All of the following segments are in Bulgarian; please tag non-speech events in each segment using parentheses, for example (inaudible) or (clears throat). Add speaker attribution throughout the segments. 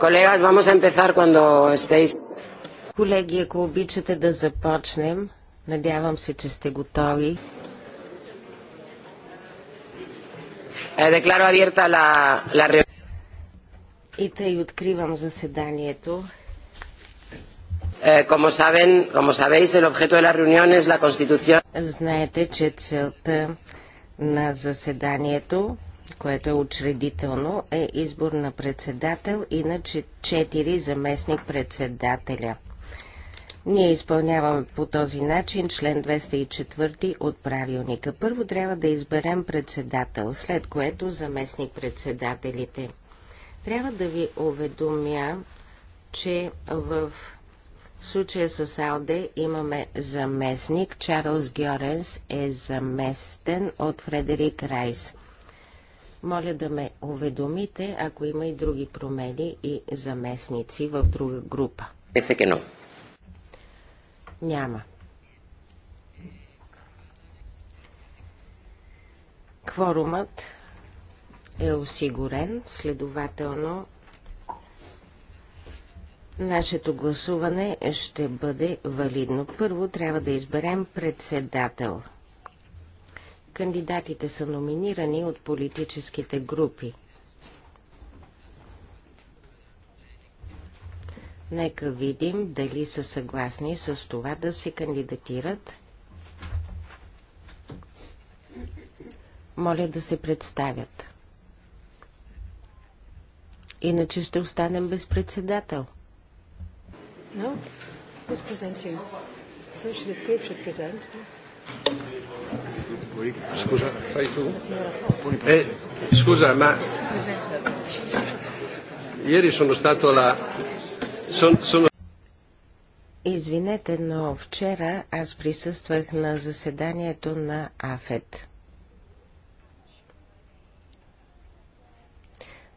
Speaker 1: Колегас, vamos a
Speaker 2: empezar cuando estéis. Колеги, ако обичате да започнем, надявам се, че сте готови. Е, декларо абierta la, la... И тъй откривам заседанието. Е, como saben, como sabéis, el objeto de la reunión es la Constitución. Знаете, че целта на заседанието което е учредително, е избор на председател и на четири заместник-председателя. Ние изпълняваме по този начин член 204 от правилника. Първо трябва да изберем председател, след което заместник-председателите. Трябва да ви уведомя, че в случая с Алде имаме заместник. Чарлз Гьоренс е заместен от Фредерик Райс. Моля да ме уведомите, ако има и други промени и заместници в друга група. Няма. Кворумът е осигурен, следователно нашето гласуване ще бъде валидно. Първо трябва да изберем председател. Кандидатите са номинирани от политическите групи. Нека видим дали са съгласни с това да се кандидатират. Моля да се представят. Иначе ще останем без председател.
Speaker 1: No?
Speaker 3: Who's presenting? present.
Speaker 4: Scusa, fai tu? Eh, scusa, ma ieri sono stato la... Son, sono...
Speaker 2: Извинете, но вчера аз присъствах на заседанието на АФЕД.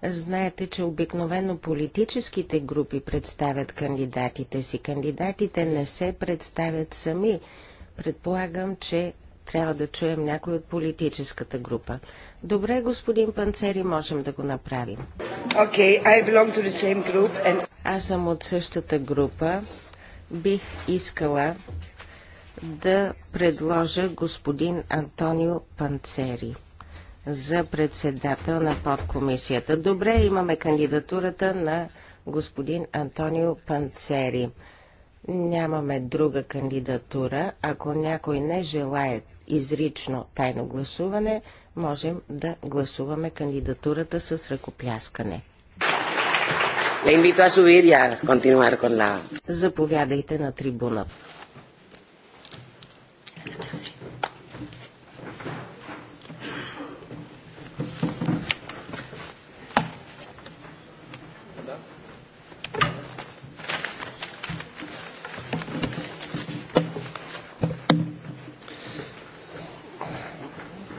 Speaker 2: Знаете, че обикновено политическите групи представят кандидатите си. Кандидатите не се представят сами. Предполагам, че трябва да чуем някой от политическата група. Добре, господин Панцери, можем да го направим. Okay, I belong to the same group and... Аз съм от същата група. Бих искала да предложа господин Антонио Панцери за председател на подкомисията. Добре, имаме кандидатурата на господин Антонио Панцери. Нямаме друга кандидатура. Ако някой не желае изрично тайно гласуване, можем да гласуваме кандидатурата с ръкопляскане. Заповядайте на трибуна.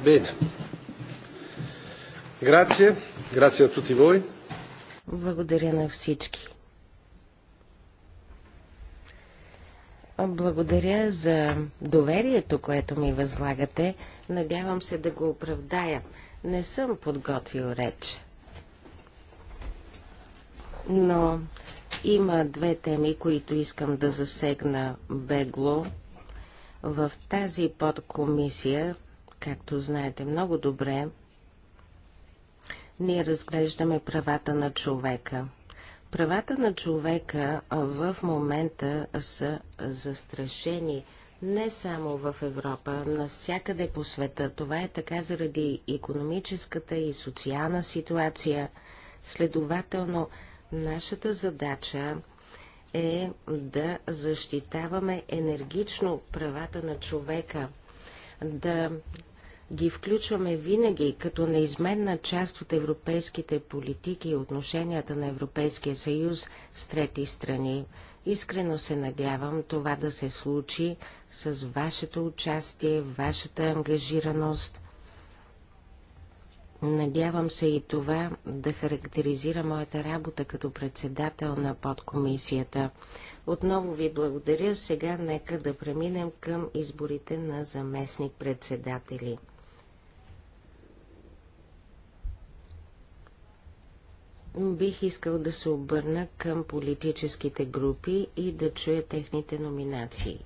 Speaker 4: Bene. Grazie, grazie a tutti voi.
Speaker 2: Благодаря на всички. Благодаря за доверието, което ми възлагате. Надявам се да го оправдая. Не съм подготвил реч. Но има две теми, които искам да засегна бегло. В тази подкомисия Както знаете много добре, ние разглеждаме правата на човека. Правата на човека в момента са застрашени не само в Европа, навсякъде по света. Това е така заради економическата и социална ситуация. Следователно, нашата задача е да защитаваме енергично правата на човека, да ги включваме винаги като неизменна част от европейските политики и отношенията на Европейския съюз с трети страни. Искрено се надявам това да се случи с вашето участие, вашата ангажираност. Надявам се и това да характеризира моята работа като председател на подкомисията. Отново ви благодаря. Сега нека да преминем към изборите на заместник-председатели. бих искал да се обърна към политическите групи и да чуя техните номинации.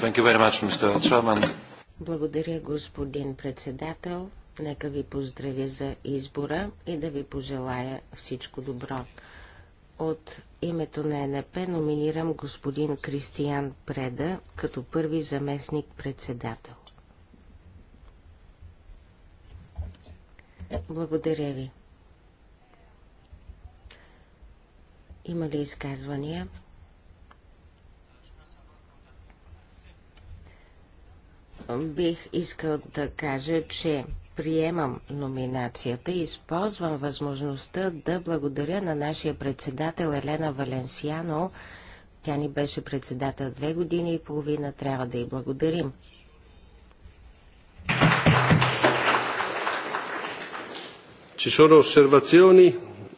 Speaker 4: Much,
Speaker 2: Благодаря, господин председател. Нека ви поздравя за избора и да ви пожелая всичко добро. От името на НП номинирам господин Кристиян Преда като първи заместник председател. Благодаря ви. Има ли изказвания? Бих искал да кажа, че приемам номинацията и използвам възможността да благодаря на нашия председател Елена Валенсиано. Тя ни беше председател две години и половина. Трябва да й благодарим.
Speaker 4: Ci sono osservazioni?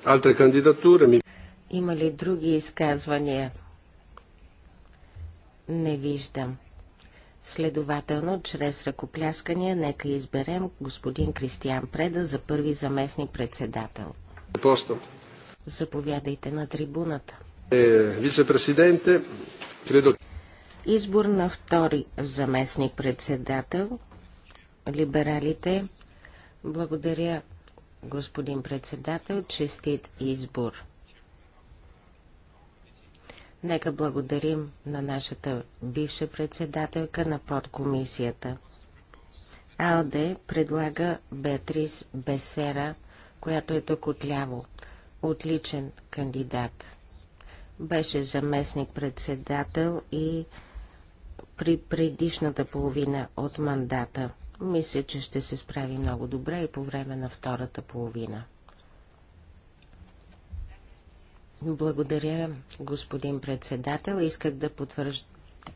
Speaker 4: Altre candidature?
Speaker 2: Има ли други изказвания? Не виждам. Следователно, чрез ръкопляскания, нека изберем господин Кристиян Преда за първи заместник председател. Постъл. Заповядайте на трибуната.
Speaker 4: Е, Вице-президенте, кредо...
Speaker 2: Избор на втори заместник председател. Либералите. Благодаря, господин председател. Честит избор. Нека благодарим на нашата бивша председателка на подкомисията. Алде предлага Беатрис Бесера, която е тук отляво. Отличен кандидат. Беше заместник-председател и при предишната половина от мандата. Мисля, че ще се справи много добре и по време на втората половина. Благодаря, господин председател. Исках да потвърж...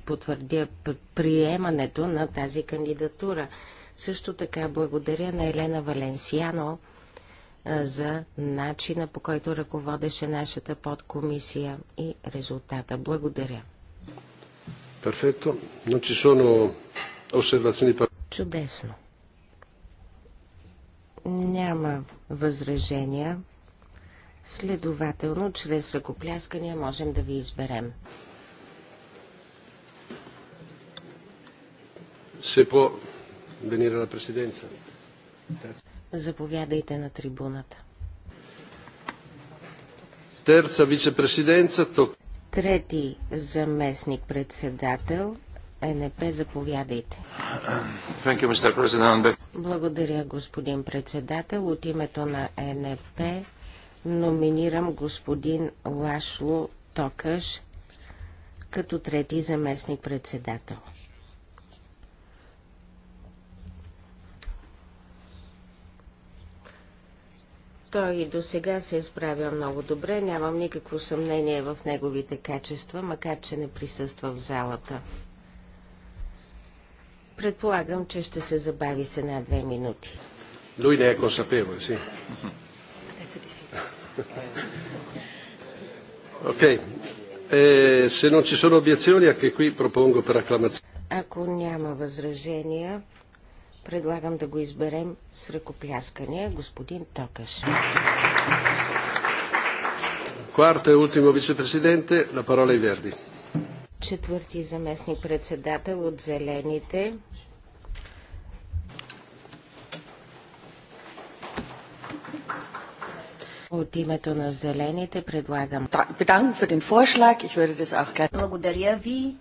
Speaker 2: потвърдя приемането на тази кандидатура. Също така благодаря на Елена Валенсиано за начина по който ръководеше нашата подкомисия и резултата. Благодаря.
Speaker 4: Перфекто. Non ci sono osservazioni.
Speaker 2: Чудесно. Няма възражения. Следователно, чрез ръкопляскания можем да ви изберем.
Speaker 4: Се по венира на президенца.
Speaker 2: Заповядайте на трибуната.
Speaker 4: Терца вице-президенца тук.
Speaker 2: Трети заместник председател ЕНП, заповядайте.
Speaker 5: You,
Speaker 2: Благодаря, господин председател. От името на ЕНП номинирам господин Лашло Токаш като трети заместник председател. Той и до сега се е справил много добре, нямам никакво съмнение в неговите качества, макар че не присъства в залата. Предполагам, че ще се забави с една-две минути.
Speaker 4: Lui ne è consapevole, sì. Ok, eh, se non ci sono obiezioni, anche qui propongo per acclamazione.
Speaker 2: Ако няма възражения, предлагам да го изберем с ръкопляскания господин Токаш.
Speaker 4: Quarto e ultimo vicepresidente, la parola ai Verdi.
Speaker 2: Четвърти заместник председател от Зелените, От името на зелените предлагам. Благодаря ви.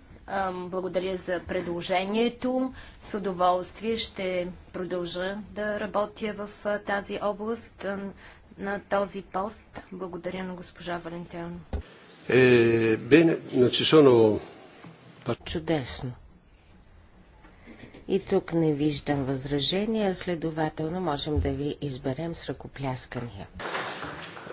Speaker 6: Благодаря за предложението. С удоволствие ще продължа да работя в тази област, на този пост. Благодаря на госпожа Валентиано.
Speaker 4: Е, значи Чудесно. И тук
Speaker 2: не виждам възражения, следователно можем да ви изберем с ръкопляскания.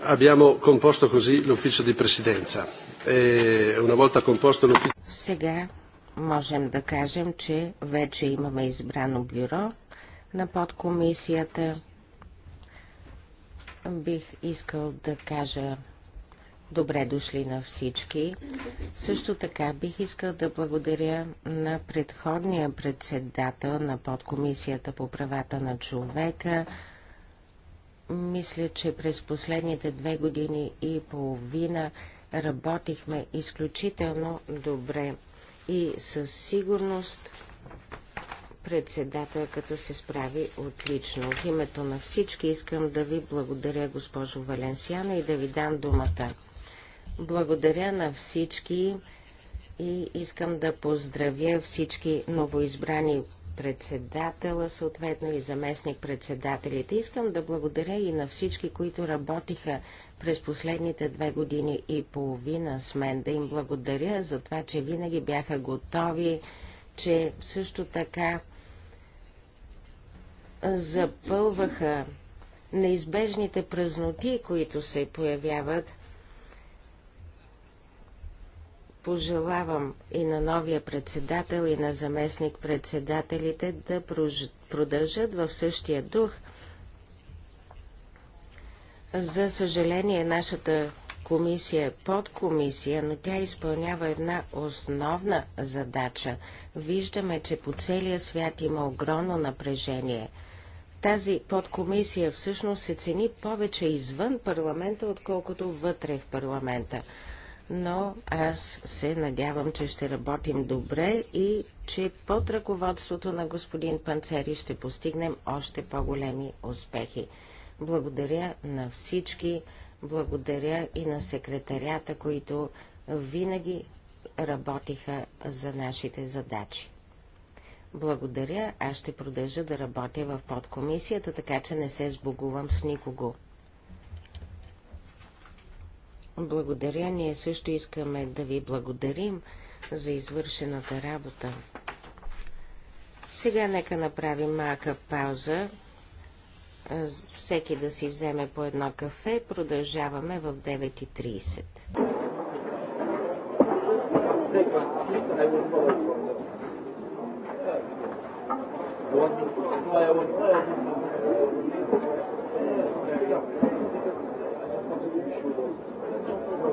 Speaker 4: Abbiamo composto così l'ufficio di presidenza. E una volta composto l'ufficio...
Speaker 2: Сега можем да кажем, че вече имаме избрано бюро на подкомисията. Бих искал да кажа добре дошли на всички. Също така бих искал да благодаря на предходния председател на подкомисията по правата на човека, мисля, че през последните две години и половина работихме изключително добре и със сигурност председателката се справи отлично. В името на всички искам да ви благодаря, госпожо Валенсиана, и да ви дам думата. Благодаря на всички и искам да поздравя всички новоизбрани председателя, съответно и заместник-председателите. Искам да благодаря и на всички, които работиха през последните две години и половина с мен. Да им благодаря за това, че винаги бяха готови, че също така запълваха неизбежните празноти, които се появяват Пожелавам и на новия председател, и на заместник-председателите да продължат в същия дух. За съжаление, нашата комисия е подкомисия, но тя изпълнява една основна задача. Виждаме, че по целия свят има огромно напрежение. Тази подкомисия всъщност се цени повече извън парламента, отколкото вътре в парламента но аз се надявам, че ще работим добре и че под ръководството на господин Панцери ще постигнем още по-големи успехи. Благодаря на всички, благодаря и на секретарята, които винаги работиха за нашите задачи. Благодаря, аз ще продължа да работя в подкомисията, така че не се сбогувам с никого. Благодаря. Ние също искаме да ви благодарим за извършената работа. Сега нека направим малка пауза. Всеки да си вземе по едно кафе. Продължаваме в 9.30.
Speaker 3: Thank you.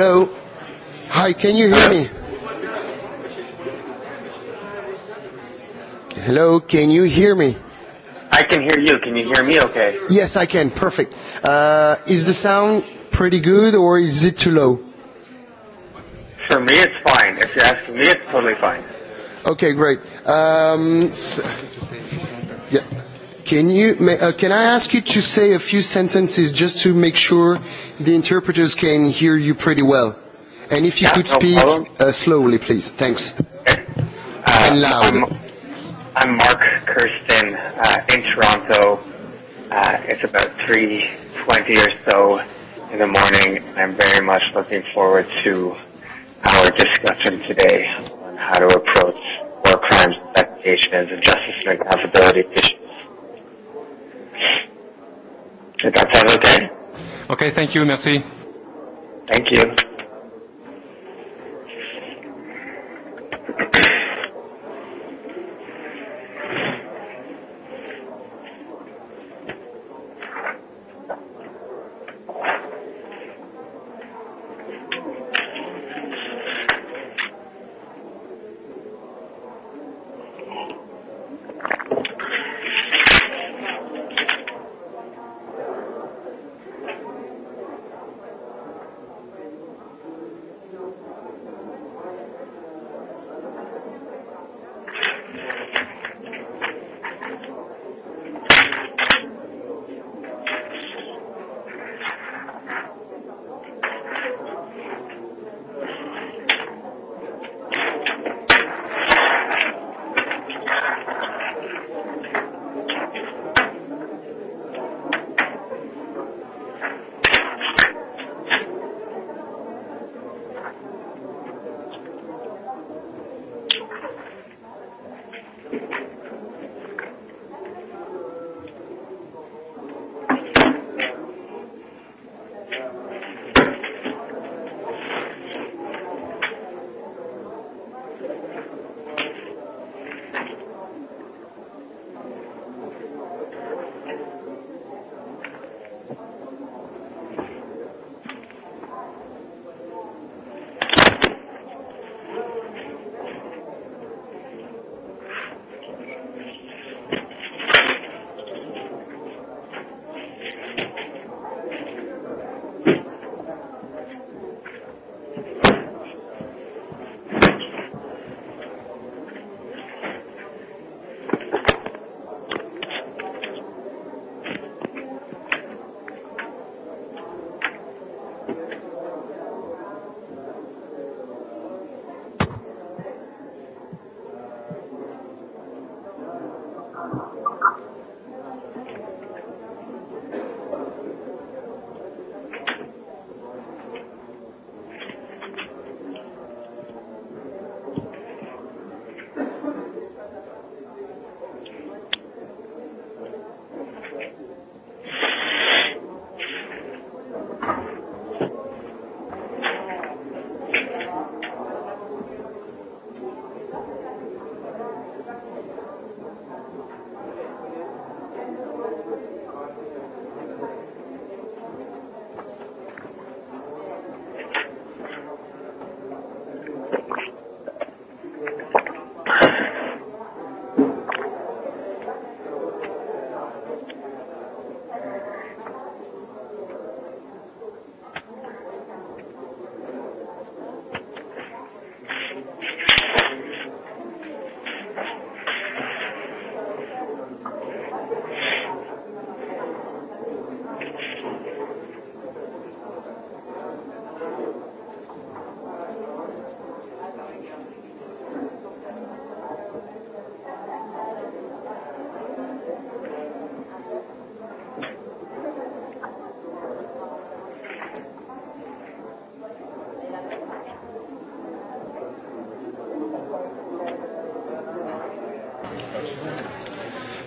Speaker 3: Hello? Hi, can you hear me? Hello, can you hear me?
Speaker 5: I can hear you. Can you hear me okay?
Speaker 3: Yes, I can. Perfect. Uh, is the sound pretty good or is it too low?
Speaker 5: For me, it's fine. If you're asking me, it's totally fine.
Speaker 3: Okay, great. Um, so Can, you, uh, can I ask you to say a few sentences just to make sure the interpreters can hear you pretty well? And if you could speak uh, slowly, please.
Speaker 4: Thanks.
Speaker 5: and loud. I'm, I'm Mark Kirsten uh, in Toronto. Uh, it's about 3.20 or so in the morning. I'm very much looking forward to our discussion today on how to approach war crimes investigations and justice and accountability issues have okay? Okay, thank you. Merci. Thank you.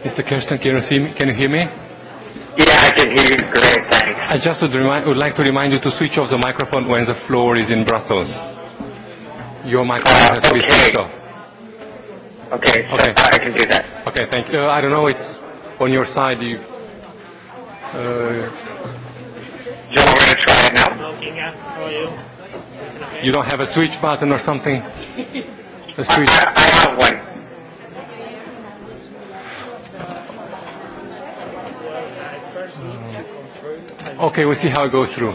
Speaker 5: Mr. Kirsten, can you, see me? can you hear me? Yeah, I can hear you. Great, thanks. I just would, remind, would like to remind you to switch off the microphone when the floor is in Brussels. Your microphone uh, has to be switched off. Okay, so okay. I can do that. Okay, thank you. Uh, I don't know, it's on your side. You, uh,
Speaker 1: you want me to
Speaker 3: try it now? you? You don't
Speaker 1: have a switch button or something? A switch. I, I have one. Okay, we'll see how it goes through.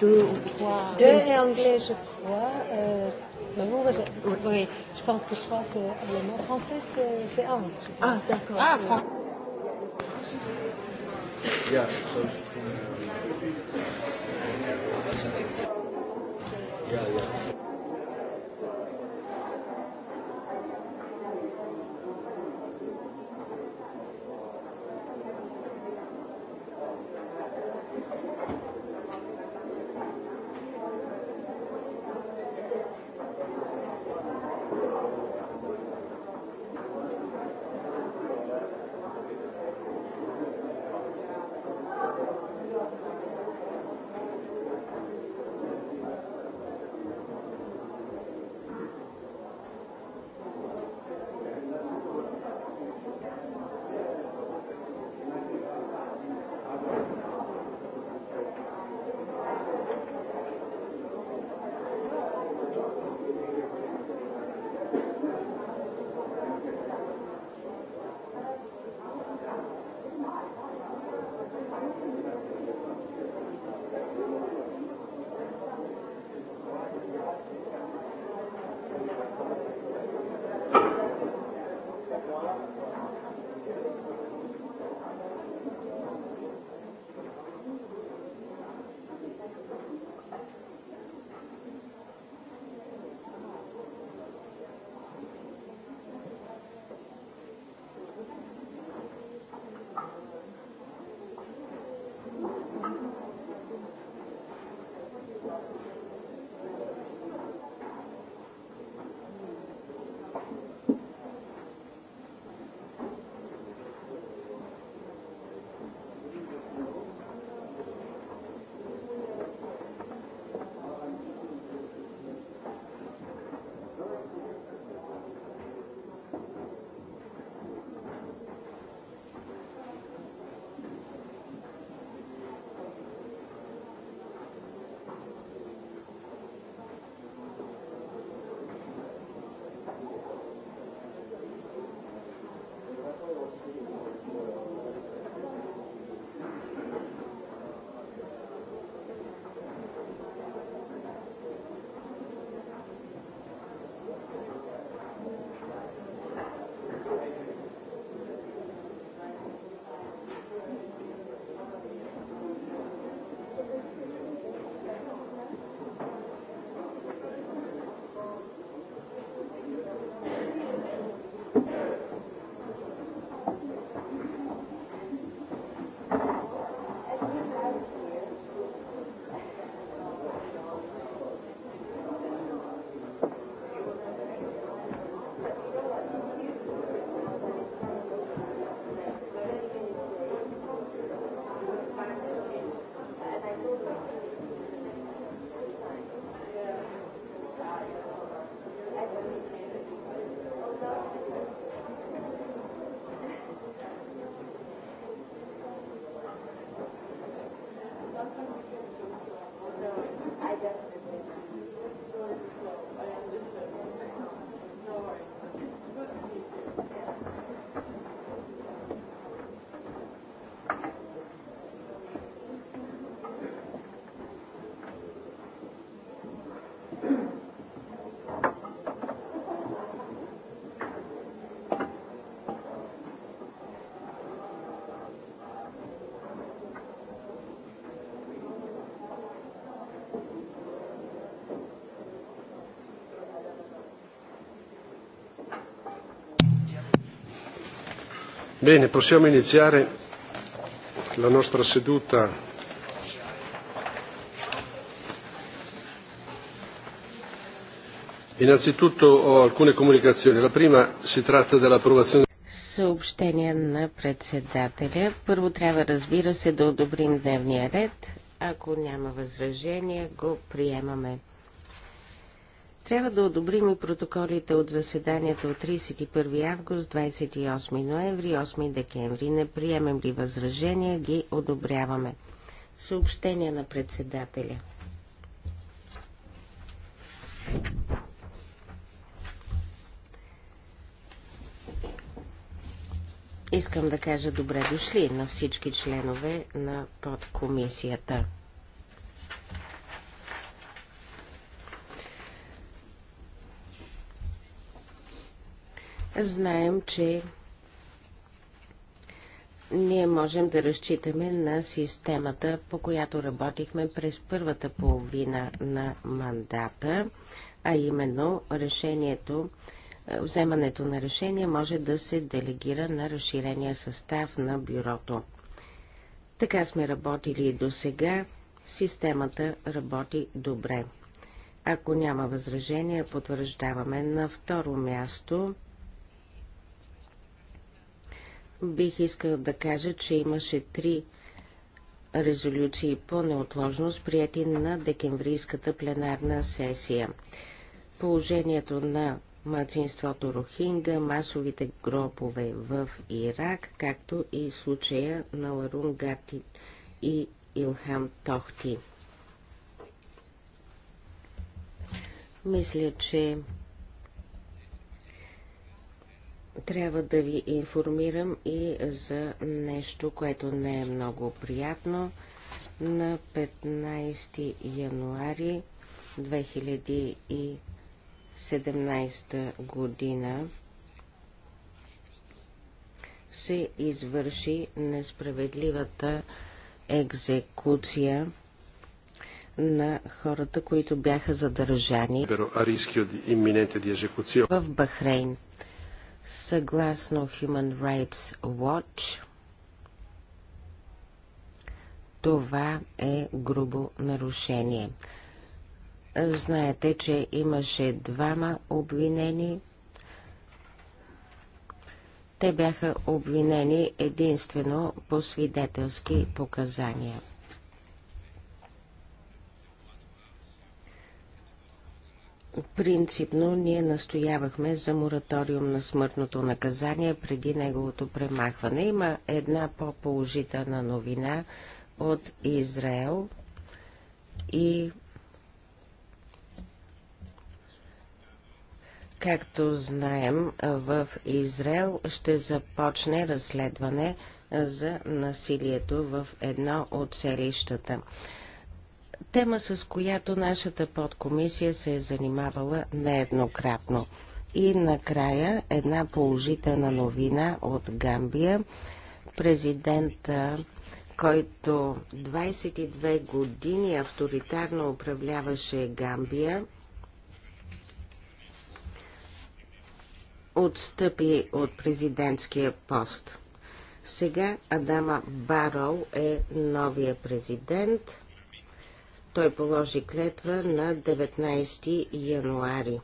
Speaker 1: deux ou trois. Deux et anglais, je crois. Euh, vous, oui, je pense que je crois que le mot français, c'est un. Ah, d'accord. Ah, français.
Speaker 3: Yeah, so
Speaker 4: Bene, possiamo iniziare la nostra seduta. Innanzitutto ho alcune comunicazioni. La prima si tratta dell'approvazione
Speaker 2: съобщения на председателя. Първо трябва, разбира се, да одобрим дневния ред. Ако няма възражение, го приемаме. Трябва да одобрим и протоколите от заседанията от 31 август, 28 ноември, 8 декември. Не приемем ли възражения, ги одобряваме. Съобщение на председателя. Искам да кажа добре дошли на всички членове на подкомисията. Знаем, че ние можем да разчитаме на системата, по която работихме през първата половина на мандата, а именно решението, е, вземането на решение може да се делегира на разширения състав на бюрото. Така сме работили и до сега. Системата работи добре. Ако няма възражения, потвърждаваме на второ място – Бих искал да кажа, че имаше три резолюции по неотложност, прияти на декемврийската пленарна сесия. Положението на младсинството Рохинга, масовите гробове в Ирак, както и случая на Ларун Гарти и Илхам Тохти. Мисля, че трябва да ви информирам и за нещо, което не е много приятно. На 15 януари 2017 година се извърши несправедливата екзекуция на хората, които бяха задържани в Бахрейн. Съгласно Human Rights Watch, това е грубо нарушение. Знаете, че имаше двама обвинени. Те бяха обвинени единствено по свидетелски показания. Принципно ние настоявахме за мораториум на смъртното наказание преди неговото премахване. Има една по-положителна новина от Израел и Както знаем, в Израел ще започне разследване за насилието в едно от селищата тема с която нашата подкомисия се е занимавала нееднократно. И накрая една положителна новина от Гамбия. Президента, който 22 години авторитарно управляваше Гамбия, отстъпи от президентския пост. Сега Адама Барол е новия президент – той положи клетва на 19 януари.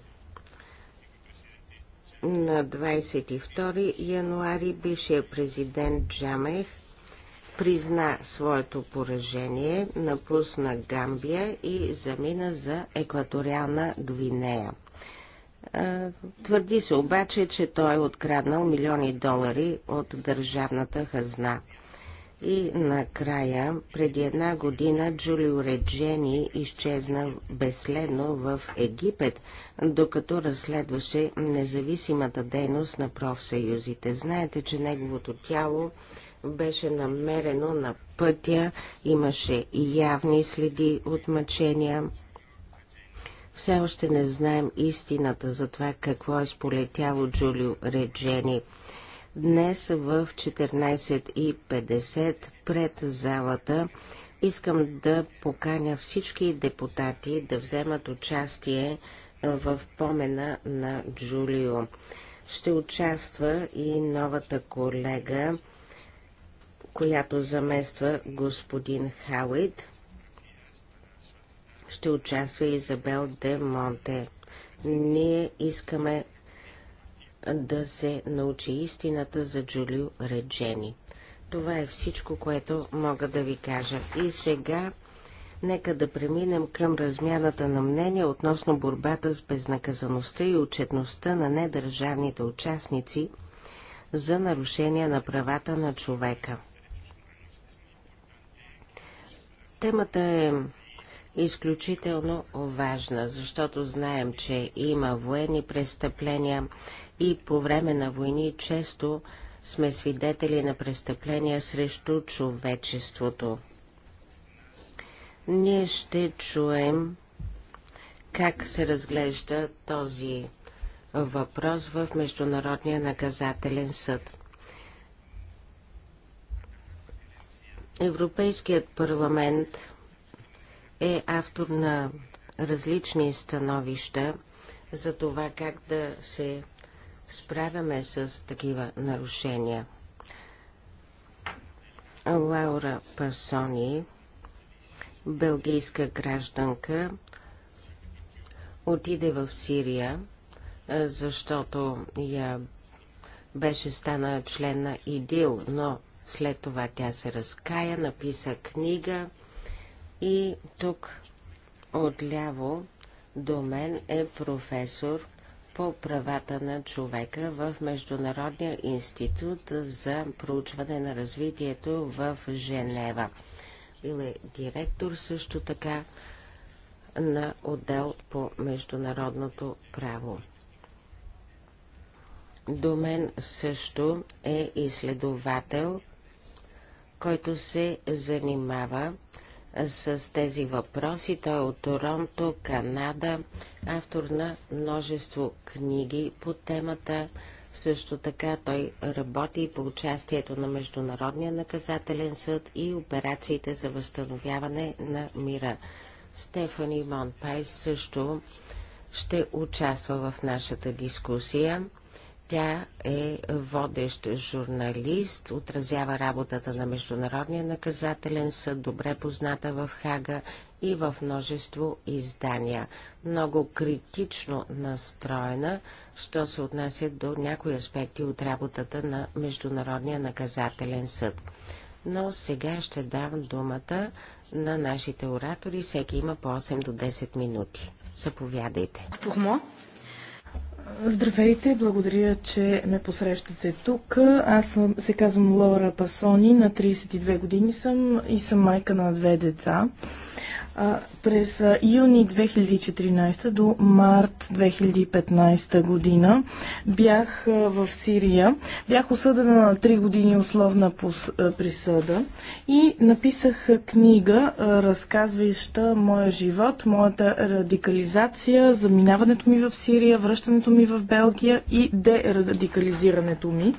Speaker 2: На 22 януари бившия президент Джамех призна своето поражение, напусна Гамбия и замина за екваториална Гвинея. Твърди се обаче, че той е откраднал милиони долари от държавната хазна – и накрая, преди една година Джулио Реджени изчезна безследно в Египет, докато разследваше независимата дейност на профсъюзите. Знаете, че неговото тяло беше намерено на пътя, имаше и явни следи от мъчения. Все още не знаем истината за това какво е сполетяло Джулио Реджени – Днес в 14.50 пред залата искам да поканя всички депутати да вземат участие в помена на Джулио. Ще участва и новата колега, която замества господин Хауид. Ще участва Изабел де Монте. Ние искаме да се научи истината за Джулио Реджени. Това е всичко, което мога да ви кажа. И сега нека да преминем към размяната на мнения относно борбата с безнаказаността и отчетността на недържавните участници за нарушения на правата на човека. Темата е изключително важна, защото знаем, че има военни престъпления, и по време на войни често сме свидетели на престъпления срещу човечеството. Ние ще чуем как се разглежда този въпрос в Международния наказателен съд. Европейският парламент е автор на различни становища за това как да се справяме с такива нарушения. Лаура Парсони, белгийска гражданка, отиде в Сирия, защото я беше станала член на ИДИЛ, но след това тя се разкая, написа книга и тук отляво до мен е професор по правата на човека в Международния институт за проучване на развитието в Женева. Бил е директор също така на отдел по международното право. До мен също е изследовател, който се занимава с тези въпроси. Той е от Торонто, Канада, автор на множество книги по темата. Също така той работи по участието на Международния наказателен съд и операциите за възстановяване на мира. Стефани Монпай също ще участва в нашата дискусия. Тя е водещ журналист, отразява работата на Международния наказателен съд, добре позната в Хага и в множество издания. Много критично настроена, що се отнася до някои аспекти от работата на Международния наказателен съд. Но сега ще дам думата на нашите оратори. Всеки има по 8 до 10 минути. Заповядайте. Пурмо?
Speaker 7: Здравейте, благодаря, че ме посрещате тук. Аз съм, се казвам Лора Пасони, на 32 години съм и съм майка на две деца през юни 2014 до март 2015 година бях в Сирия. Бях осъдена на 3 години условна присъда и написах книга, разказваща моя живот, моята радикализация, заминаването ми в Сирия, връщането ми в Белгия и дерадикализирането ми.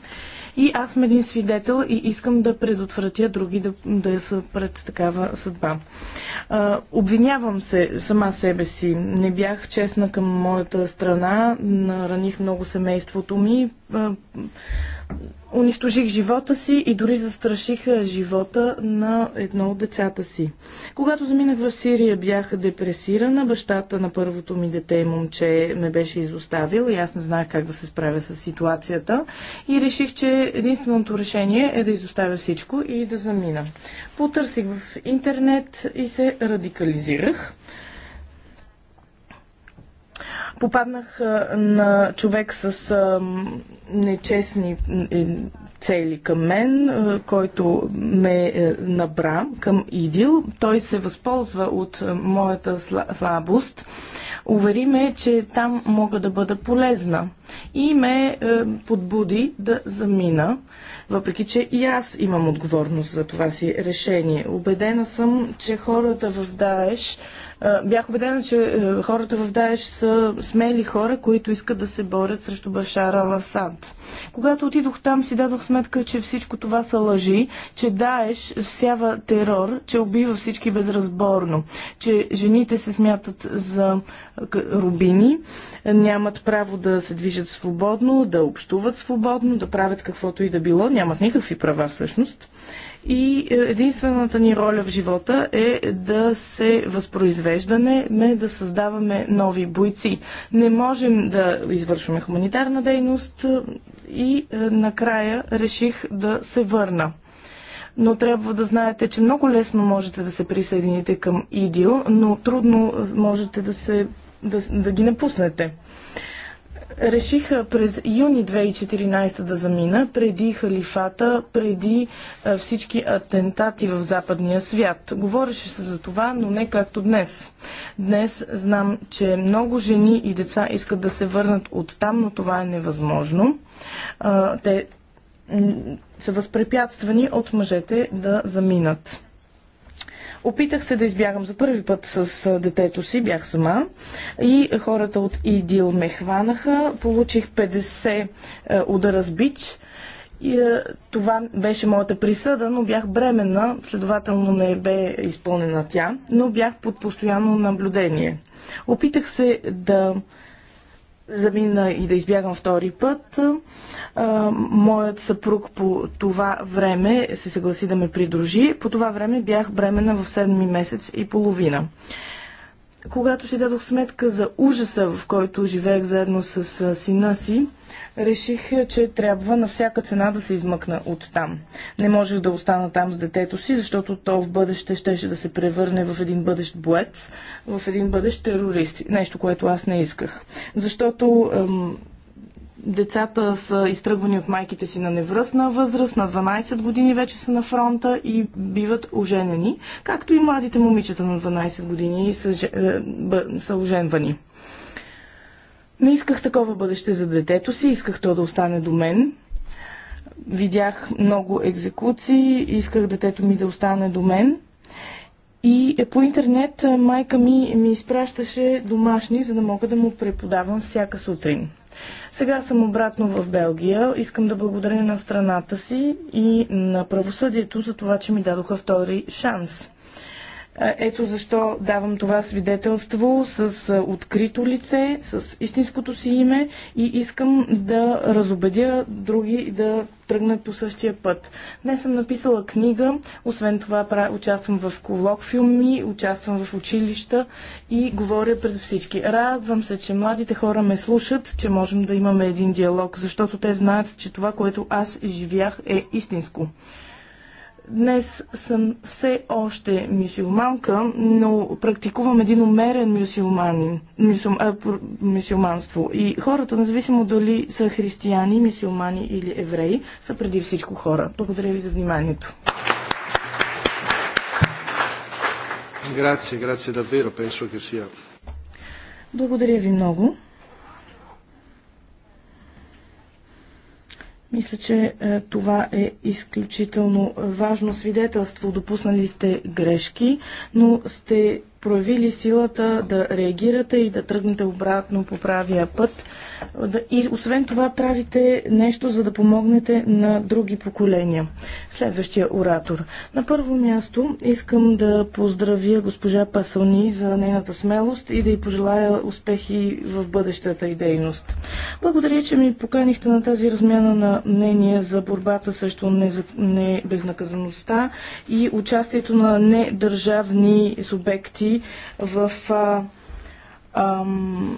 Speaker 7: И аз съм един свидетел и искам да предотвратя други да, да са пред такава съдба. А, обвинявам се сама себе си. Не бях честна към моята страна, нараних много семейството ми. А, унищожих живота си и дори застраших живота на едно от децата си. Когато заминах в Сирия, бях депресирана. Бащата на първото ми дете и момче ме беше изоставил и аз не знаех как да се справя с ситуацията. И реших, че единственото решение е да изоставя всичко и да замина. Потърсих в интернет и се радикализирах попаднах на човек с нечестни цели към мен, е, който ме е, набра към ИДИЛ. Той се възползва от е, моята слабост. Увери ме, че там мога да бъда полезна. И ме подбуди да замина, въпреки че и аз имам отговорност за това си решение. Обедена съм, че хората в Даеш Бях убедена, че хората в Даеш са смели хора, които искат да се борят срещу Башара Ласад. Когато отидох там, си дадох сметка, сметка, че всичко това са лъжи, че Даеш всява терор, че убива всички безразборно, че жените се смятат за рубини, нямат право да се движат свободно, да общуват свободно, да правят каквото и да било, нямат никакви права всъщност и е, единствената ни роля в живота е да се възпроизвеждаме, не да създаваме нови бойци. Не можем да извършваме хуманитарна дейност е, и е, накрая реших да се върна но трябва да знаете, че много лесно можете да се присъедините към ИДИО, но трудно можете да, се, да, да ги напуснете решиха през юни 2014 да замина, преди халифата, преди всички атентати в западния свят. Говореше се за това, но не както днес. Днес знам, че много жени и деца искат да се върнат от там, но това е невъзможно. Те са възпрепятствани от мъжете да заминат. Опитах се да избягам за първи път с детето си, бях сама и хората от ИДИЛ ме хванаха. Получих 50 е, удара с бич. И, е, това беше моята присъда, но бях бременна, следователно не бе изпълнена тя, но бях под постоянно наблюдение. Опитах се да замина и да избягам втори път. А, моят съпруг по това време се съгласи да ме придружи. По това време бях бремена в седми месец и половина когато си дадох сметка за ужаса, в който живеех заедно с сина си, реших, че трябва на всяка цена да се измъкна от там. Не можех да остана там с детето си, защото то в бъдеще щеше да се превърне в един бъдещ боец, в един бъдещ терорист. Нещо, което аз не исках. Защото ем, Децата са изтръгвани от майките си на невръстна възраст, на 12 години вече са на фронта и биват оженени, както и младите момичета на 12 години са, е, са оженвани. Не исках такова бъдеще за детето си, исках то да остане до мен. Видях много екзекуции, исках детето ми да остане до мен. И е по интернет майка ми ми изпращаше домашни, за да мога да му преподавам всяка сутрин. Сега съм обратно в Белгия. Искам да благодаря на страната си и на правосъдието за това, че ми дадоха втори шанс. Ето защо давам това свидетелство с открито лице, с истинското си име и искам да разобедя други да тръгнат по същия път. Днес съм написала книга, освен това участвам в колоквиуми, участвам в училища и говоря пред всички. Радвам се, че младите хора ме слушат, че можем да имаме един диалог, защото те знаят, че това, което аз живях е истинско. Днес съм все още мюсюлманка, но практикувам един умерен мюсюлманин, а, мюсюлманство. И хората, независимо дали са християни, мюсюлмани или евреи, са преди всичко хора. Благодаря ви за вниманието. Благодаря ви много. Мисля, че е, това е изключително важно свидетелство. Допуснали сте грешки, но сте проявили силата да реагирате и да тръгнете обратно по правия път и освен това правите нещо, за да помогнете на други поколения. Следващия оратор. На първо място искам да поздравя госпожа Пасълни за нейната смелост и да й пожелая успехи в бъдещата и дейност. Благодаря, че ми поканихте на тази размяна на мнение за борбата срещу небезнаказаността и участието на недържавни субекти в а, ам,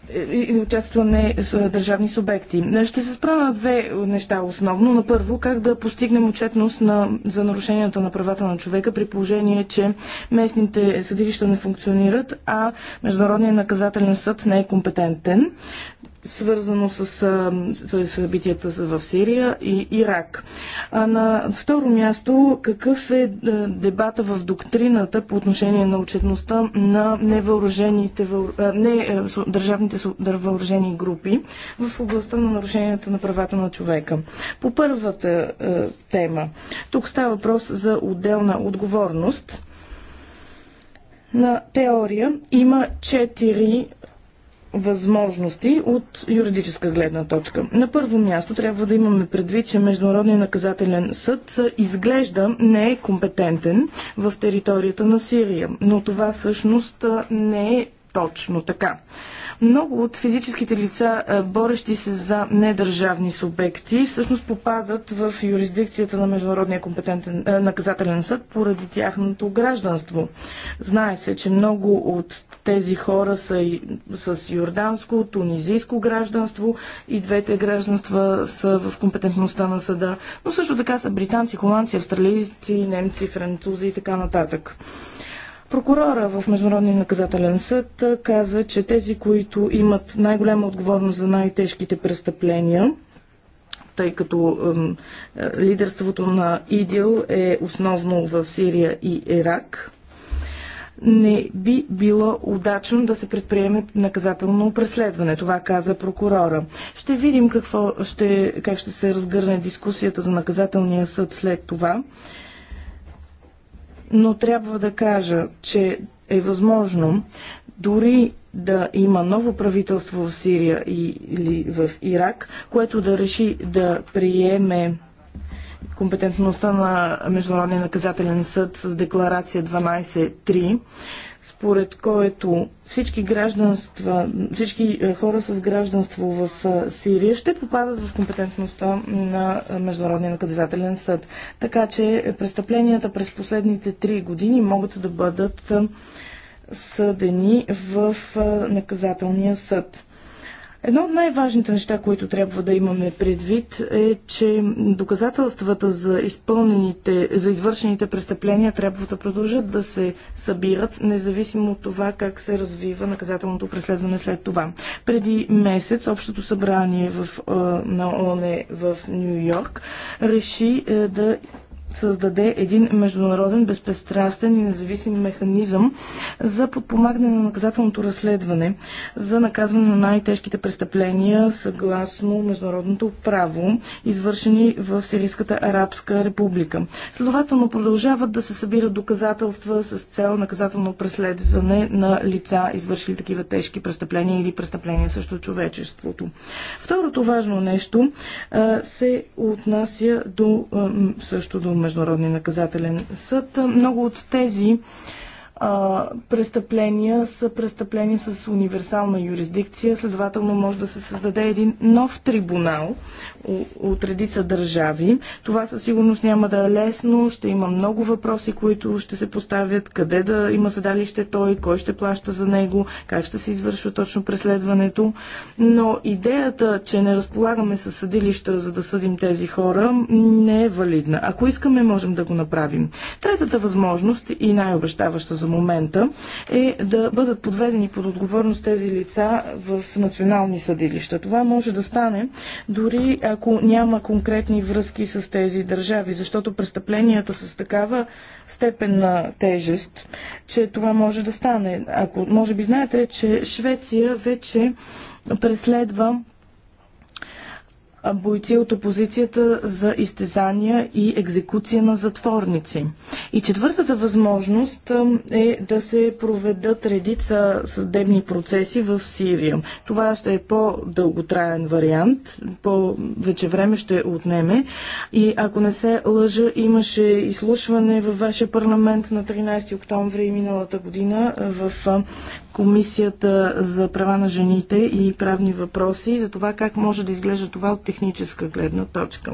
Speaker 7: и участието на държавни субекти. Ще се спра на две неща основно. На първо, как да постигнем отчетност на, за нарушенията на правата на човека при положение, че местните съдилища не функционират, а Международният наказателен съд не е компетентен свързано с, с събитията в Сирия и Ирак. А на второ място, какъв е дебата в доктрината по отношение на отчетността на невъоръжените, не, държавните различните въоръжени групи в областта на нарушенията на правата на човека. По първата е, тема, тук става въпрос за отделна отговорност. На теория има четири възможности от юридическа гледна точка. На първо място трябва да имаме предвид, че Международния наказателен съд изглежда не е компетентен в територията на Сирия, но това всъщност е, не е точно така. Много от физическите лица, е, борещи се за недържавни субекти, всъщност попадат в юрисдикцията на Международния компетентен е, наказателен съд поради тяхното гражданство. Знае се, че много от тези хора са и, с йорданско, тунизийско гражданство и двете гражданства са в компетентността на съда, но също така са британци, холандци, австралийци, немци, французи и така нататък. Прокурора в Международния наказателен съд каза, че тези, които имат най-голяма отговорност за най-тежките престъпления, тъй като е, лидерството на ИДИЛ е основно в Сирия и Ирак, не би било удачно да се предприеме наказателно преследване. Това каза прокурора. Ще видим какво ще, как ще се разгърне дискусията за наказателния съд след това но трябва да кажа, че е възможно дори да има ново правителство в Сирия или в Ирак, което да реши да приеме компетентността на Международния наказателен съд с декларация 12.3 според което всички гражданства, всички е, хора с гражданство в е, Сирия ще попадат в компетентността на е, Международния наказателен съд. Така че престъпленията през последните три години могат да бъдат съдени в наказателния съд. Едно от най-важните неща, които трябва да имаме предвид е, че доказателствата за, изпълнените, за извършените престъпления трябва да продължат да се събират, независимо от това как се развива наказателното преследване след това. Преди месец Общото събрание в, на ОНЕ в Нью Йорк реши е, да създаде един международен, безпристрастен и независим механизъм за подпомагане на наказателното разследване за наказване на най-тежките престъпления съгласно международното право, извършени в Сирийската арабска република. Следователно продължават да се събират доказателства с цел наказателно преследване на лица, извършили такива тежки престъпления или престъпления срещу човечеството. Второто важно нещо се отнася до също до Международния наказателен съд. Много от тези а, престъпления са престъпления с универсална юрисдикция, следователно може да се създаде един нов трибунал, от редица държави. Това със сигурност няма да е лесно. Ще има много въпроси, които ще се поставят. Къде да има седалище той, кой ще плаща за него, как ще се извършва точно преследването. Но идеята, че не разполагаме с съдилища, за да съдим тези хора, не е валидна. Ако искаме, можем да го направим. Третата възможност и най-обещаваща за момента е да бъдат подведени под отговорност тези лица в национални съдилища. Това може да стане дори ако няма конкретни връзки с тези държави, защото престъпленията са с такава степен на тежест, че това може да стане. Ако може би знаете, че Швеция вече преследва бойци от опозицията за изтезания и екзекуция на затворници. И четвъртата възможност е да се проведат редица съдебни процеси в Сирия. Това ще е по-дълготраен вариант, по-вече време ще отнеме. И ако не се лъжа, имаше изслушване във вашия парламент на 13 октомври миналата година в Комисията за права на жените и правни въпроси за това как може да изглежда това от техническа гледна точка.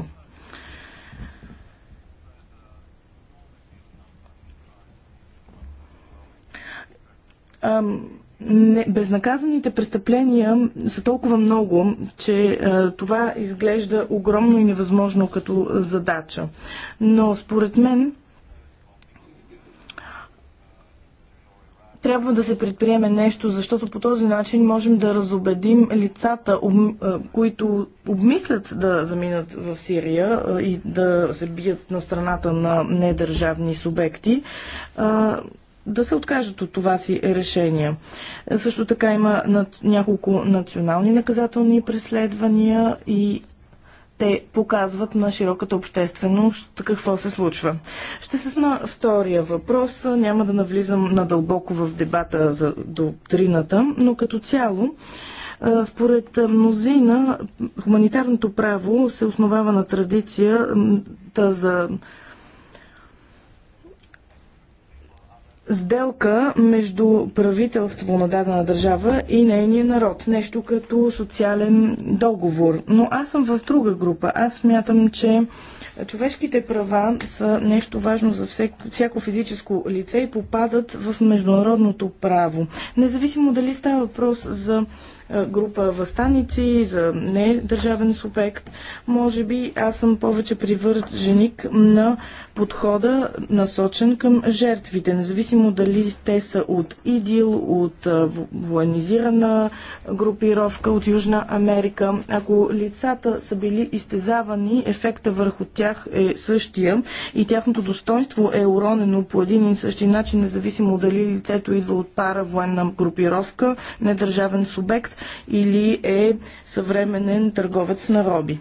Speaker 7: Ам, не, безнаказаните престъпления са толкова много, че а, това изглежда огромно и невъзможно като задача. Но според мен трябва да се предприеме нещо, защото по този начин можем да разобедим лицата, е, които обмислят да заминат в Сирия е, и да се бият на страната на недържавни субекти, е, да се откажат от това си решение. Също така има няколко национални наказателни преследвания и те показват на широката общественост какво се случва. Ще се сна втория въпрос. Няма да навлизам надълбоко в дебата за доктрината, но като цяло според мнозина, хуманитарното право се основава на традицията за сделка между правителство на дадена държава и нейния народ. Нещо като социален договор. Но аз съм в друга група. Аз смятам, че човешките права са нещо важно за всяко физическо лице и попадат в международното право. Независимо дали става въпрос за е, група възстаници, за недържавен субект. Може би аз съм повече привърженик на подхода насочен към жертвите, независимо дали те са от ИДИЛ, от е, военизирана групировка от Южна Америка. Ако лицата са били изтезавани, ефекта върху тях е същия и тяхното достоинство е уронено по един и същи начин, независимо дали лицето идва от пара военна групировка, недържавен субект или е съвременен търговец на роби.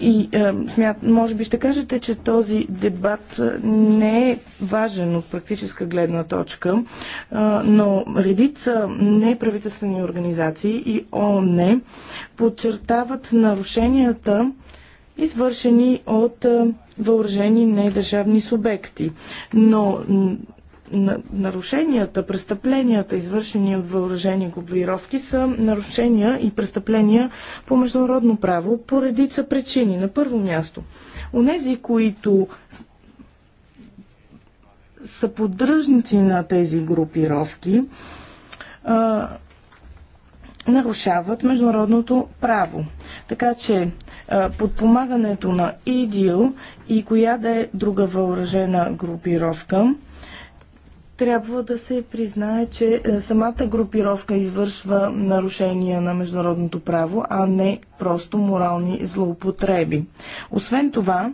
Speaker 7: И е, смят, може би ще кажете, че този дебат е, не е важен от практическа гледна точка, е, но редица неправителствени организации и ООН подчертават нарушенията, извършени от е, въоръжени недържавни субекти. Но нарушенията, престъпленията, извършени от въоръжени групировки, са нарушения и престъпления по международно право по редица причини. На първо място, онези, които са поддръжници на тези групировки, а, нарушават международното право. Така че подпомагането на ИДИЛ и коя да е друга въоръжена групировка трябва да се признае, че е, самата групировка извършва нарушения на международното право, а не просто морални злоупотреби. Освен това,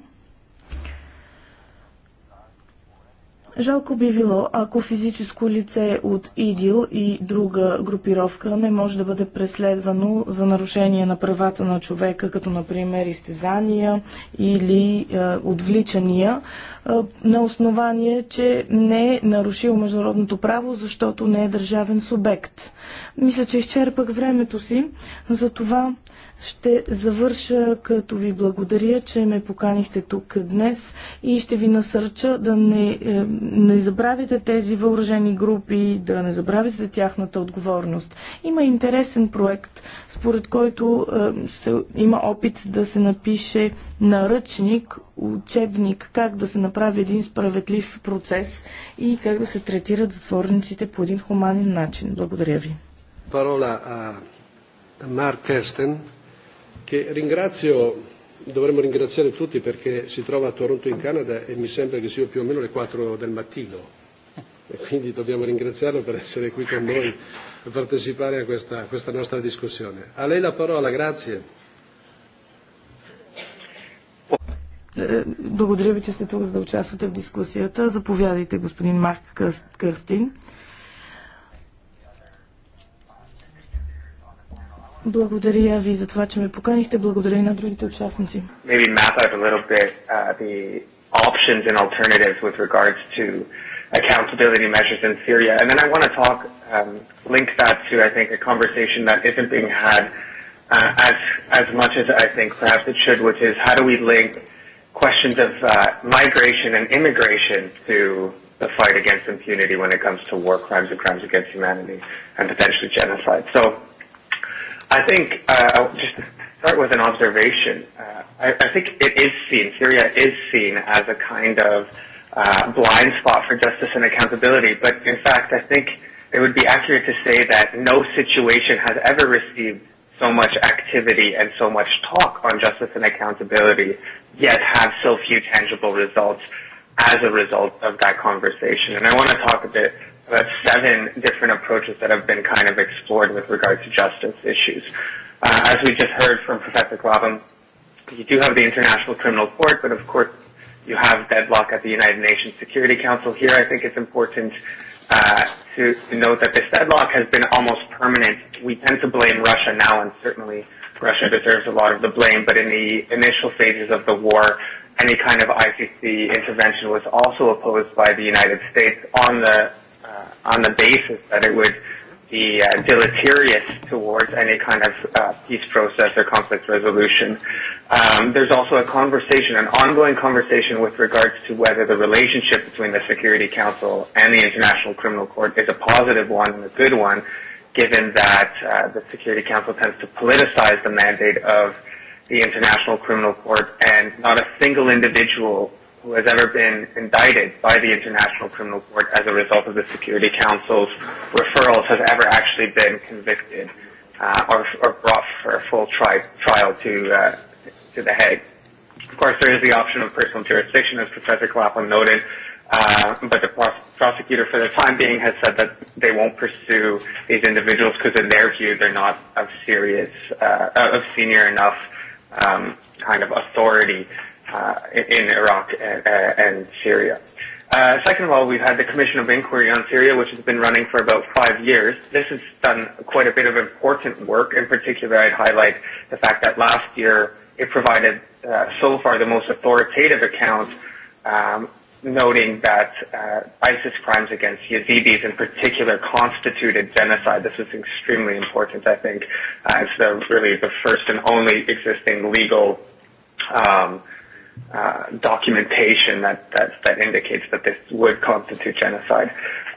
Speaker 7: Жалко би било, ако физическо лице от ИДИЛ и друга групировка не може да бъде преследвано за нарушение на правата на човека, като например изтезания или е, отвличания, е, на основание, че не е нарушил международното право, защото не е държавен субект. Мисля, че изчерпах времето си, за това. Ще завърша като ви благодаря, че ме поканихте тук днес и ще ви насърча да не, е, не забравите тези въоръжени групи, да не забравите тяхната отговорност. Има интересен проект, според който е, се, има опит да се напише наръчник, учебник, как да се направи един справедлив процес и как да се третират затворниците по един хуманен начин. Благодаря ви.
Speaker 4: Парола а, Марк Керстен che ringrazio, dovremmo ringraziare tutti perché si trova a Toronto in Canada e mi sembra che sia più o meno le 4 del mattino e quindi dobbiamo ringraziarlo per essere qui con noi a partecipare a questa, a questa nostra discussione. A lei la parola, grazie.
Speaker 7: Благодаря ви, че сте тук, за да участвате в дискусията. Заповядайте, господин Марк Кърстин. Благодаря ви за това, че ме поканихте. Благодаря и на другите участници.
Speaker 5: Maybe map out a little bit uh, the options and alternatives with regards to accountability measures in Syria. And then I want to talk, um, link that to, I think, a conversation that isn't being had uh, as, as much as I think perhaps it should, which is how do we link questions of uh, migration and immigration to the fight against impunity when it comes to war crimes and crimes against humanity and potentially genocide. So I think I'll just start with an observation. I, I think it is seen, Syria is seen as a kind of uh, blind spot for justice and accountability. But in fact, I think it would be accurate to say that no situation has ever received so much activity and so much talk on justice and accountability, yet have so few tangible results as a result of that conversation. And I want to talk a bit about seven different approaches that have been kind of explored with regard to justice issues. As we just heard from Professor Glavin, you do have the International Criminal Court, but of course you have deadlock at the United Nations Security Council. Here I think it's important uh, to, to note that this deadlock has been almost permanent. We tend to blame Russia now, and certainly Russia deserves a lot of the blame, but in the initial phases of the war, any kind of ICC intervention was also opposed by the United States on the on the basis that it would be uh, deleterious towards any kind of uh, peace process or conflict resolution. Um, there's also a conversation, an ongoing conversation with regards to whether the relationship between the Security Council and the International Criminal Court is a positive one and a good one, given that uh, the Security Council tends to politicize the mandate of the International Criminal Court and not a single individual who has ever been indicted by the International Criminal Court as a result of the Security Council's referrals has ever actually been convicted uh, or, or brought for a full tri- trial to, uh, to The Hague. Of course, there is the option of personal jurisdiction, as Professor Claflin noted, uh, but the pros- prosecutor for the time being has said that they won't pursue these individuals because in their view they're not of serious, uh, of senior enough um, kind of authority uh, in Iraq and, uh, and Syria. Uh, second of all, we've had the Commission of Inquiry on Syria, which has been running for about five years. This has done quite a bit of important work. In particular, I'd highlight the fact that last year it provided uh, so far the most authoritative account, um, noting that uh, ISIS crimes against Yazidis in particular constituted genocide. This is extremely important, I think. Uh, it's the, really the first and only existing legal um, uh, documentation that, that, that indicates that this would constitute genocide.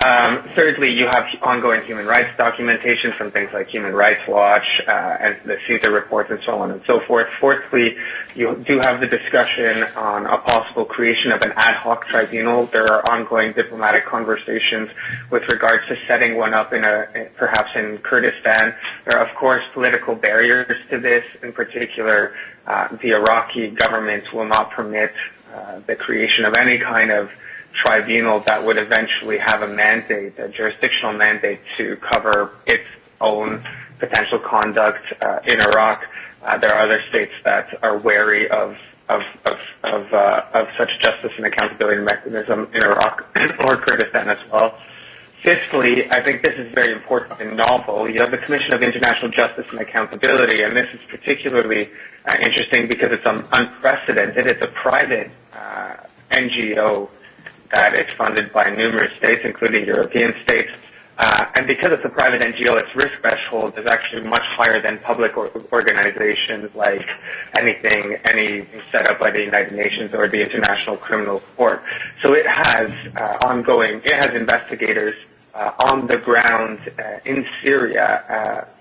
Speaker 5: Um, thirdly, you have ongoing human rights documentation from things like Human Rights Watch uh, and the CSER reports and so on and so forth. Fourthly, you do have the discussion on a possible creation of an ad hoc tribunal. There are ongoing diplomatic conversations with regards to setting one up in a perhaps in Kurdistan. There are of course political barriers to this. In particular, uh, the Iraqi government will not permit uh, the creation of any kind of uh, tribunal that would eventually have a mandate, a jurisdictional mandate to cover its own potential conduct uh, in Iraq. Uh, there are other states that are wary of of of of, uh, of such justice and accountability mechanism in Iraq or Kurdistan as well. Fifthly, I think this is very important and novel. You have the Commission of International Justice and Accountability, and this is particularly uh, interesting because it's um, unprecedented. It's a private uh, NGO that is funded by numerous states, including European states. And because it's a private NGO, its risk threshold is actually much higher than public or organizations like anything, any set up by the United Nations or the International Criminal Court. So it has uh, ongoing, it has investigators uh, on the ground uh, in Syria uh,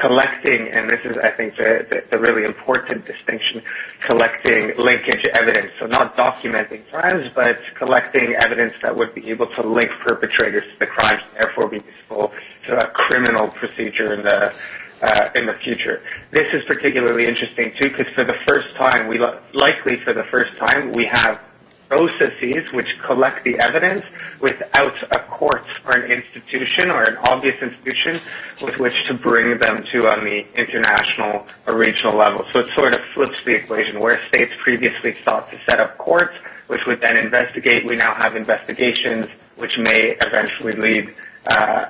Speaker 5: collecting, and this is, I think, the really important distinction, collecting linkage evidence. So Not documenting crimes, but collecting evidence that would be able to link perpetrators to the crimes, therefore be useful to a criminal procedure in the future. This is particularly interesting too, because for the first time likely for the first time, we have processes which collect the evidence without a court or an institution or an obvious institution with which to bring them to on the international or regional level. So it sort of flips the equation where states previously sought to set up courts which would then investigate. We now have investigations which may eventually lead uh,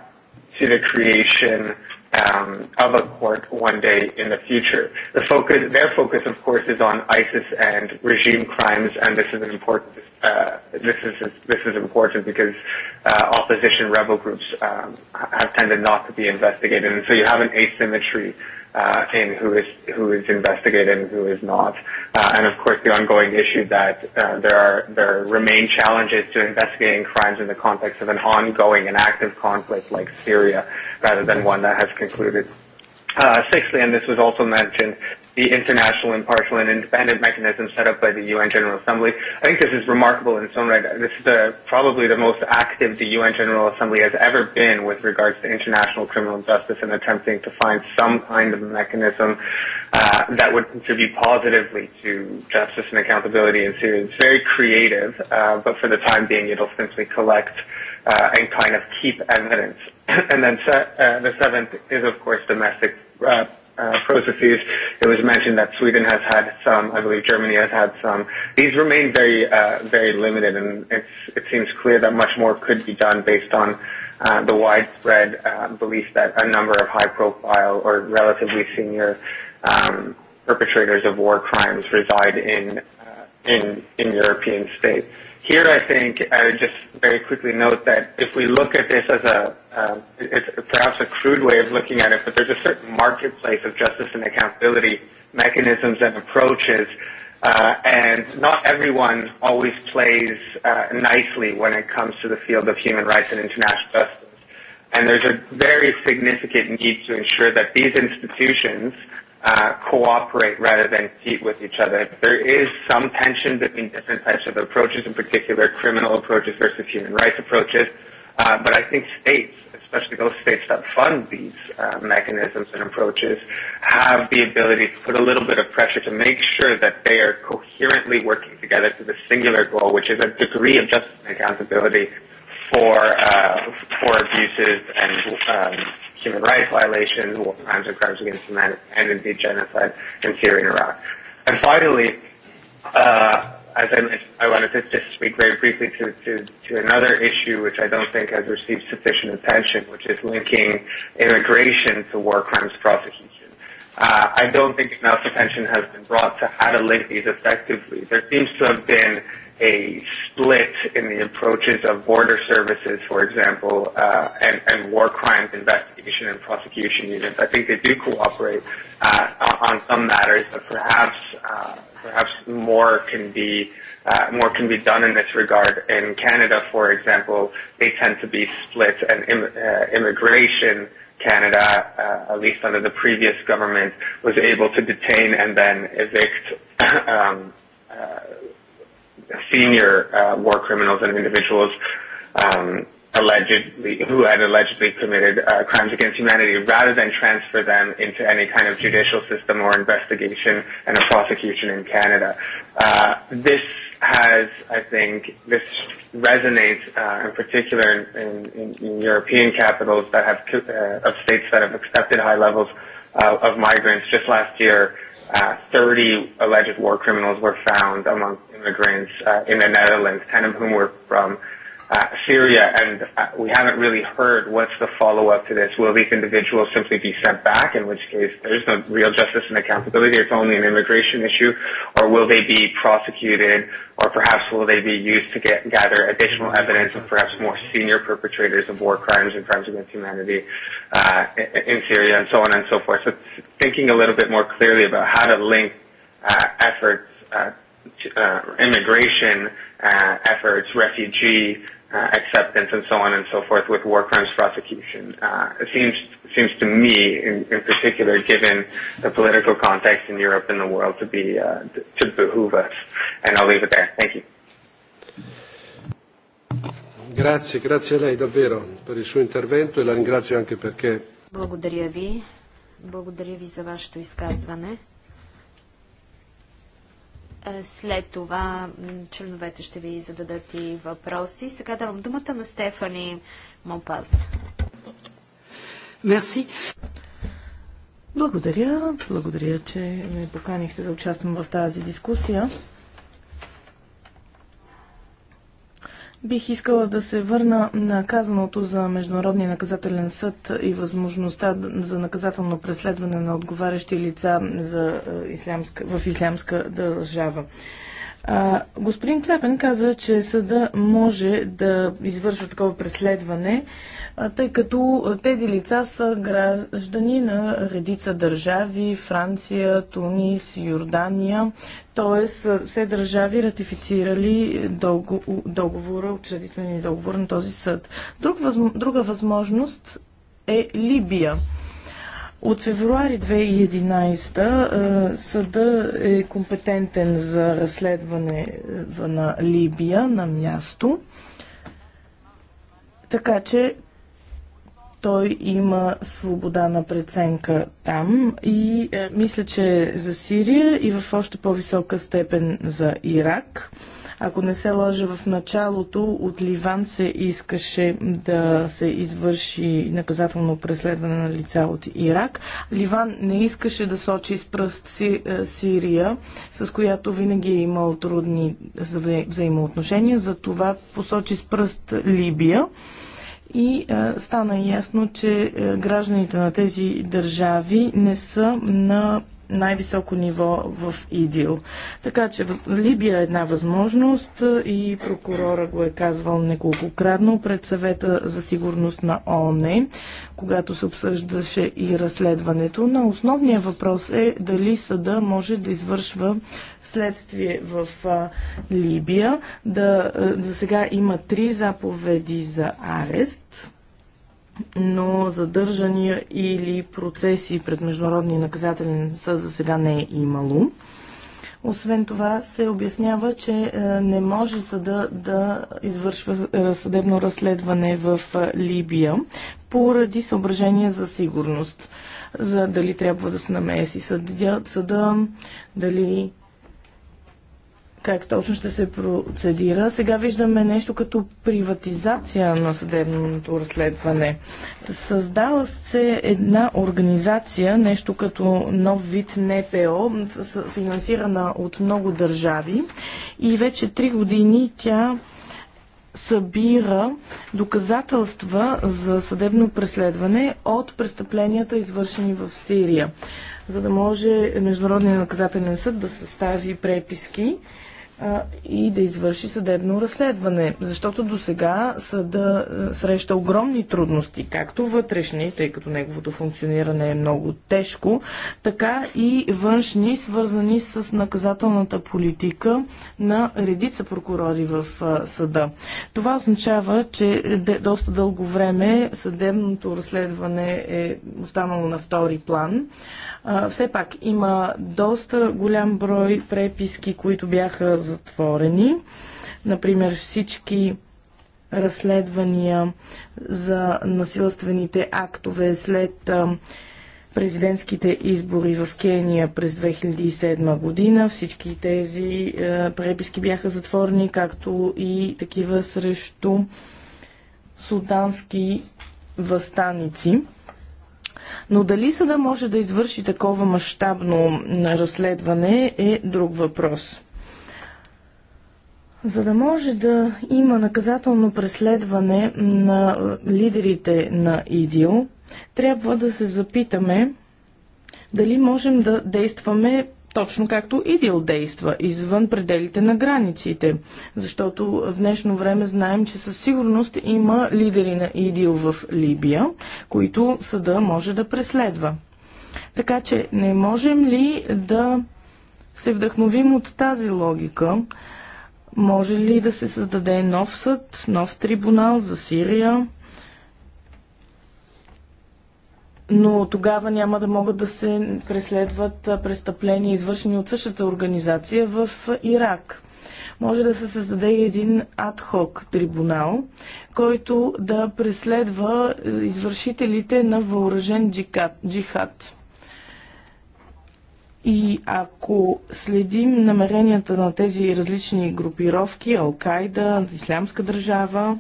Speaker 5: to the creation of a court one day in the future. The focus, their focus, of course, is on ISIS and regime crimes, and this is an important. Uh, this is this is important because uh, opposition rebel groups um, have tended not to be investigated, and so you have an asymmetry uh, in who is who is investigated and who is not, uh, and of course the ongoing issue that uh, there are there remain challenges to investigating crimes in the context of an ongoing and active conflict like Syria, rather than one that has concluded. Uh, sixthly, and this was also mentioned, the international, impartial, and independent mechanism set up by the UN General Assembly. I think this is remarkable in its own right. This is the, probably the most active the UN General Assembly has ever been with regards to international criminal justice and attempting to find some kind of mechanism uh, that would contribute positively to justice and accountability in Syria. It's very creative, uh, but for the time being, it'll simply collect uh, and kind of keep evidence. and then se- uh, the seventh is, of course, domestic uh, uh, processes. It was mentioned that Sweden has had some, I believe Germany has had some. These remain very, uh, very limited, and it's, it seems clear that much more could be done based on uh, the widespread uh, belief that a number of high-profile or relatively senior um, perpetrators of war crimes reside in uh, in in European states. Here, I think I would just very quickly note that if we look at this as a it's perhaps a crude way of looking at it, but there's a certain marketplace of justice and accountability mechanisms and approaches, and not everyone always plays nicely when it comes to the field of human rights and international justice. And There's a very significant need to ensure that these institutions cooperate rather than compete with each other. There is some tension between different types of approaches, in particular criminal approaches versus human rights approaches. Uh, but I think states, especially those states that fund these uh, mechanisms and approaches, have the ability to put a little bit of pressure to make sure that they are coherently working together to the singular goal, which is a degree of justice and accountability for uh, for abuses and um, human rights violations, war crimes and crimes against humanity, and indeed genocide in Syria and Iraq. And finally, uh, as I, I wanted to just speak very briefly to, to, to another issue which I don't think has received sufficient attention, which is linking immigration to war crimes prosecution. Uh, I don't think enough attention has been brought to how to link these effectively. There seems to have been a split in the approaches of border services, for example, uh, and, and war crimes investigation and prosecution units. I think they do cooperate uh, on some matters, but perhaps uh, perhaps more can be uh, more can be done in this regard. In Canada, for example, they tend to be split, and im- uh, immigration. Canada, uh, at least under the previous government, was able to detain and then evict um, uh, senior war criminals and individuals um, allegedly who had allegedly committed uh, crimes against humanity, rather than transfer them into any kind of judicial system or investigation and a prosecution in Canada. Uh, this has, I think, this resonates uh, in particular in, in, in European capitals that have uh, of states that have accepted high levels uh, of migrants. Just last year, uh, 30 alleged war criminals were found among immigrants uh in the Netherlands, 10 of whom were from uh Syria, and we haven't really heard what's the follow-up to this. Will these individuals simply be sent back, in which case there's no real justice and accountability, it's only an immigration issue, or will they be prosecuted, or perhaps will they be used to get, gather additional evidence of perhaps more senior perpetrators of war crimes and crimes against humanity uh, in Syria, and so on and so forth. So thinking a little bit more clearly about how to link uh, efforts uh, immigration efforts, refugee acceptance, and so on and so forth with war crimes prosecution. Uh, it seems seems to me, in, in particular, given the political context in Europe and the world, to be uh, to behoove us. And I'll leave it there. Thank you.
Speaker 4: Grazie, grazie a lei davvero per il suo intervento e la ringrazio anche perché.
Speaker 6: Благодаря ви. Благодаря ви за вашето изказване. Е, след това членовете ще ви зададат и въпроси. Сега давам думата на Стефани Мопас.
Speaker 7: Мерси. Благодаря. Благодаря, че ме поканихте да участвам в тази дискусия. Бих искала да се върна на казаното за Международния наказателен съд и възможността за наказателно преследване на отговарящи лица за е, ислямска, в ислямска държава. А, господин Клепен каза, че съда може да извършва такова преследване, а, тъй като тези лица са граждани на редица държави Франция, Тунис, Йордания, т.е. все държави ратифицирали договора, учредителния договор на този съд. Друг, друга възможност е Либия. От февруари 2011 съда е компетентен за разследване на Либия на място, така че той има свобода на преценка там и е, мисля, че за Сирия и в още по-висока степен за Ирак. Ако не се лъжа в началото, от Ливан се искаше да се извърши наказателно преследване на лица от Ирак. Ливан не искаше да сочи с пръст е, Сирия, с която винаги е имал трудни взаимоотношения, затова посочи с пръст Либия и а, е, стана ясно, че е, гражданите на тези държави не са на най-високо ниво в ИДИЛ. Така че Либия е една възможност и прокурора го е казвал неколкократно пред съвета за сигурност на ООН, когато се обсъждаше и разследването. Но основният въпрос е дали съда може да извършва следствие в Либия. Да, за сега има три заповеди за арест но задържания или процеси пред международни наказателен съд за сега не е имало. Освен това се обяснява, че е, не може съда да извършва е, съдебно разследване в е, Либия поради съображения за сигурност. За дали трябва да се намеси съда дали как точно ще се процедира. Сега виждаме нещо като приватизация на съдебното разследване. Създала се една организация, нещо като нов вид НПО, финансирана от много държави и вече три години тя събира доказателства за съдебно преследване от престъпленията, извършени в Сирия, за да може Международния наказателен съд да състави преписки и да извърши съдебно разследване, защото до сега съда среща огромни трудности, както вътрешни, тъй като неговото функциониране е много тежко, така и външни, свързани с наказателната политика на редица прокурори в съда. Това означава, че доста дълго време съдебното разследване е останало на втори план. Все пак има доста голям брой преписки, които бяха затворени. Например, всички разследвания за насилствените актове след президентските избори в Кения през 2007 година. Всички тези преписки бяха затворени, както и такива срещу султански възстаници. Но дали съда може да извърши такова мащабно разследване е друг въпрос. За да може да има наказателно преследване на лидерите на ИДИЛ, трябва да се запитаме дали можем да действаме точно както ИДИЛ действа, извън пределите на границите. Защото в днешно време знаем, че със сигурност има лидери на ИДИЛ в Либия, които съда може да преследва. Така че не можем ли да се вдъхновим от тази логика, може ли да се създаде нов съд, нов трибунал за Сирия? но тогава няма да могат да се преследват престъпления, извършени от същата организация в Ирак. Може да се създаде и един адхок трибунал, който да преследва извършителите на въоръжен джихад. И ако следим намеренията на тези различни групировки, Алкайда, Ислямска държава,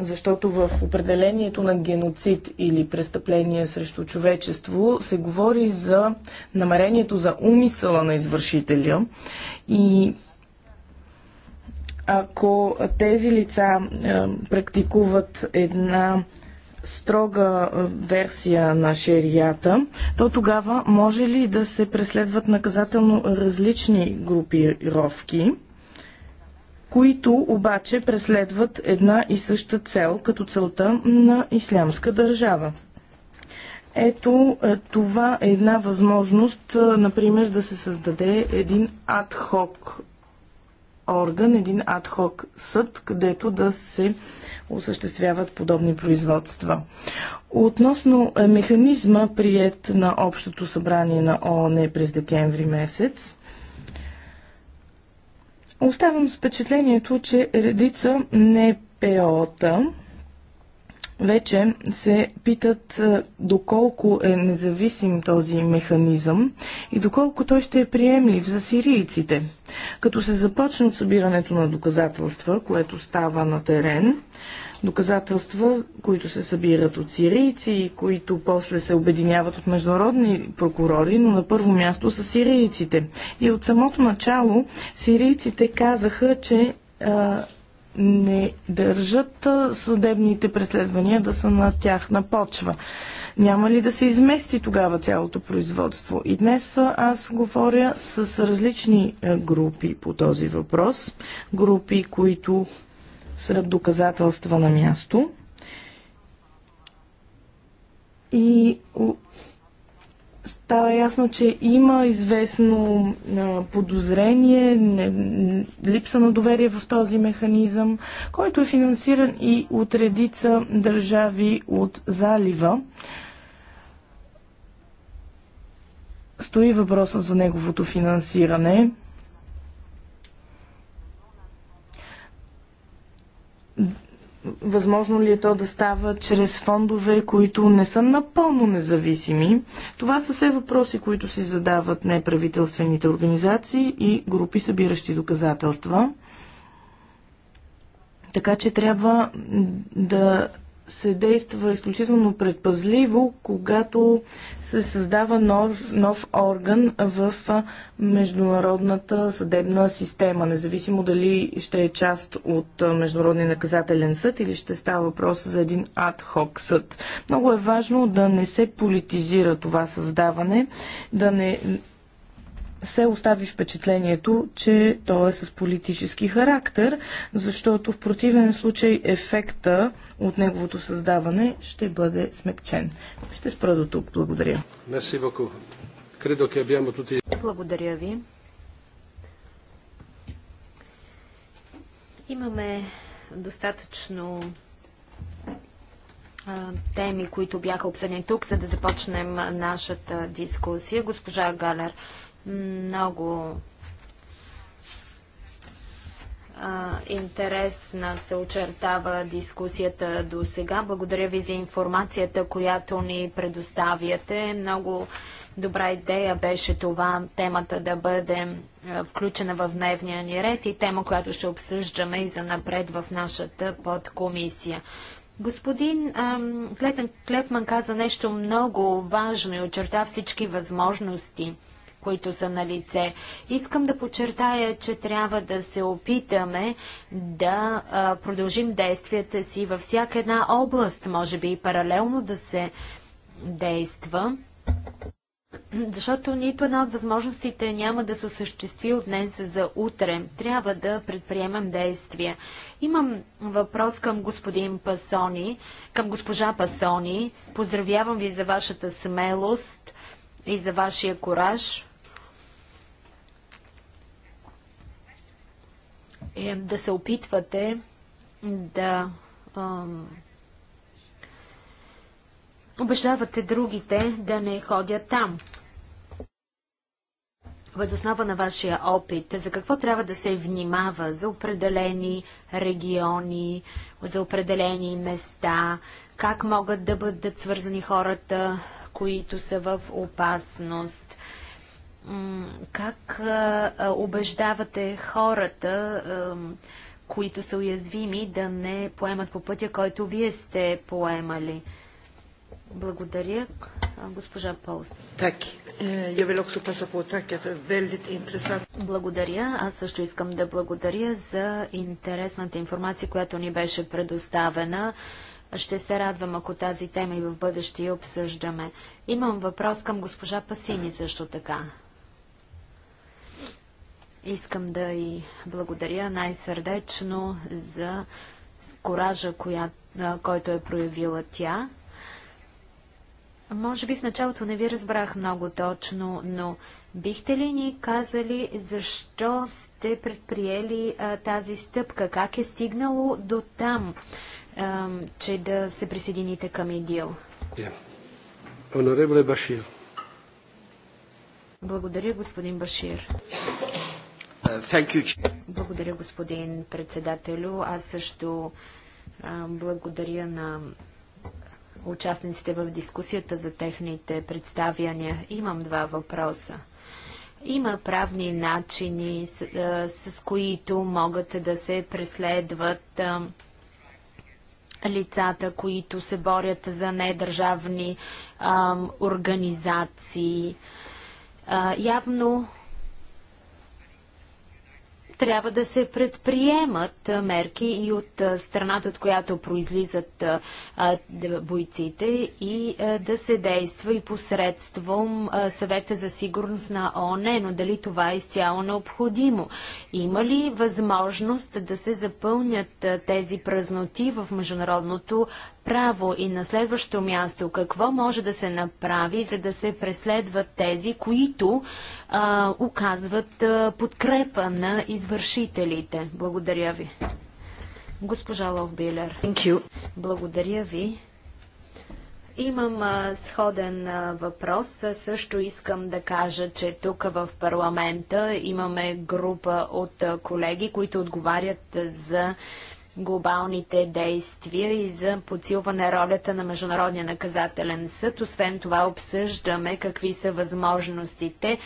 Speaker 7: защото в определението на геноцид или престъпление срещу човечество се говори за намерението за умисъла на извършителя и ако тези лица е, практикуват една строга версия на шерията, то тогава може ли да се преследват наказателно различни групировки? които обаче преследват една и съща цел, като целта на ислямска държава. Ето, е, това е една възможност, например, да се създаде един адхок орган, един адхок съд, където да се осъществяват подобни производства. Относно е, механизма, прият на Общото събрание на ООН през декември месец, оставам с впечатлението, че редица по та вече се питат е, доколко е независим този механизъм и доколко той ще е приемлив за сирийците. Като се започне от събирането на доказателства, което става на терен, доказателства, които се събират от сирийци и които после се обединяват от международни прокурори, но на първо място са сирийците. И от самото начало сирийците казаха, че е, не държат съдебните преследвания да са на тяхна почва. Няма ли да се измести тогава цялото производство? И днес аз говоря с различни групи по този въпрос. Групи, които сред доказателства на място. И става ясно, че има известно подозрение, липса на доверие в този механизъм, който е финансиран и от редица държави от залива. Стои въпросът за неговото финансиране. Възможно ли е то да става чрез фондове, които не са напълно независими? Това са все въпроси, които си задават неправителствените организации и групи, събиращи доказателства. Така че трябва да се действа изключително предпазливо, когато се създава нов, нов орган в международната съдебна система, независимо дали ще е част от Международния наказателен съд или ще става въпрос за един ад-хок съд. Много е важно да не се политизира това създаване, да не се остави впечатлението, че то е с политически характер, защото в противен случай ефекта от неговото създаване ще бъде смекчен. Ще спра до тук. Благодаря.
Speaker 6: Благодаря ви. Имаме достатъчно теми, които бяха обсъдени тук, за да започнем нашата дискусия. Госпожа Галер, много а, интересна се очертава дискусията до сега. Благодаря ви за информацията, която ни предоставяте. Много добра идея беше това темата да бъде включена в дневния ни ред и тема, която ще обсъждаме и за напред в нашата подкомисия. Господин Клетман каза нещо много важно и очерта всички възможности – които са на лице. Искам да подчертая, че трябва да се опитаме да а, продължим действията си във всяка една област, може би и паралелно да се действа. Защото нито една от възможностите няма да се осъществи от днес за утре. Трябва да предприемам действия. Имам въпрос към господин Пасони, към госпожа Пасони. Поздравявам ви за вашата смелост и за вашия кораж. е да се опитвате да ам, обещавате другите да не ходят там. Възоснова на вашия опит, за какво трябва да се внимава за определени региони, за определени места, как могат да бъдат свързани хората, които са в опасност. Как убеждавате хората, които са уязвими, да не поемат по пътя, който вие сте поемали? Благодаря, госпожа Паус. Е, е, е, благодаря. Аз също искам да благодаря за интересната информация, която ни беше предоставена. Ще се радвам, ако тази тема и в бъдеще я обсъждаме. Имам въпрос към госпожа Пасини също така. Искам да и благодаря най-сърдечно за коража, коя, който е проявила тя. Може би в началото не ви разбрах много точно, но бихте ли ни казали защо сте предприели а, тази стъпка? Как е стигнало до там, а, че да се присъедините към ИДИЛ? Башир. Благодаря, господин Башир. Благодаря, господин председателю. Аз също благодаря на участниците в дискусията за техните представяния. Имам два въпроса. Има правни начини, с, с които могат да се преследват лицата, които се борят за недържавни организации. Явно трябва да се предприемат мерки и от страната, от която произлизат бойците и да се действа и посредством съвета за сигурност на ООН, но дали това е изцяло необходимо? Има ли възможност да се запълнят тези празноти в международното право. И на следващо място, какво може да се направи, за да се преследват тези, които а, оказват а, подкрепа на извършителите? Благодаря ви. Госпожа Ловбилер. Благодаря ви. Имам а, сходен а, въпрос. Също искам да кажа, че тук в парламента имаме група от а, колеги, които отговарят за глобалните действия и за подсилване ролята на Международния наказателен съд. Освен това обсъждаме какви са възможностите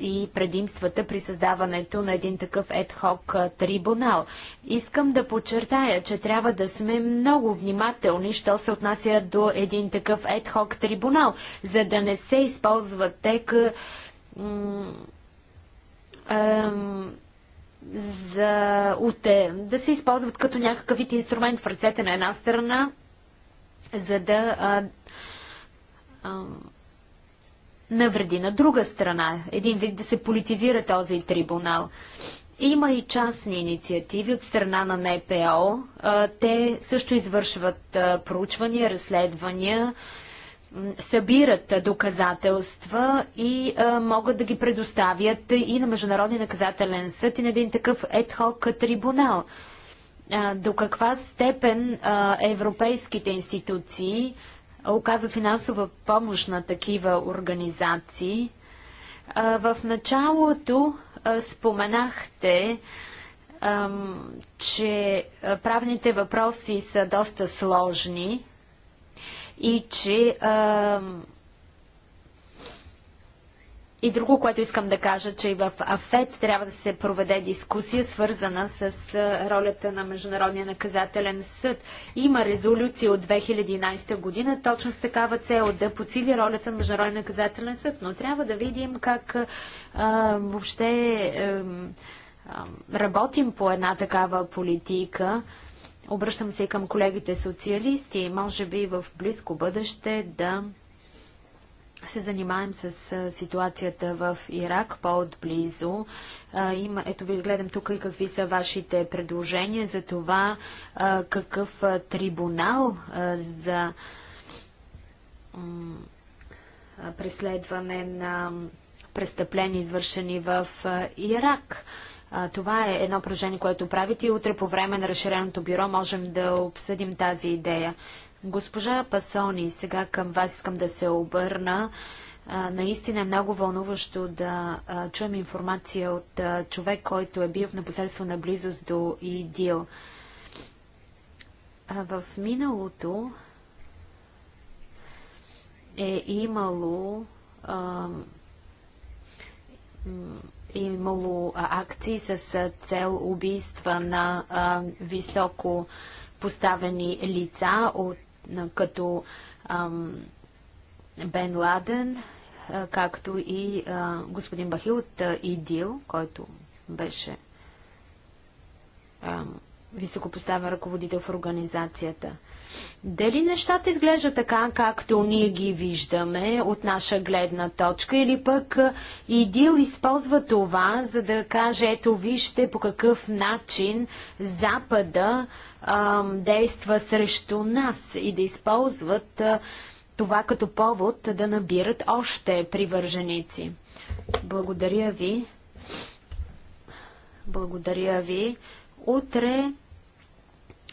Speaker 6: и предимствата при създаването на един такъв едхок трибунал. Искам да подчертая, че трябва да сме много внимателни, що се отнася до един такъв едхок трибунал, за да не се използват тек за уте, да се използват като някакъв вид инструмент в ръцете на една страна, за да а, а, навреди на друга страна. Един вид да се политизира този трибунал. Има и частни инициативи от страна на НПО. А, те също извършват а, проучвания, разследвания, събират доказателства и а, могат да ги предоставят и на Международни наказателен съд и на един такъв едхок трибунал. А, до каква степен а, европейските институции оказват финансова помощ на такива организации? А, в началото а, споменахте, че правните въпроси са доста сложни и че а, и друго, което искам да кажа, че и в АФЕД трябва да се проведе дискусия, свързана с ролята на Международния наказателен съд. Има резолюция от 2011 година, точно с такава цел да подсили ролята на Международния наказателен съд, но трябва да видим как а, въобще а, работим по една такава политика. А, Обръщам се и към колегите социалисти. Може би в близко бъдеще да се занимаем с ситуацията в Ирак по-отблизо. Ето ви гледам тук и какви са вашите предложения за това какъв трибунал за преследване на престъпления, извършени в Ирак това е едно предложение, което правите и утре по време на разширеното бюро можем да обсъдим тази идея. Госпожа Пасони, сега към вас искам да се обърна. наистина е много вълнуващо да чуем информация от човек, който е бил в непосредствена близост до ИДИЛ. В миналото е имало имало акции с цел убийства на високо поставени лица като Бен Ладен, както и господин Бахил от ИДИЛ, който беше високопоставен ръководител в организацията. Дали нещата изглеждат така, както ние ги виждаме от наша гледна точка, или пък ИДИЛ използва това, за да каже, ето вижте по какъв начин Запада а, действа срещу нас и да използват а, това като повод да набират още привърженици. Благодаря ви. Благодаря ви. Утре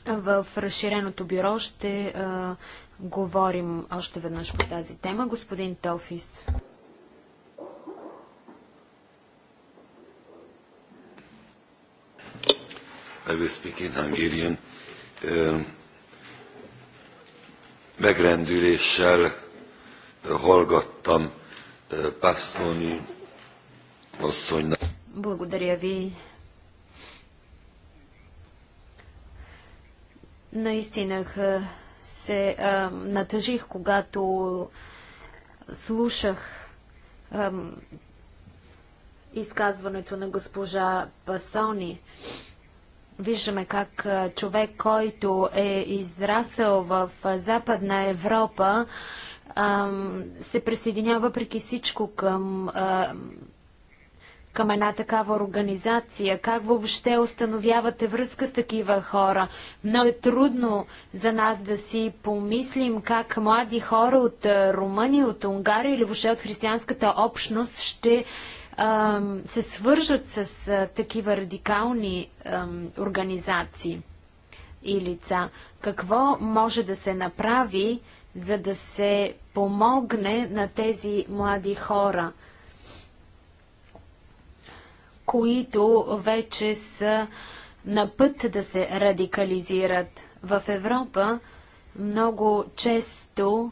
Speaker 6: в разширеното бюро ще а, говорим още веднъж по тази тема. Господин Тофис.
Speaker 1: I will speak in Hungarian. Ehm, megrendüléssel hallgattam asszonynak.
Speaker 6: Благодаря ви, Наистина се а, натъжих, когато слушах а, изказването на госпожа Пасони. Виждаме как човек, който е израсъл в Западна Европа, се присъединява въпреки всичко към към една такава организация? Как въобще установявате връзка с такива хора? Много е трудно за нас да си помислим как млади хора от Румъния, от Унгария или въобще от християнската общност ще се свържат с а, такива радикални организации и лица. Какво може да се направи, за да се помогне на тези млади хора? които вече са на път да се радикализират. В Европа много често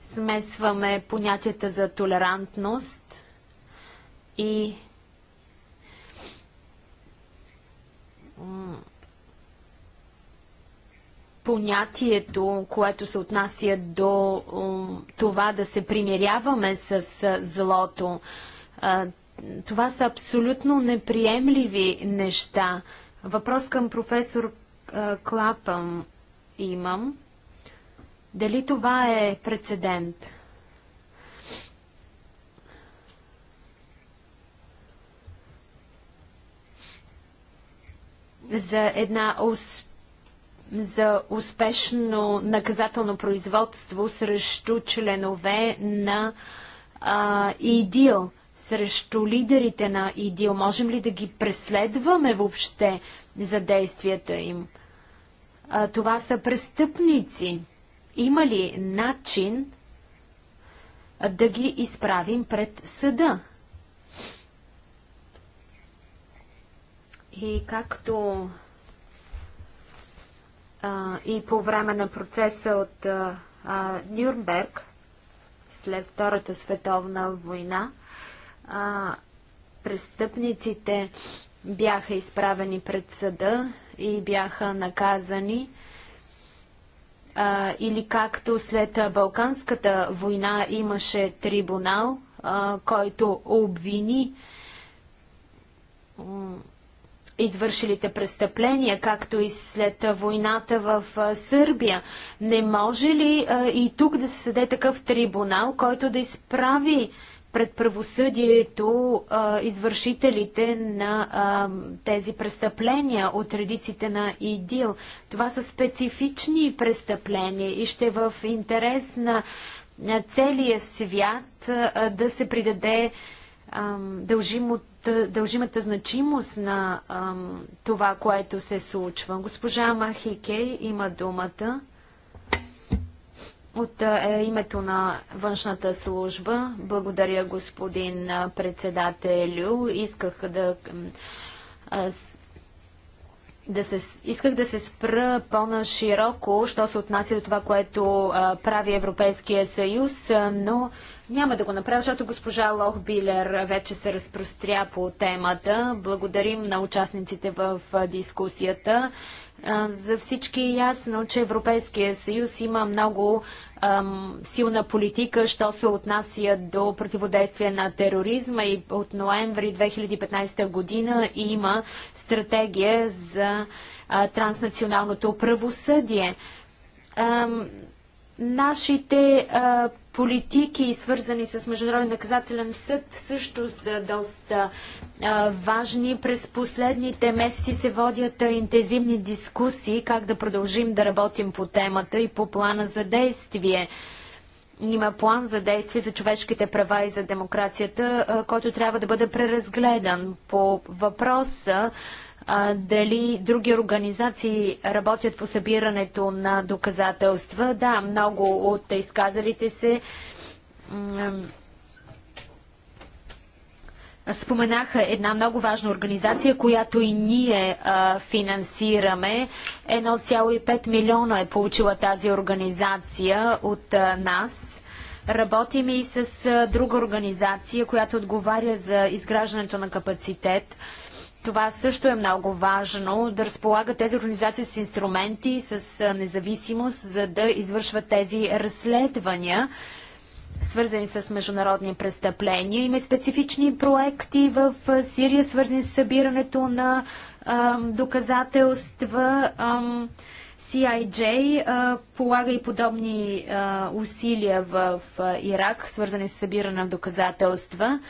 Speaker 6: смесваме понятията за толерантност и понятието, което се отнася до това да се примиряваме с злото това са абсолютно неприемливи неща. Въпрос към професор Клапам имам. Дали това е прецедент? За една за успешно наказателно производство срещу членове на а, ИДИЛ срещу лидерите на ИДИЛ? Можем ли да ги преследваме въобще за действията им? А, това са престъпници. Има ли начин да ги изправим пред съда? И както а, и по време на процеса от а, Нюрнберг, след Втората световна война, а, престъпниците бяха изправени пред съда и бяха наказани. А, или както след Балканската война имаше трибунал, а, който обвини извършилите престъпления, както и след войната в Сърбия. Не може ли а, и тук да се съде такъв трибунал, който да изправи пред правосъдието а, извършителите на а, тези престъпления от редиците на ИДИЛ. Това са специфични престъпления и ще в интерес на, на целия свят а, да се придаде а, от дължимата значимост на а, това, което се случва. Госпожа Махикей, има думата. От е, името на външната служба, благодаря господин председателю. Исках да, да се, исках да се спра по-нашироко, що се отнася до това, което прави Европейския съюз, но няма да го направя, защото госпожа Лохбилер вече се разпростря по темата. Благодарим на участниците в дискусията. За всички е ясно, че Европейския съюз има много ам, силна политика, що се отнася до противодействие на тероризма и от ноември 2015 година има стратегия за а, транснационалното правосъдие. Ам, нашите а, политики, свързани с Международен наказателен съд, също са доста а, важни. През последните месеци се водят а, интензивни дискусии как да продължим да работим по темата и по плана за действие. Има план за действие за човешките права и за демокрацията, а, който трябва да бъде преразгледан. По въпроса а, дали други организации работят по събирането на доказателства. Да, много от изказалите се споменаха една много важна организация, която и ние а, финансираме. 1,5 милиона е получила тази организация от а, нас. Работим и с а, друга организация, която отговаря за изграждането на капацитет. А, това също е много важно, да разполагат тези организации с инструменти, с независимост, за да извършват тези разследвания, свързани с международни престъпления. Има специфични проекти в Сирия, свързани с събирането на доказателства. А, CIJ а, полага и подобни усилия в Ирак, свързани с събиране на доказателства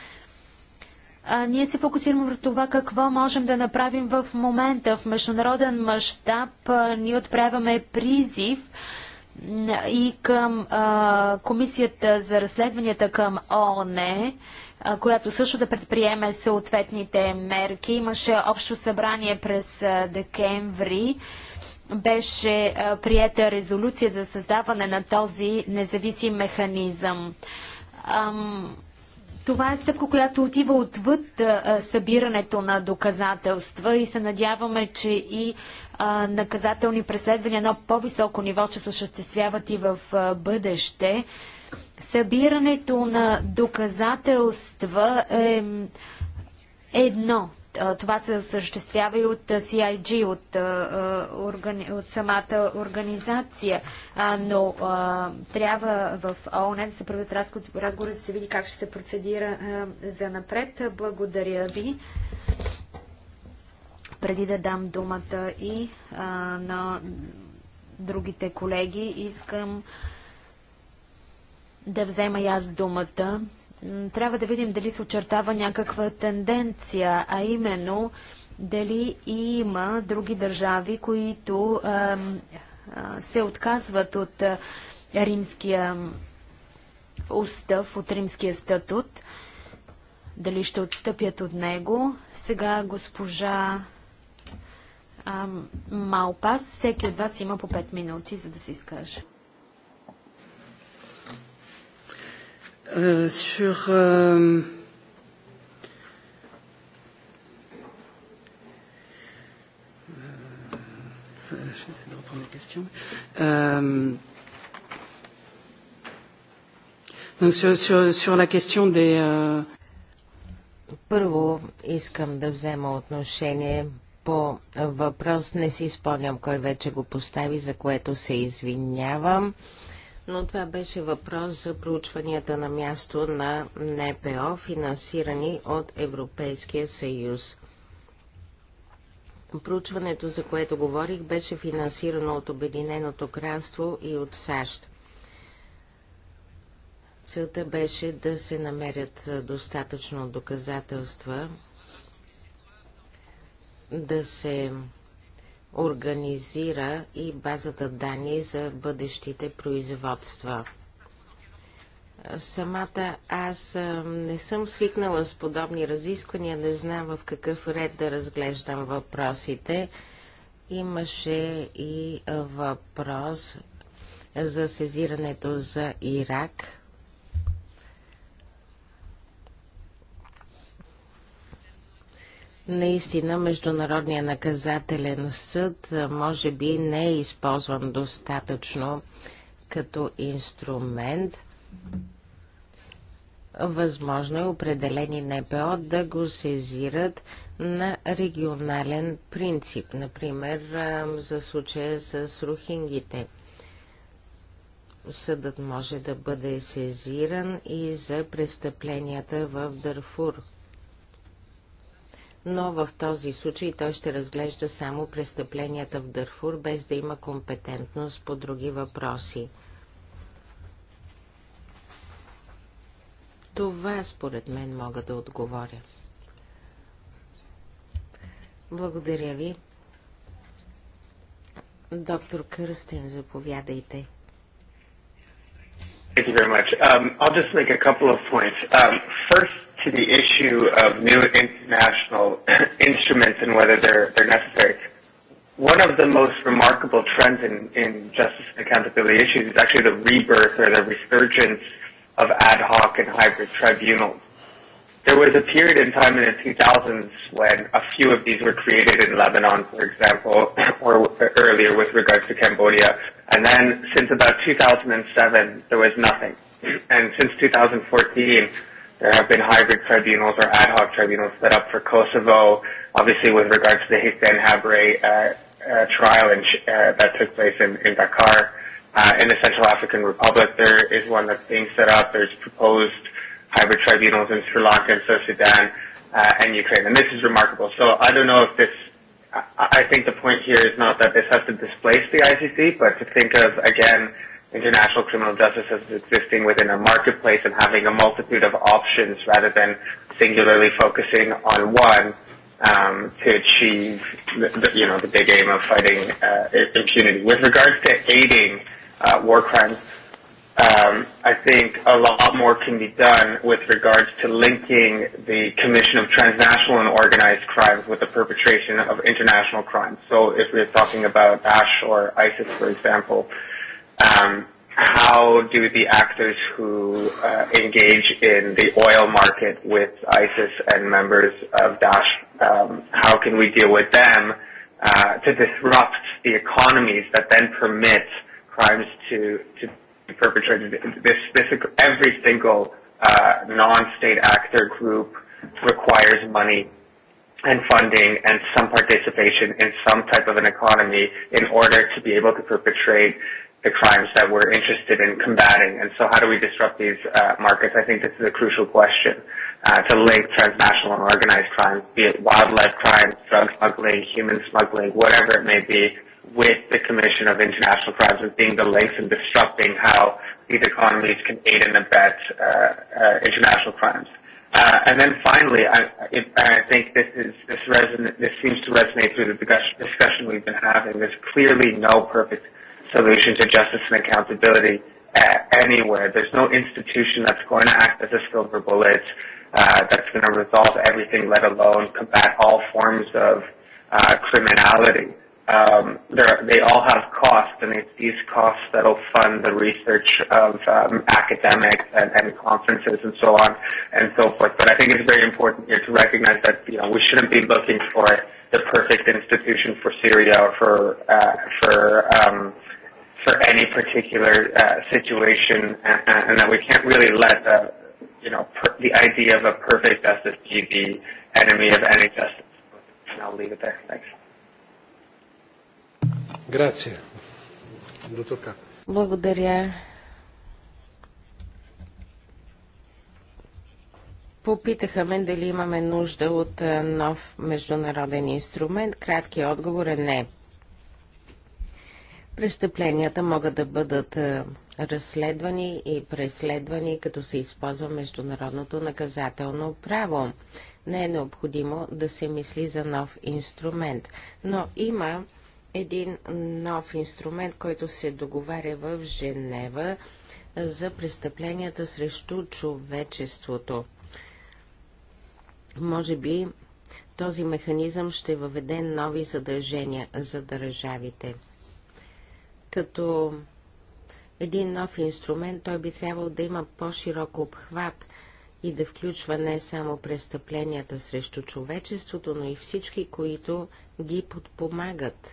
Speaker 6: ние се фокусираме в това какво можем да направим в момента. В международен мащаб ние отправяме призив и към а, Комисията за разследванията към ООН, която също да предприеме съответните мерки. Имаше общо събрание през декември. Беше приета резолюция за създаване на този независим механизъм. Ам, това е стъпка, която отива отвъд събирането на доказателства и се надяваме, че и наказателни преследвания на по-високо ниво ще се осъществяват и в бъдеще. Събирането на доказателства е едно. Това се осъществява и от CIG, от, от самата организация. Но трябва в ООН да се правят разговори, да се види как ще се процедира за напред. Благодаря ви. Преди да дам думата и на другите колеги, искам да взема и аз думата трябва да видим дали се очертава някаква тенденция, а именно дали има други държави, които се отказват от римския устав, от римския статут, дали ще отстъпят от него. Сега госпожа Малпас, всеки от вас има по 5 минути, за да се изкаже.
Speaker 3: Euh, sur euh, euh j'essaie de reprendre la question. Euh, donc sur, sur, sur la question des euh...
Speaker 2: Първо искам да взема отношение по въпрос, не си спомням кой вече го постави, за което се извинявам. Uh, но това беше въпрос за проучванията на място на НПО, финансирани от Европейския съюз. Проучването, за което говорих, беше финансирано от Обединеното кралство и от САЩ. Целта беше да се намерят достатъчно доказателства, да се организира и базата данни за бъдещите производства. Самата аз не съм свикнала с подобни разисквания, не знам в какъв ред да разглеждам въпросите. Имаше и въпрос за сезирането за Ирак – Наистина Международния наказателен съд може би не е използван достатъчно като инструмент. Възможно е определени НПО да го сезират на регионален принцип, например за случая с рухингите. Съдът може да бъде сезиран и за престъпленията в Дърфур – но в този случай той ще разглежда само престъпленията в Дърфур, без да има компетентност по други въпроси. Това според мен мога да отговоря. Благодаря ви. Доктор Кърстен, заповядайте.
Speaker 5: Thank you very much. Um, I'll just make a couple of points. Um, first, to the issue of new international instruments and whether they're, they're necessary, one of the most remarkable trends in, in justice and accountability issues is actually the rebirth or the resurgence of ad hoc and hybrid tribunals. There was a period in time in the 2000s when a few of these were created in Lebanon, for example, or earlier with regards to Cambodia. And then since about 2007, there was nothing. And since 2014, There have been hybrid tribunals or ad hoc tribunals set up for Kosovo, obviously with regards to the Hissène Habré trial in, that took place in, in Dakar. in the Central African Republic, there is one that's being set up. There's proposed hybrid tribunals in Sri Lanka and South Sudan uh, and Ukraine. And this is remarkable. So I don't know if this, I, I think the point here is not that this has to displace the ICC, but to think of, again, international criminal justice as existing within a marketplace and having a multitude of options rather than singularly focusing on one um, to achieve the, the, you know the big aim of fighting uh, impunity. With regards to aiding uh, war crimes, um, I think a lot more can be done with regards to linking the commission of transnational and organized crimes with the perpetration of international crimes. So if we're talking about Ash or ISIS, for example. Uh, how do the actors who engage in the oil market with ISIS and members of Daesh, how can we deal with them to disrupt the economies that then permit crimes to, to be perpetrated? This, this, every single uh, non-state actor group requires money and funding and some participation in some type of an economy in order to be able to perpetrate the crimes that we're interested in combating. and so How do we disrupt these uh markets? I think this is a crucial question uh, to link transnational and organized crime, be it wildlife crime, drug smuggling, human smuggling, whatever it may be, with the commission of international crimes as being the links in disrupting how these economies can aid and abet uh uh international crimes. Uh and then Finally, I I think this seems to resonate through the discussion we've been having. There's clearly no perfect solution to justice and accountability anywhere. There's no institution that's going to act as a silver bullet that's going to resolve everything, let alone combat all forms of criminality. They all have costs, and it's these costs that'll fund the research of academics and conferences and so on and so forth. But I think it's very important here to recognize that we shouldn't be looking for the perfect institution for Syria or for for any particular situation, and that we can't really let the idea of a perfect justice be the enemy of any justice. I'll leave it there. Thanks. Grazie. Доктор Капа.
Speaker 2: Благодаря. Попитаха ме дали имаме нужда от нов международен инструмент. Краткият отговор е не. Престъпленията могат да бъдат е, разследвани и преследвани, като се използва международното наказателно право. Не е необходимо да се мисли за нов инструмент, но има един нов инструмент, който се договаря в Женева за престъпленията срещу човечеството. Може би този механизъм ще въведе нови задължения за държавите – като един нов инструмент, той би трябвало да има по-широк обхват и да включва не само престъпленията срещу човечеството, но и всички, които ги подпомагат.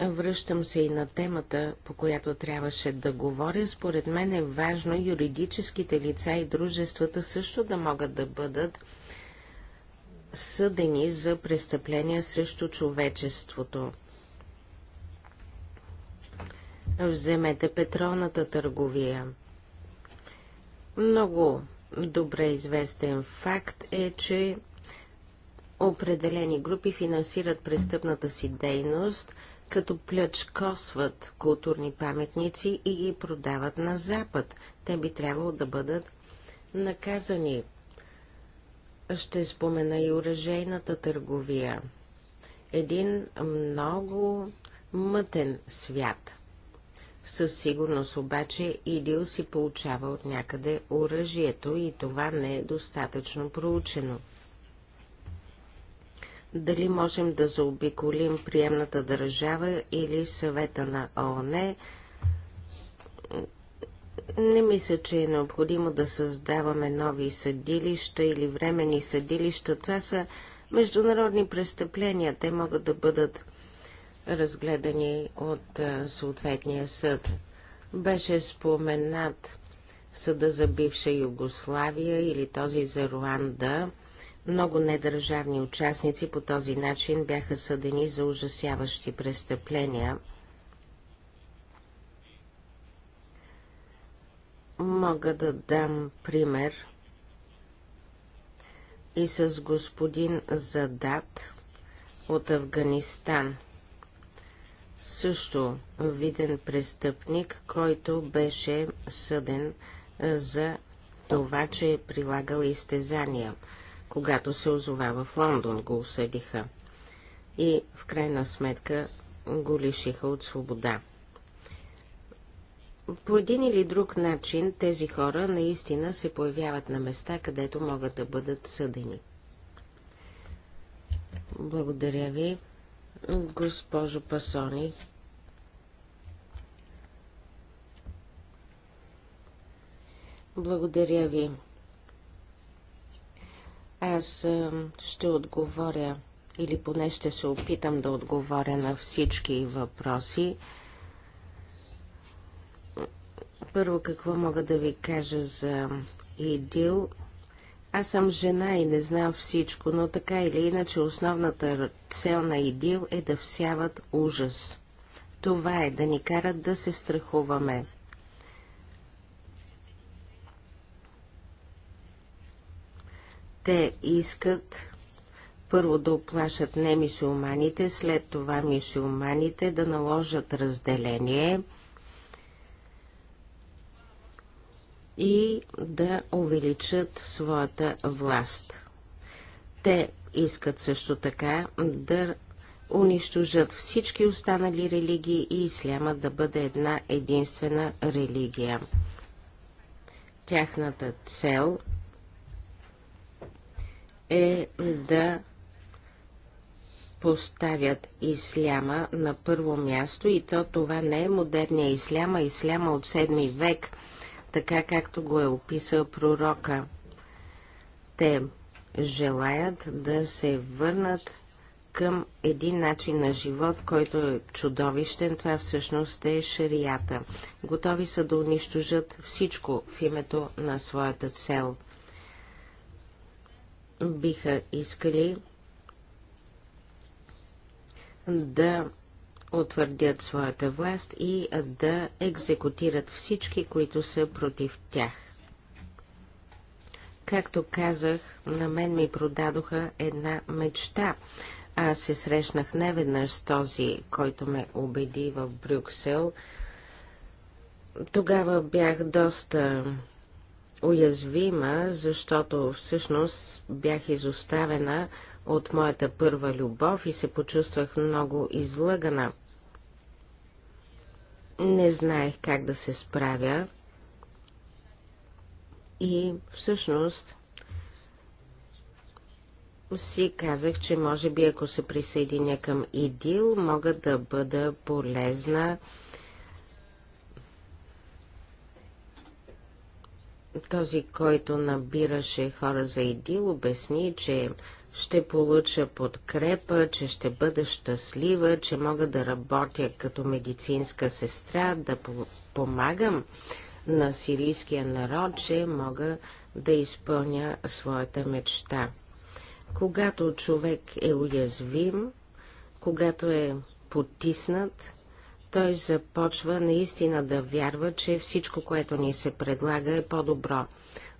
Speaker 2: Връщам се и на темата, по която трябваше да говоря. Според мен е важно юридическите лица и дружествата също да могат да бъдат съдени за престъпления срещу човечеството. Вземете петролната търговия. Много добре известен факт е, че определени групи финансират престъпната си дейност, като плячкосват културни паметници и ги продават на Запад. Те би трябвало да бъдат наказани. Ще спомена и уръжейната търговия. Един много мътен свят – със сигурност обаче Идил си получава от някъде оръжието и това не е достатъчно проучено. Дали можем да заобиколим приемната държава или съвета на ООН, не мисля, че е необходимо да създаваме нови съдилища или времени съдилища. Това са международни престъпления. Те могат да бъдат разгледани от съответния съд. Беше споменат съда за бивша Югославия или този за Руанда. Много недържавни участници по този начин бяха съдени за ужасяващи престъпления. Мога да дам пример и с господин Задат от Афганистан – също виден престъпник, който беше съден за това, че е прилагал изтезания. Когато се озова в Лондон, го осъдиха и в крайна сметка го лишиха от свобода. По един или друг начин тези хора наистина се появяват на места, където могат да бъдат съдени. Благодаря ви госпожо Пасони. Благодаря ви. Аз ще отговоря или поне ще се опитам да отговоря на всички въпроси. Първо, какво мога да ви кажа за ИДИЛ? Аз съм жена и не знам всичко, но така или иначе основната цел на ИДИЛ е да всяват ужас. Това е да ни карат да се страхуваме. Те искат първо да оплашат не след това мисулманите да наложат разделение – и да увеличат своята власт. Те искат също така да унищожат всички останали религии и исляма да бъде една единствена религия. Тяхната цел е да поставят исляма на първо място и то това не е модерния ислям, а исляма от 7 век – така както го е описал пророка. Те желаят да се върнат към един начин на живот, който е чудовищен, това всъщност е шарията. Готови са да унищожат всичко в името на своята цел. Биха искали да утвърдят своята власт и да екзекутират всички, които са против тях. Както казах, на мен ми продадоха една мечта. Аз се срещнах неведнъж с този, който ме убеди в Брюксел. Тогава бях доста уязвима, защото всъщност бях изоставена от моята първа любов и се почувствах много излъгана. Не знаех как да се справя и всъщност си казах, че може би ако се присъединя към ИДИЛ, мога да бъда полезна. Този, който набираше хора за ИДИЛ, обясни, че ще получа подкрепа, че ще бъда щастлива, че мога да работя като медицинска сестра, да помагам на сирийския народ, че мога да изпълня своята мечта. Когато човек е уязвим, когато е потиснат, той започва наистина да вярва, че всичко, което ни се предлага, е по-добро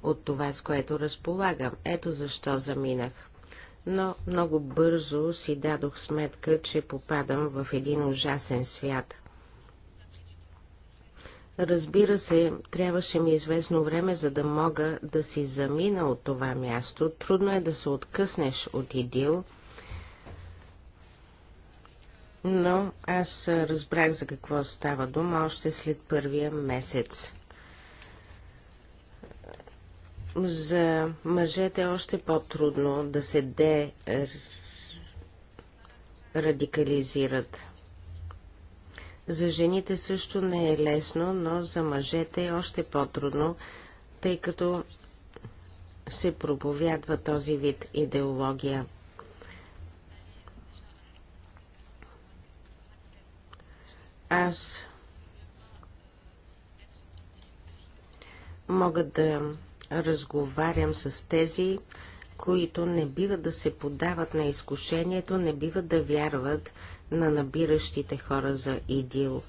Speaker 2: от това, с което разполагам. Ето защо заминах но много бързо си дадох сметка, че попадам в един ужасен свят. Разбира се, трябваше ми известно време, за да мога да си замина от това място. Трудно е да се откъснеш от идил, но аз разбрах за какво става дума още след първия месец. За мъжете е още по-трудно да се де радикализират. За жените също не е лесно, но за мъжете е още по-трудно, тъй като се проповядва този вид идеология. Аз мога да разговарям с тези, които не бива да се подават на изкушението, не бива да вярват на набиращите хора за идил.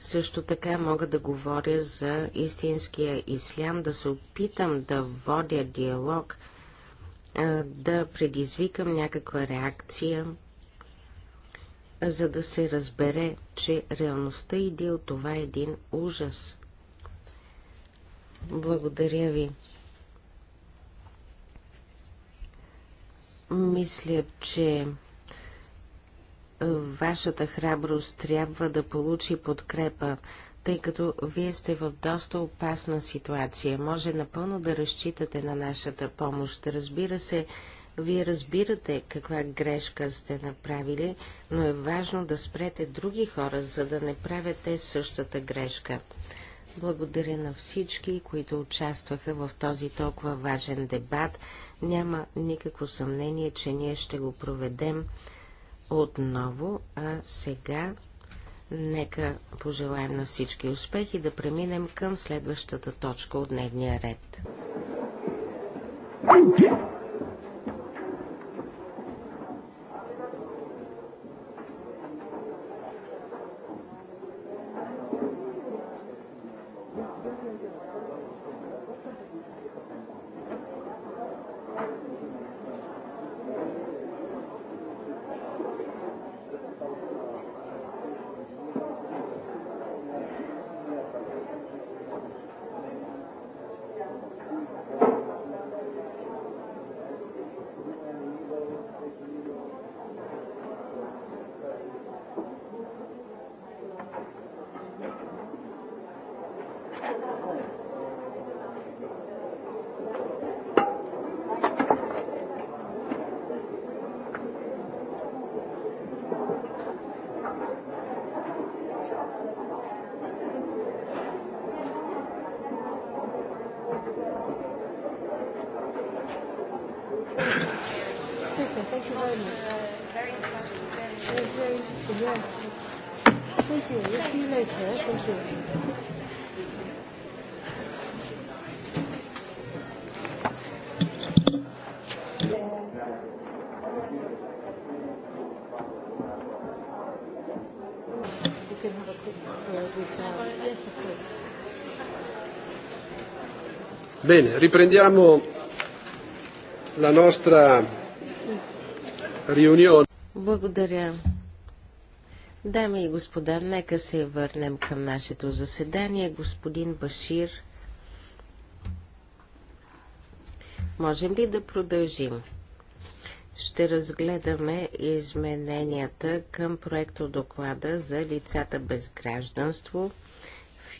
Speaker 2: Също така мога да говоря за истинския ислям, да се опитам да водя диалог, да предизвикам някаква реакция, за да се разбере, че реалността идил това е един ужас – благодаря ви. Мисля, че е, вашата храброст трябва да получи подкрепа, тъй като вие сте в доста опасна ситуация. Може напълно да разчитате на нашата помощ. Разбира се, вие разбирате каква грешка сте направили, но е важно да спрете други хора, за да не правят те същата грешка. Благодаря на всички, които участваха в този толкова важен дебат. Няма никакво съмнение, че ние ще го проведем отново, а сега нека пожелаем на всички успех и да преминем към следващата точка от дневния ред.
Speaker 4: Bene, riprendiamo la nostra riunione.
Speaker 2: Благодаря. Дами и господа, нека се върнем към нашето заседание. Господин Башир, можем ли да продължим? Ще разгледаме измененията към проекто доклада за лицата без гражданство –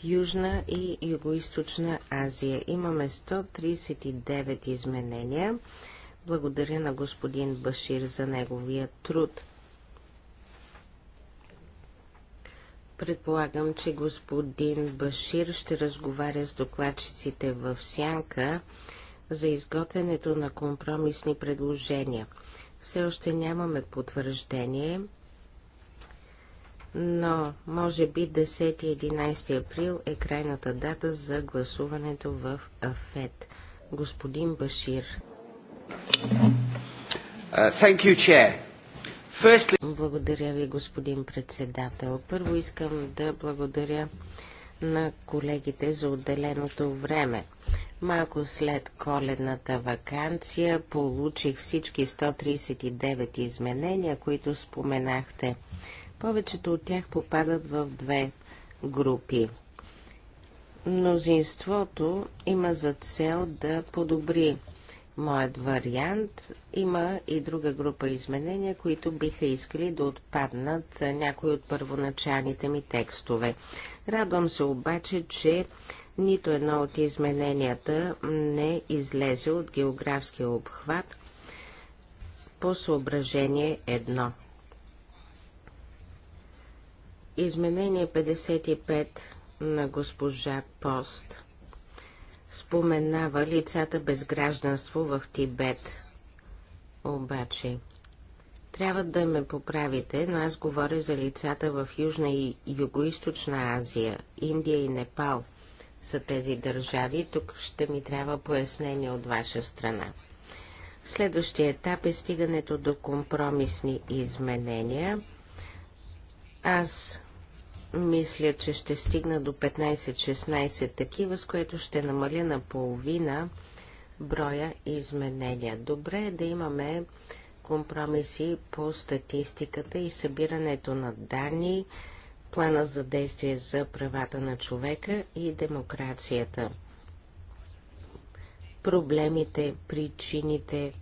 Speaker 2: Южна и Югоизточна Азия. Имаме 139 изменения. Благодаря на господин Башир за неговия труд. Предполагам, че господин Башир ще разговаря с докладчиците в Сянка за изготвянето на компромисни предложения. Все още нямаме потвърждение но може би 10-11 април е крайната дата за гласуването в АФЕД. Господин Башир.
Speaker 3: Uh, thank you, chair. Firstly...
Speaker 2: Благодаря ви, господин председател. Първо искам да благодаря на колегите за отделеното време. Малко след коледната вакансия получих всички 139 изменения, които споменахте. Повечето от тях попадат в две групи. Мнозинството има за цел да подобри моят вариант. Има и друга група изменения, които биха искали да отпаднат някои от първоначалните ми текстове. Радвам се обаче, че нито едно от измененията не излезе от географския обхват по съображение едно. Изменение 55 на госпожа Пост споменава лицата без гражданство в Тибет. Обаче, трябва да ме поправите, но аз говоря за лицата в Южна и Югоизточна Азия, Индия и Непал са тези държави. Тук ще ми трябва пояснение от ваша страна. Следващия етап е стигането до компромисни изменения. Аз мисля, че ще стигна до 15-16 такива, с което ще намаля на половина броя изменения. Добре е да имаме компромиси по статистиката и събирането на данни, плана за действие за правата на човека и демокрацията. Проблемите, причините,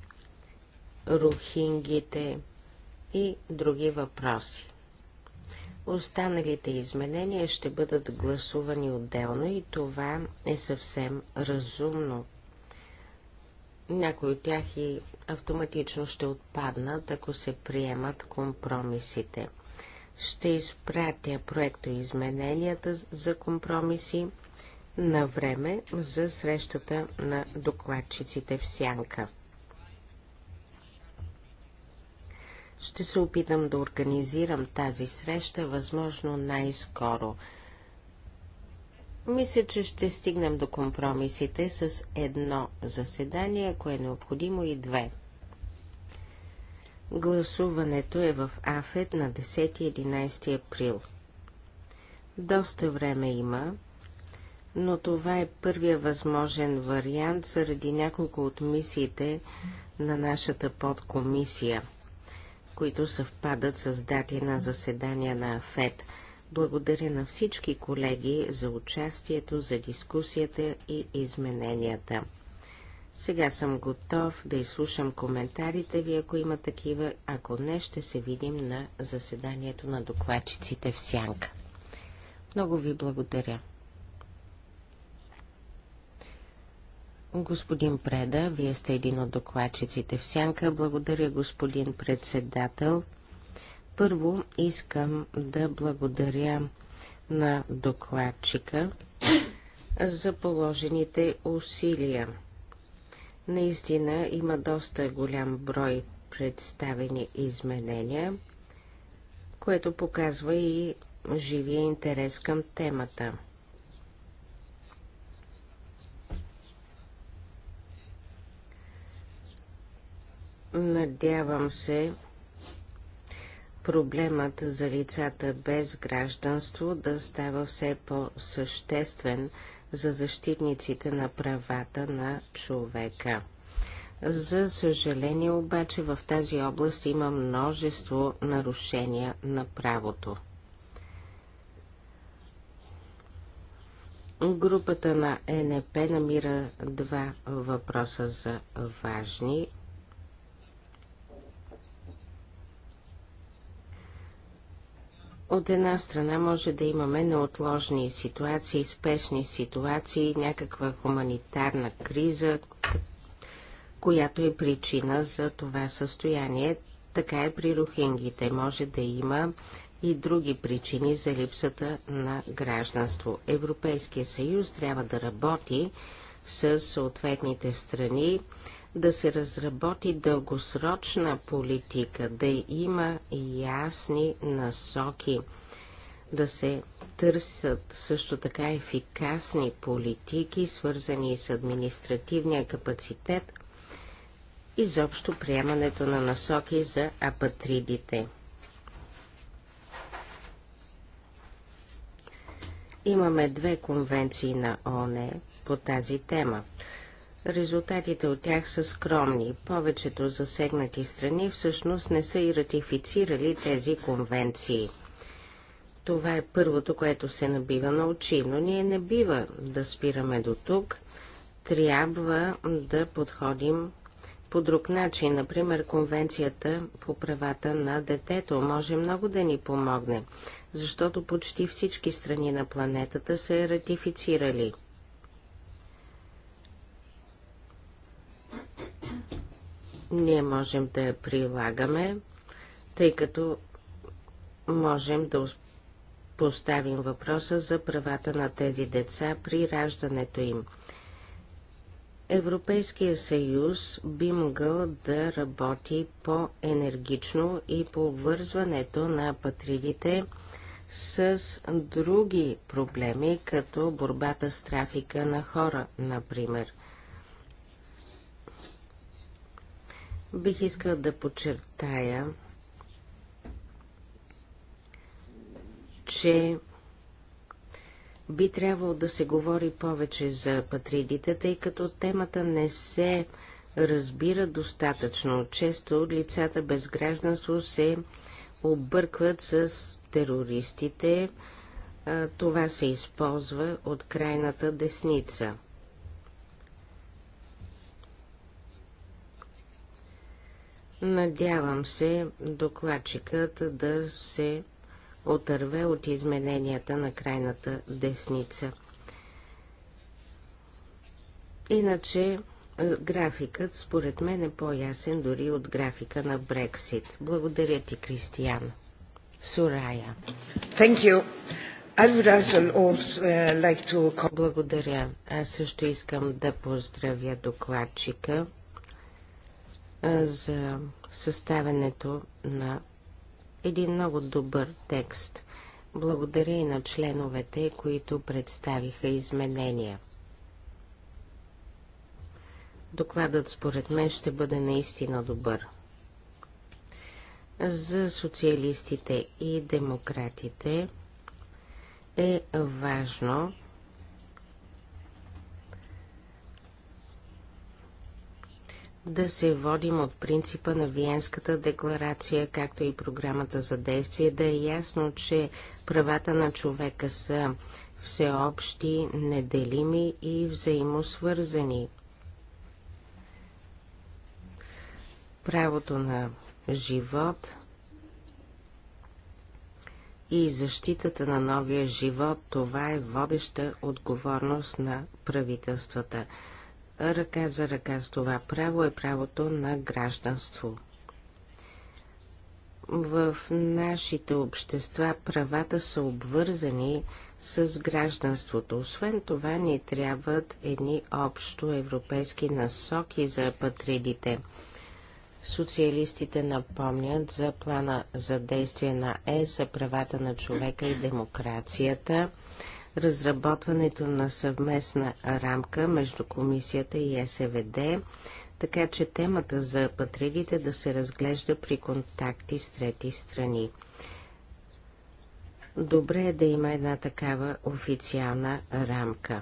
Speaker 2: рухингите и други въпроси. Останалите изменения ще бъдат гласувани отделно и това е съвсем разумно. Някои от тях и автоматично ще отпаднат, ако се приемат компромисите. Ще изпратя проекто измененията за компромиси на време за срещата на докладчиците в Сянка. Ще се опитам да организирам тази среща възможно най-скоро. Мисля, че ще стигнем до компромисите с едно заседание, ако е необходимо и две. Гласуването е в Афет на 10-11 април. Доста време има, но това е първия възможен вариант заради няколко от мисиите на нашата подкомисия – които съвпадат с дати на заседания на АФЕД. Благодаря на всички колеги за участието, за дискусията и измененията. Сега съм готов да изслушам коментарите ви, ако има такива. Ако не, ще се видим на заседанието на докладчиците в Сянка. Много ви благодаря. Господин Преда, вие сте един от докладчиците в сянка. Благодаря, господин председател. Първо искам да благодаря на докладчика за положените усилия. Наистина има доста голям брой представени изменения, което показва и живия интерес към темата. Надявам се проблемът за лицата без гражданство да става все по-съществен за защитниците на правата на човека. За съжаление обаче в тази област има множество нарушения на правото. Групата на ЕНП намира два въпроса за важни. От една страна може да имаме неотложни ситуации, спешни ситуации, някаква хуманитарна криза, която е причина за това състояние. Така е при рухингите. Може да има и други причини за липсата на гражданство. Европейския съюз трябва да работи с съответните страни да се разработи дългосрочна политика, да има ясни насоки, да се търсят също така ефикасни политики, свързани с административния капацитет, изобщо приемането на насоки за апатридите. Имаме две конвенции на ОНЕ по тази тема. Резултатите от тях са скромни. Повечето засегнати страни всъщност не са и ратифицирали тези конвенции. Това е първото, което се набива на очи, но ние не бива да спираме до тук. Трябва да подходим по друг начин. Например, Конвенцията по правата на детето може много да ни помогне, защото почти всички страни на планетата са ратифицирали. ние можем да я прилагаме, тъй като можем да поставим въпроса за правата на тези деца при раждането им. Европейския съюз би могъл да работи по-енергично и по вързването на патридите с други проблеми, като борбата с трафика на хора, например. Бих искал да подчертая, че би трябвало да се говори повече за патридите, тъй като темата не се разбира достатъчно. Често лицата без гражданство се объркват с терористите. Това се използва от крайната десница – Надявам се докладчикът да се отърве от измененията на крайната десница. Иначе е, графикът според мен е по-ясен дори от графика на Брексит. Благодаря ти, Кристиян. Сурая. Thank you. I would also, uh, like to... Благодаря. Аз също искам да поздравя докладчика за съставянето на един много добър текст. Благодаря и на членовете, които представиха изменения. Докладът според мен ще бъде наистина добър. За социалистите и демократите е важно да се водим от принципа на Виенската декларация, както и програмата за действие, да е ясно, че правата на човека са всеобщи, неделими и взаимосвързани. Правото на живот и защитата на новия живот, това е водеща отговорност на правителствата ръка за ръка с това право е правото на гражданство. В нашите общества правата са обвързани с гражданството. Освен това ни трябват едни общо европейски насоки за патридите. Социалистите напомнят за плана за действие на ЕС за правата на човека и демокрацията – разработването на съвместна рамка между комисията и СВД, така че темата за патрилите да се разглежда при контакти с трети страни. Добре е да има една такава официална рамка,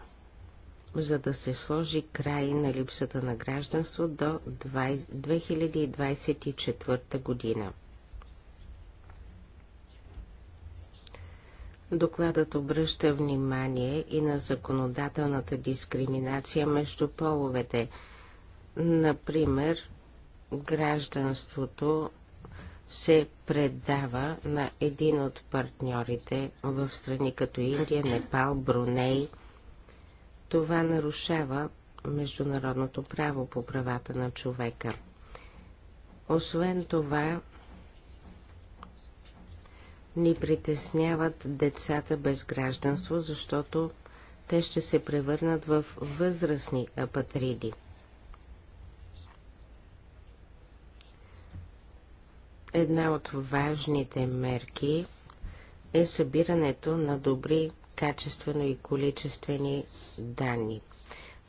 Speaker 2: за да се сложи край на липсата на гражданство до 2024 година. Докладът обръща внимание и на законодателната дискриминация между половете. Например, гражданството се предава на един от партньорите в страни като Индия, Непал, Бруней. Това нарушава международното право по правата на човека. Освен това, ни притесняват децата без гражданство, защото те ще се превърнат в възрастни апатриди. Една от важните мерки е събирането на добри качествено и количествени данни.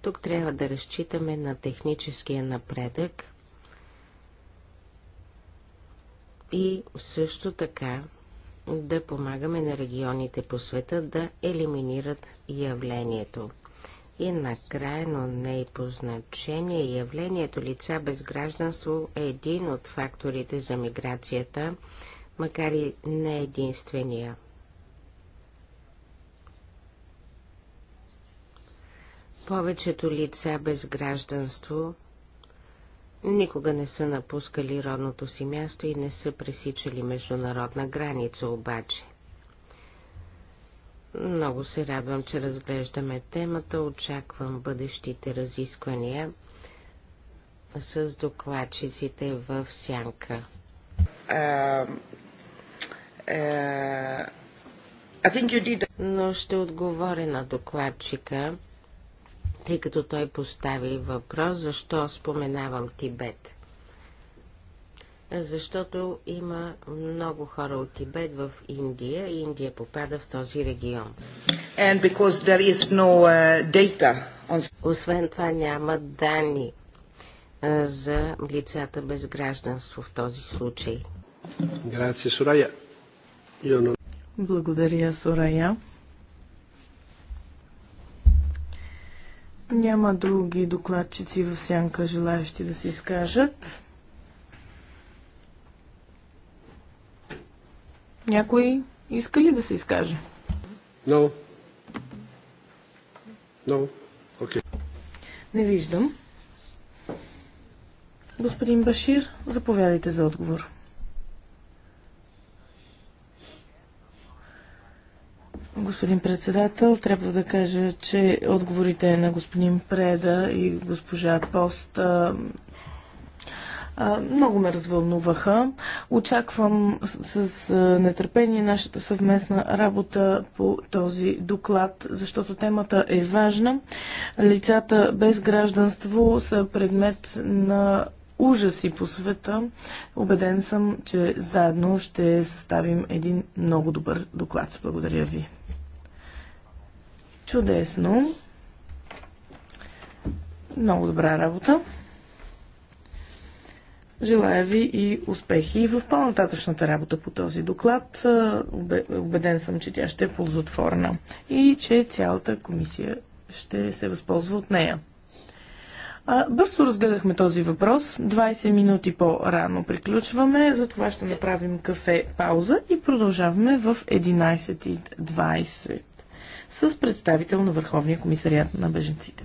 Speaker 2: Тук трябва да разчитаме на техническия напредък и също така да помагаме на регионите по света да елиминират явлението. И накрая, но не и по значение, явлението лица без гражданство е един от факторите за миграцията, макар и не единствения. Повечето лица без гражданство никога не са напускали родното си място и не са пресичали международна граница обаче. Много се радвам, че разглеждаме темата. Очаквам бъдещите разисквания с докладчиците в сянка.
Speaker 5: Uh,
Speaker 2: uh, did... Но ще отговоря на докладчика тъй като той постави въпрос, защо споменавам Тибет. Защото има много хора от Тибет в Индия и Индия попада в този регион. And because there is no uh, data on... Освен това няма данни за лицата без гражданство в този случай. Благодаря, Сурая.
Speaker 7: Няма други докладчици в сянка, желаящи да се изкажат. Някой иска ли да се изкаже? No.
Speaker 4: No. Okay.
Speaker 7: Не виждам. Господин Башир, заповядайте за отговор. Господин председател, трябва да кажа, че отговорите на господин Преда и госпожа Пост много ме развълнуваха. Очаквам с нетърпение нашата съвместна работа по този доклад, защото темата е важна. Лицата без гражданство са предмет на ужаси по света. Обеден съм, че заедно ще съставим един много добър доклад. Благодаря ви. Чудесно. Много добра работа. Желая ви и успехи в по-нататъчната работа по този доклад. Обеден съм, че тя ще е ползотворна и че цялата комисия ще се възползва от нея. бързо разгледахме този въпрос. 20 минути по-рано приключваме, затова ще направим кафе пауза и продължаваме в 11.20 с представител на Върховния комисариат на беженците.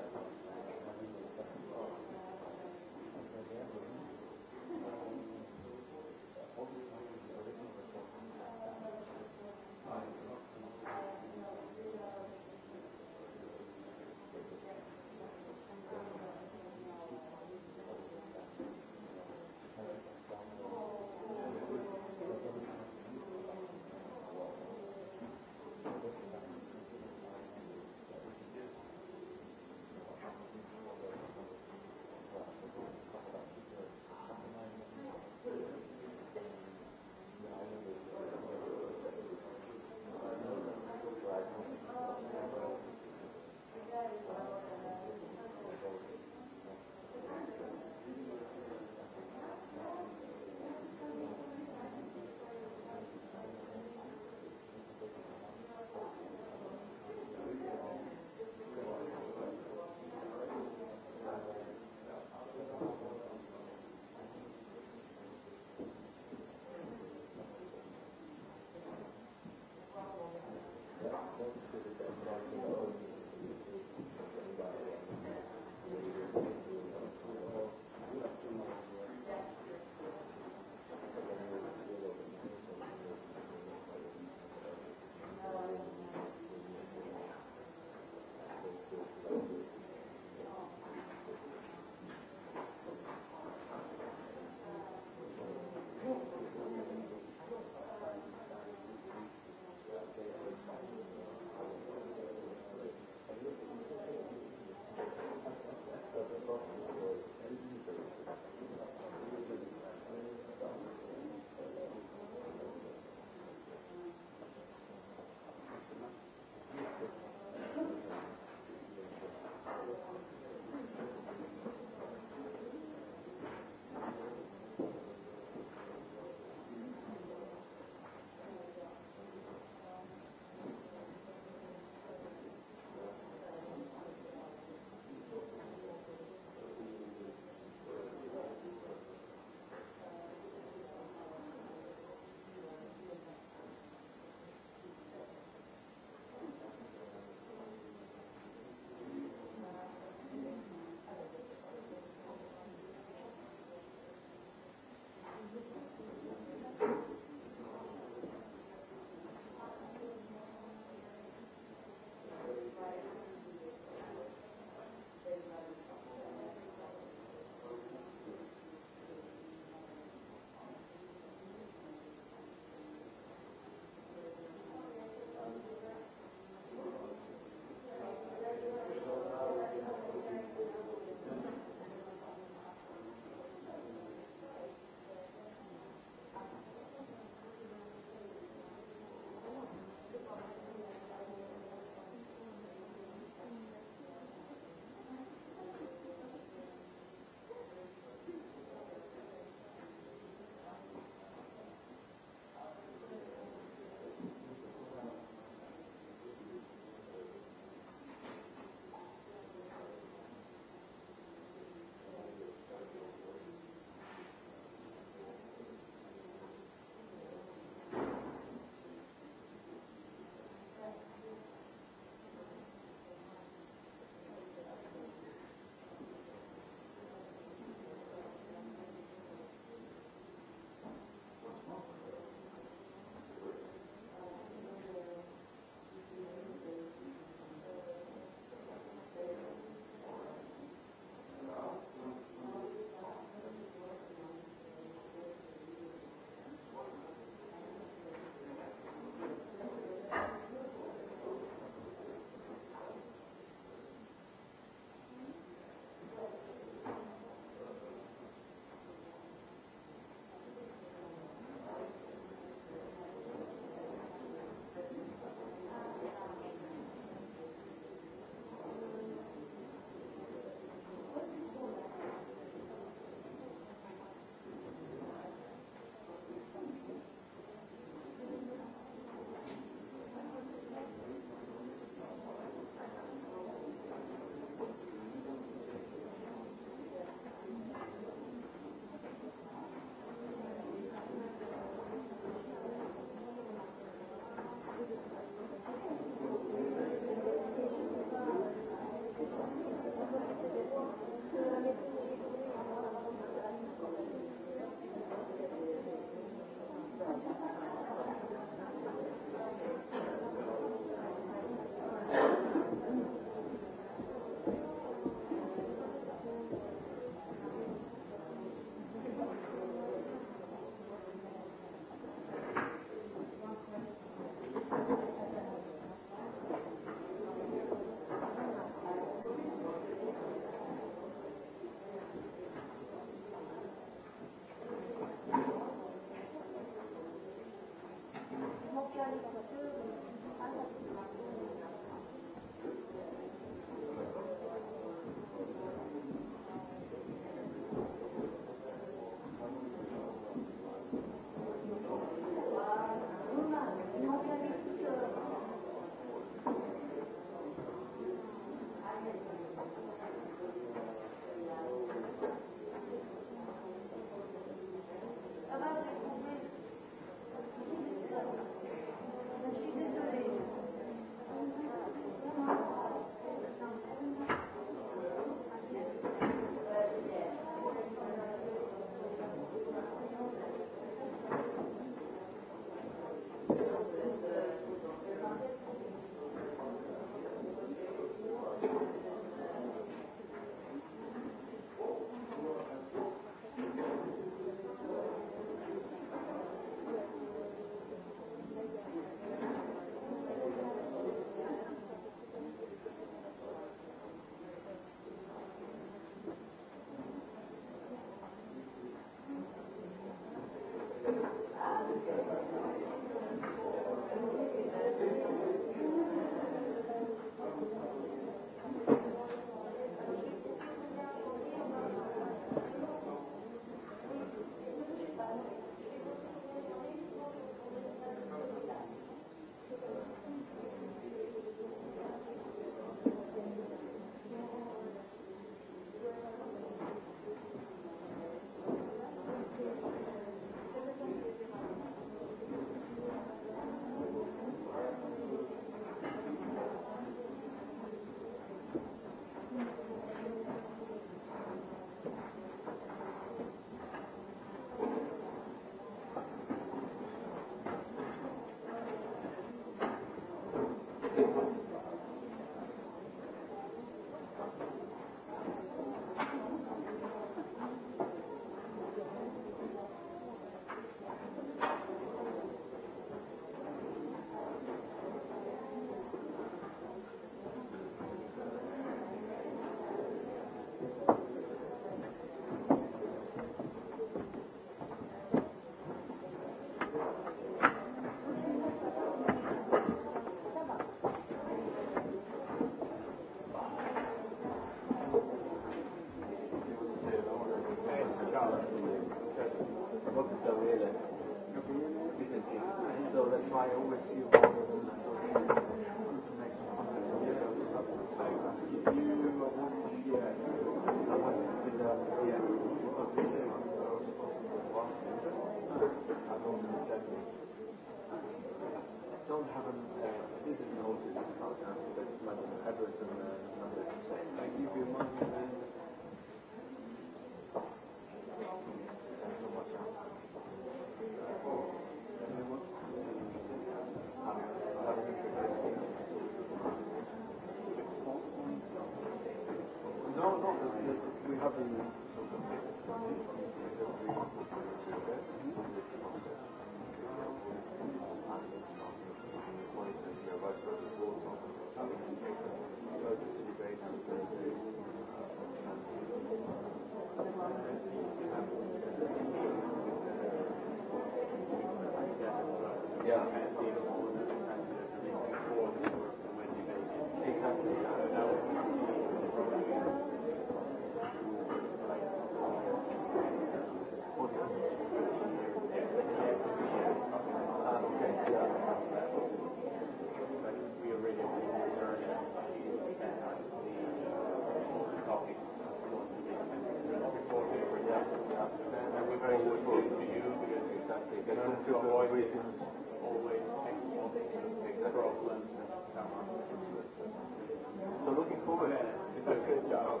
Speaker 3: العرب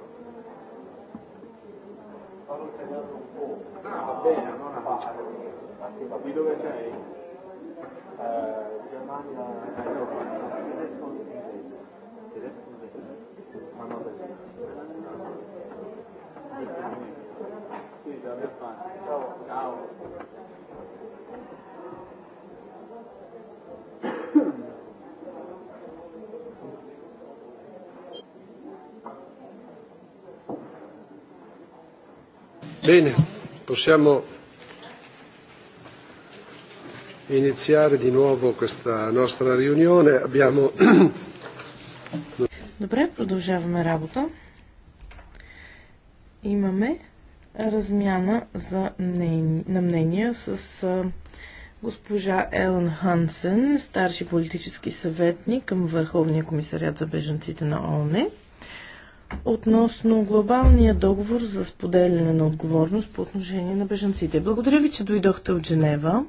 Speaker 1: صاروا التجارب فوق عدينا ما نفعل
Speaker 3: بلغة ايه؟ جمالنا Thank you.
Speaker 4: Bene, possiamo iniziare di nuovo questa nostra riunione. Abbiamo... (clears throat)
Speaker 7: Добре, продължаваме работа. Имаме размяна за мнение, на мнения с а, госпожа Елен Хансен, старши политически съветник към Върховния комисарят за беженците на ООН относно глобалния договор за споделяне на отговорност по отношение на бежанците. Благодаря ви, че дойдохте от Женева.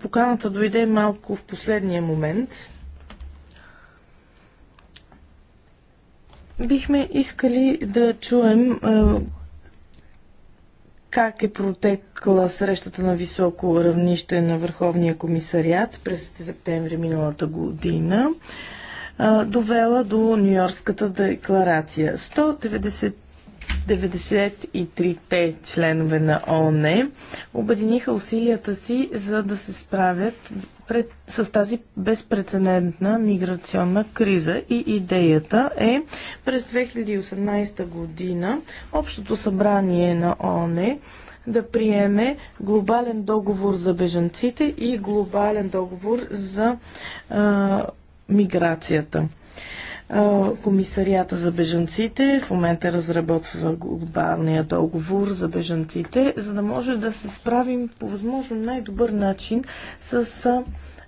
Speaker 7: Поканата дойде малко в последния момент. Бихме искали да чуем как е протекла срещата на високо равнище на Върховния комисариат през септември миналата година, довела до Нью-Йоркската декларация. 193 те членове на ОНЕ обединиха усилията си за да се справят пред, с тази безпредседентна миграционна криза и идеята е през 2018 година Общото събрание на ОНЕ да приеме глобален договор за бежанците и глобален договор за а, миграцията. Комисарията за бежанците в момента разработва глобалния договор за бежанците, за да може да се справим по възможно най-добър начин с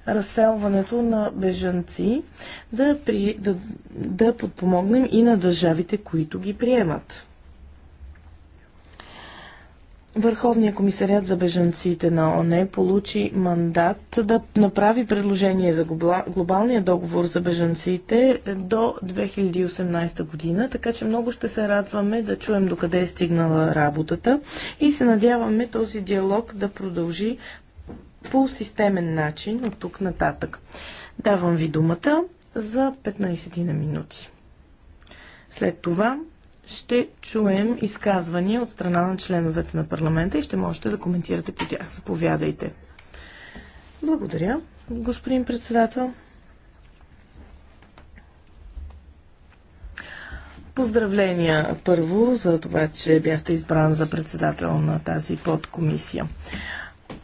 Speaker 7: разселването на бежанци, да, при, да, да подпомогнем и на държавите, които ги приемат. Върховният комисарят за бежанците на ОНЕ получи мандат да направи предложение за глобалния договор за бежанците до 2018 година, така че много ще се радваме да чуем докъде е стигнала работата и се надяваме този диалог да продължи по системен начин от тук нататък. Давам ви думата за 15 на минути. След това ще чуем изказвания от страна на членовете на парламента и ще можете да коментирате по тях. Заповядайте. Благодаря, господин председател. Поздравления първо за това, че бяхте избран за председател на тази подкомисия.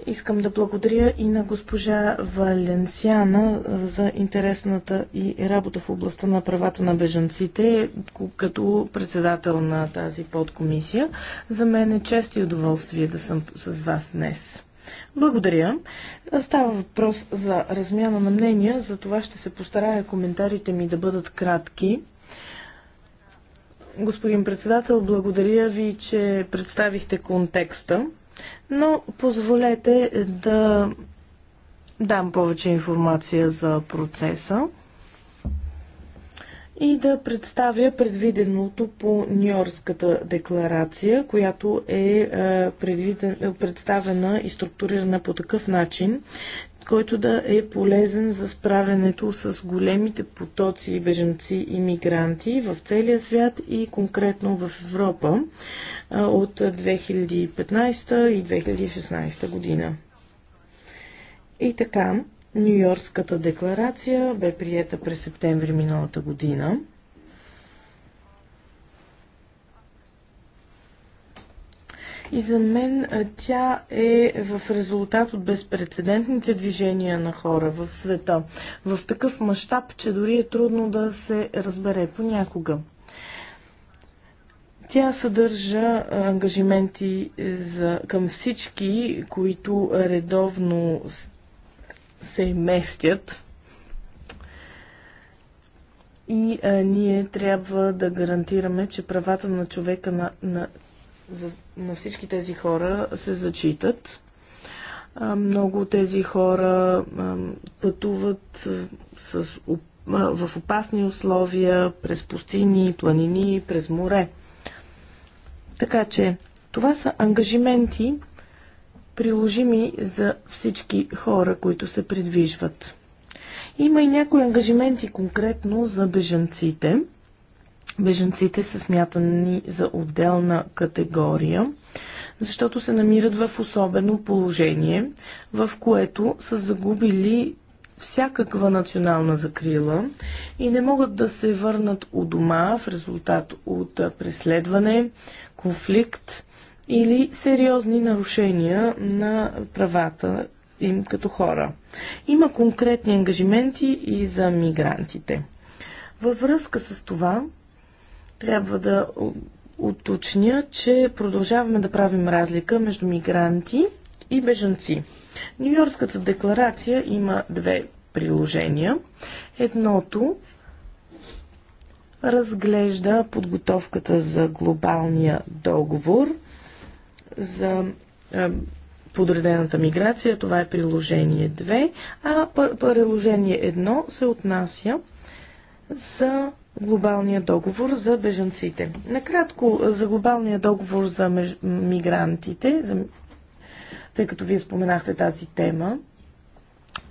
Speaker 7: Искам да благодаря и на госпожа Валенсиана за интересната и работа в областта на правата на бежанците като председател на тази подкомисия. За мен е чест и удоволствие да съм с вас днес. Благодаря. Става въпрос за размяна на мнения, за това ще се постарая коментарите ми да бъдат кратки. Господин председател, благодаря ви, че представихте контекста. Но позволете да дам повече информация за процеса и да представя предвиденото по Нью-Йоркската декларация, която е, е предвиден, е представена и структурирана по такъв начин, който да е полезен за справянето с големите потоци беженци и мигранти в целия свят и конкретно в Европа от 2015 и 2016 година. И така, Нью-Йоркската декларация бе приета през септември миналата година и за мен тя е в резултат от безпредседентните движения на хора в света, в такъв мащаб, че дори е трудно да се разбере понякога. Тя съдържа ангажименти е, за, към всички, които редовно се местят и а, ние трябва да гарантираме, че правата на човека на, на за, на всички тези хора се зачитат. Много от тези хора пътуват с, в опасни условия, през пустини, планини, през море. Така че това са ангажименти, приложими за всички хора, които се придвижват. Има и някои ангажименти конкретно за бежанците – Беженците са смятани за отделна категория, защото се намират в особено положение, в което са загубили всякаква национална закрила и не могат да се върнат у дома в резултат от преследване, конфликт или сериозни нарушения на правата им като хора. Има конкретни ангажименти и за мигрантите. Във връзка с това, трябва да уточня, че продължаваме да правим разлика между мигранти и бежанци. Нью-Йоркската декларация има две приложения. Едното разглежда подготовката за глобалния договор за подредената миграция. Това е приложение 2, а приложение 1 се отнася за глобалния договор за бежанците. Накратко за глобалния договор за мигрантите, за... тъй като вие споменахте тази тема,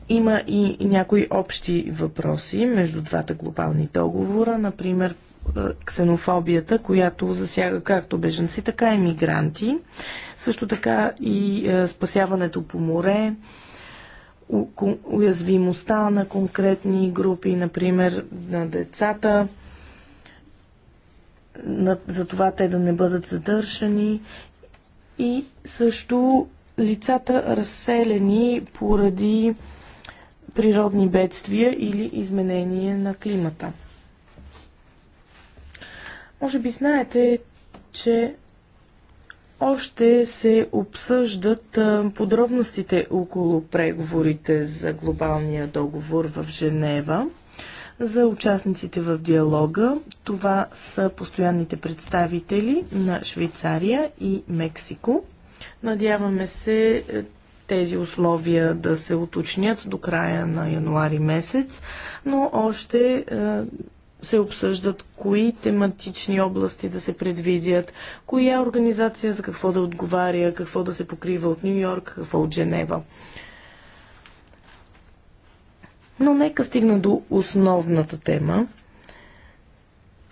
Speaker 7: има и някои общи въпроси между двата глобални договора, например е, ксенофобията, която засяга както бежанци, така и мигранти. Също така и е, спасяването по море, уязвимостта на конкретни групи, например на децата, за това те да не бъдат задържани и също лицата разселени поради природни бедствия или изменение на климата. Може би знаете, че още се обсъждат подробностите около преговорите за глобалния договор в Женева. За участниците в диалога това са постоянните представители на Швейцария и Мексико. Надяваме се е, тези условия да се уточнят до края на януари месец, но още е, се обсъждат кои тематични области да се предвидят, коя организация за какво да отговаря, какво да се покрива от Нью Йорк, какво от Женева. Но нека стигна до основната тема,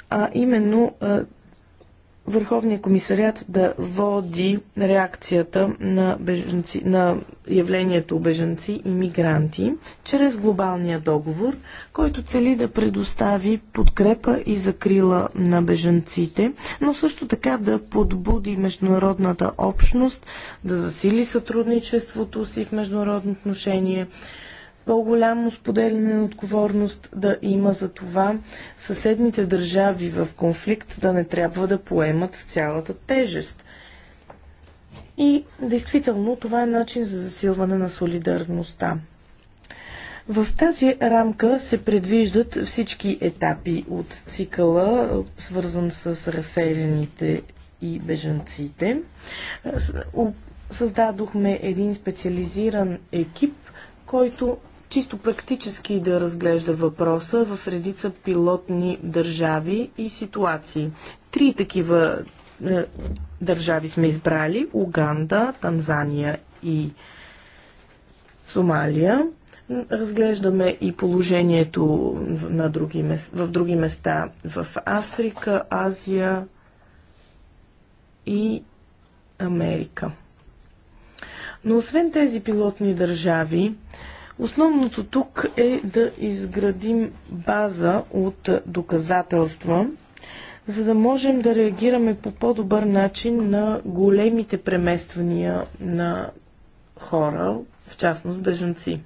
Speaker 7: а именно Върховният комисариат да води реакцията на, беженци, на явлението беженци и мигранти чрез глобалния договор, който цели да предостави подкрепа и закрила на беженците, но също така да подбуди международната общност, да засили сътрудничеството си в международно отношение, по-голямо споделяне на отговорност да има за това съседните държави в конфликт да не трябва да поемат цялата тежест. И действително това е начин за засилване на солидарността. В тази рамка се предвиждат всички етапи от цикъла, свързан с разселените и бежанците. Създадохме един специализиран екип, който чисто практически да разглежда въпроса в редица пилотни държави и ситуации. Три такива е, държави сме избрали Уганда, Танзания и Сомалия. Разглеждаме и положението на други, в други места в Африка, Азия и Америка. Но освен тези пилотни държави, Основното тук е да изградим база от доказателства, за да можем да реагираме по по-добър начин на големите премествания на хора, в частност бежанци.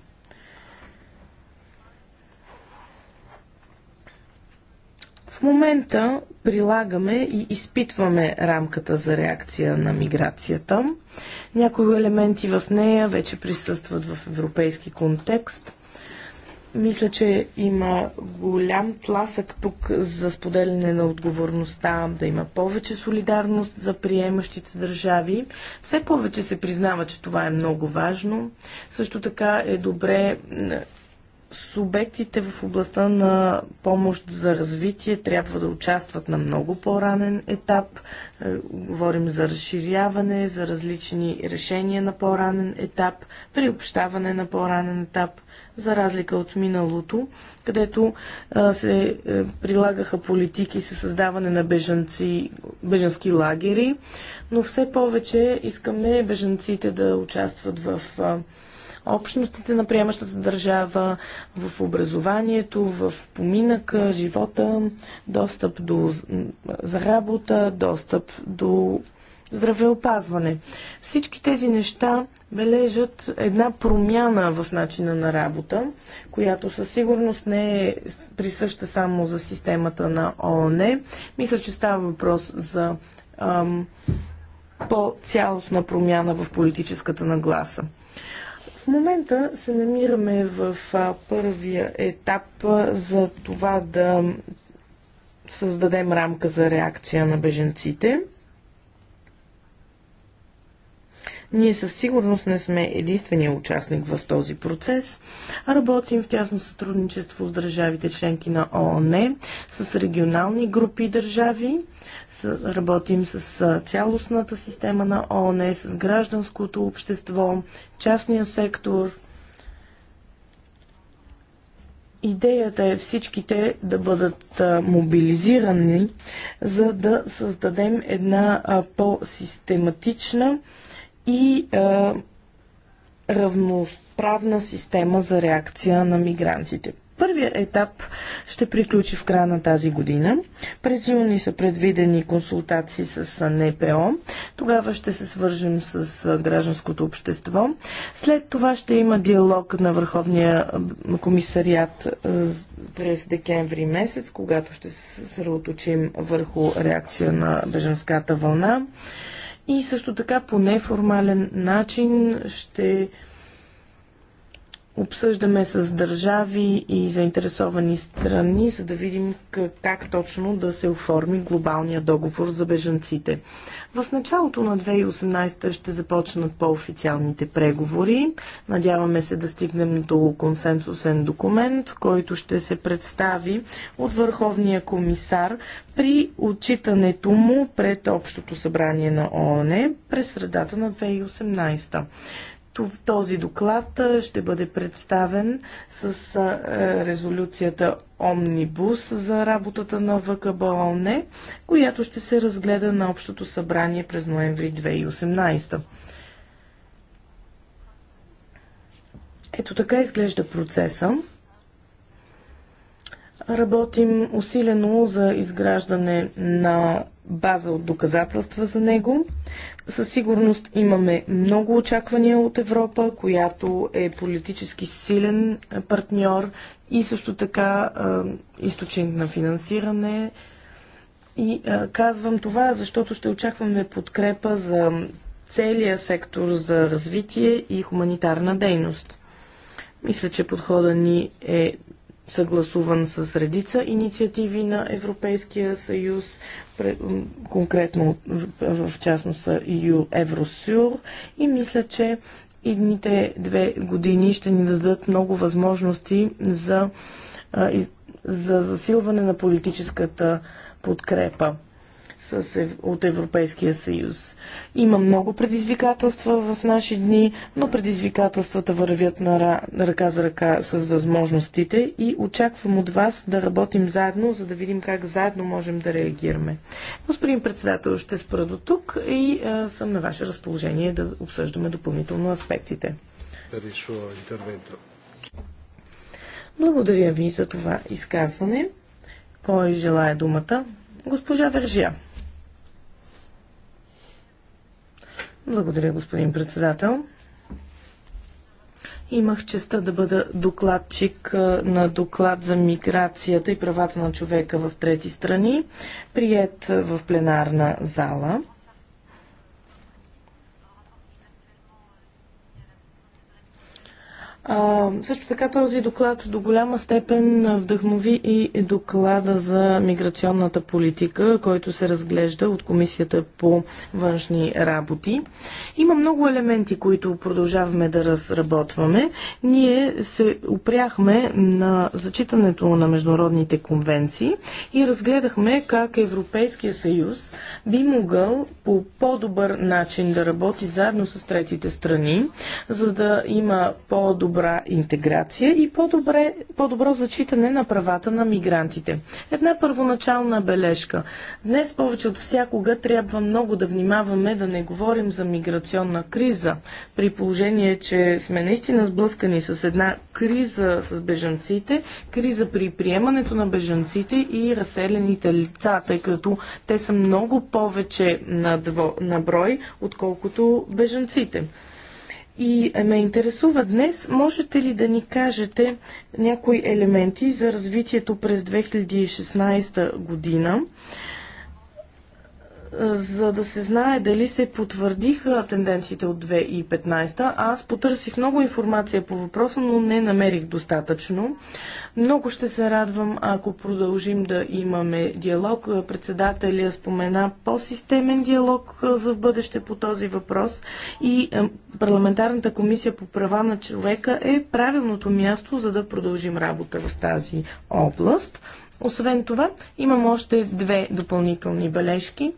Speaker 7: В момента прилагаме и изпитваме рамката за реакция на миграцията. Някои елементи в нея вече присъстват в европейски контекст. Мисля, че има голям тласък тук за споделяне на отговорността, да има повече солидарност за приемащите държави. Все повече се признава, че това е много важно. Също така е добре Субектите в областта на помощ за развитие трябва да участват на много по-ранен етап. Е, говорим за разширяване, за различни решения на по-ранен етап, приобщаване на по-ранен етап, за разлика от миналото, където е, се е, прилагаха политики със създаване на бежанци, бежански лагери, но все повече искаме бежанците да участват в общностите на приемащата държава, в образованието, в поминъка, живота, достъп до, за работа, достъп до здравеопазване. Всички тези неща бележат една промяна в начина на работа, която със сигурност не е присъща само за системата на ООН. Мисля, че става въпрос за ам, по-цялостна промяна в политическата нагласа момента се намираме в първия етап за това да създадем рамка за реакция на беженците. Ние със сигурност не сме единствения участник в този процес, работим в тясно сътрудничество с държавите членки на ООН, с регионални групи държави, работим с цялостната система на ООН, с гражданското общество, частния сектор, Идеята е всичките да бъдат мобилизирани, за да създадем една по-систематична и а, равноправна система за реакция на мигрантите. Първият етап ще приключи в края на тази година. През юни са предвидени консултации с НПО. Тогава ще се свържем с гражданското общество. След това ще има диалог на Върховния комисариат през декември месец, когато ще се съсредоточим върху реакция на беженската вълна и също така по неформален начин ще обсъждаме с държави и заинтересовани страни, за да видим как, как точно да се оформи глобалния договор за бежанците. В началото на 2018 ще започнат по-официалните преговори. Надяваме се да стигнем до консенсусен документ, който ще се представи от Върховния комисар при отчитането му пред Общото събрание на ООН през средата на 2018. Този доклад ще бъде представен с е, резолюцията Омнибус за работата на ВКБОН, която ще се разгледа на Общото събрание през ноември 2018. Ето така изглежда процеса. Работим усилено за изграждане на база от доказателства за него. Със сигурност имаме много очаквания от Европа, която е политически силен е, партньор и също така е, източник на финансиране. И е, казвам това, защото ще очакваме подкрепа за целия сектор за развитие и хуманитарна дейност. Мисля, че подхода ни е съгласуван с редица инициативи на Европейския съюз, конкретно в частност Евросюр и мисля, че идните две години ще ни дадат много възможности за, за засилване на политическата подкрепа от Европейския съюз. Има много предизвикателства в наши дни, но предизвикателствата вървят на ръка за ръка с възможностите и очаквам от вас да работим заедно, за да видим как заедно можем да реагираме. Господин председател, ще спра до тук и а, съм на ваше
Speaker 4: разположение
Speaker 7: да обсъждаме допълнително аспектите. Благодаря ви за това изказване. Кой желая думата? Госпожа Вержия. Благодаря, господин председател. Имах честа да бъда докладчик на доклад за миграцията и правата на човека в трети страни, прият в пленарна зала. А, също така този доклад до голяма степен вдъхнови и доклада за миграционната политика, който се разглежда от Комисията по външни работи. Има много елементи, които продължаваме да разработваме. Ние се опряхме на зачитането на международните конвенции и разгледахме как Европейския съюз би могъл по по-добър начин да работи заедно с третите страни, за да има по-добър по-добра интеграция и по-добре, по-добро зачитане на правата на мигрантите. Една първоначална бележка. Днес повече от всякога трябва много да внимаваме да не говорим за миграционна криза, при положение, че сме наистина сблъскани с една криза с бежанците, криза при приемането на бежанците и разселените лица, тъй като те са много повече на, дво, на брой, отколкото бежанците. И ме интересува днес, можете ли да ни кажете някои елементи за развитието през 2016 година? за да се знае дали се потвърдиха тенденциите от 2015. Аз потърсих много информация по въпроса, но не намерих достатъчно. Много ще се радвам, ако продължим да имаме диалог. Председателя спомена по-системен диалог за в бъдеще по този въпрос и парламентарната комисия по права на човека е правилното място, за да продължим работа в тази област. Освен това, имам още две допълнителни бележки.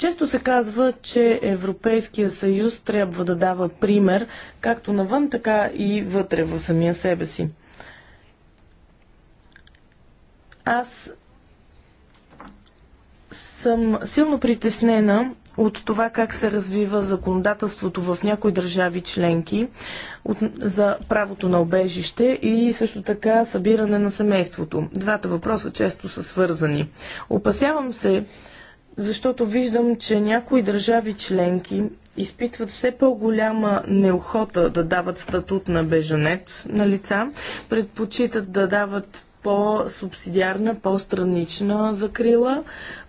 Speaker 7: Често се казва, че Европейския съюз трябва да дава пример както навън, така и вътре в самия себе си. Аз съм силно притеснена от това как се развива законодателството в някои държави членки от, за правото на обежище и също така събиране на семейството. Двата въпроса често са свързани. Опасявам се, защото виждам, че някои държави членки изпитват все по-голяма неохота да дават статут на беженец на лица, предпочитат да дават по-субсидиарна, по-странична закрила,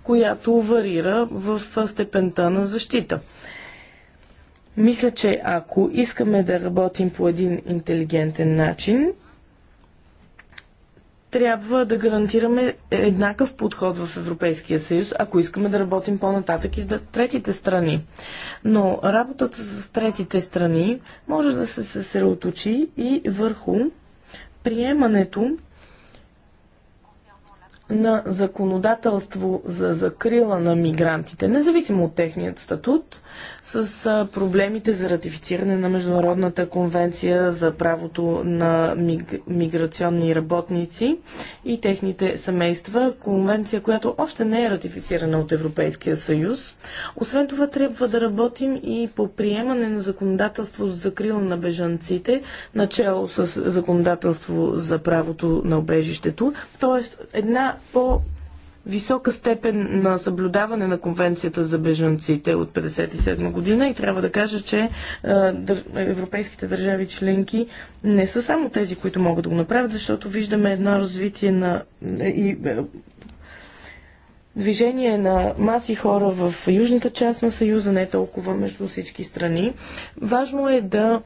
Speaker 7: която варира в степента на защита. Мисля, че ако искаме да работим по един интелигентен начин, трябва да гарантираме еднакъв подход в Европейския съюз, ако искаме да работим по-нататък и с третите страни. Но работата с третите страни може да се съсредоточи и върху приемането на законодателство за закрила на мигрантите, независимо от техният статут, с проблемите за ратифициране на Международната конвенция за правото на миграционни работници и техните семейства, конвенция, която още не е ратифицирана от Европейския съюз. Освен това, трябва да работим и по приемане на законодателство за закрила на бежанците, начало с законодателство за правото на обежището, т.е. една по висока степен на съблюдаване на конвенцията за бежанците от 1957 година и трябва да кажа, че е, европейските държави членки не са само тези, които могат да го направят, защото виждаме едно развитие на е, и е, движение на маси хора в южната част на Съюза, не толкова между всички страни. Важно е да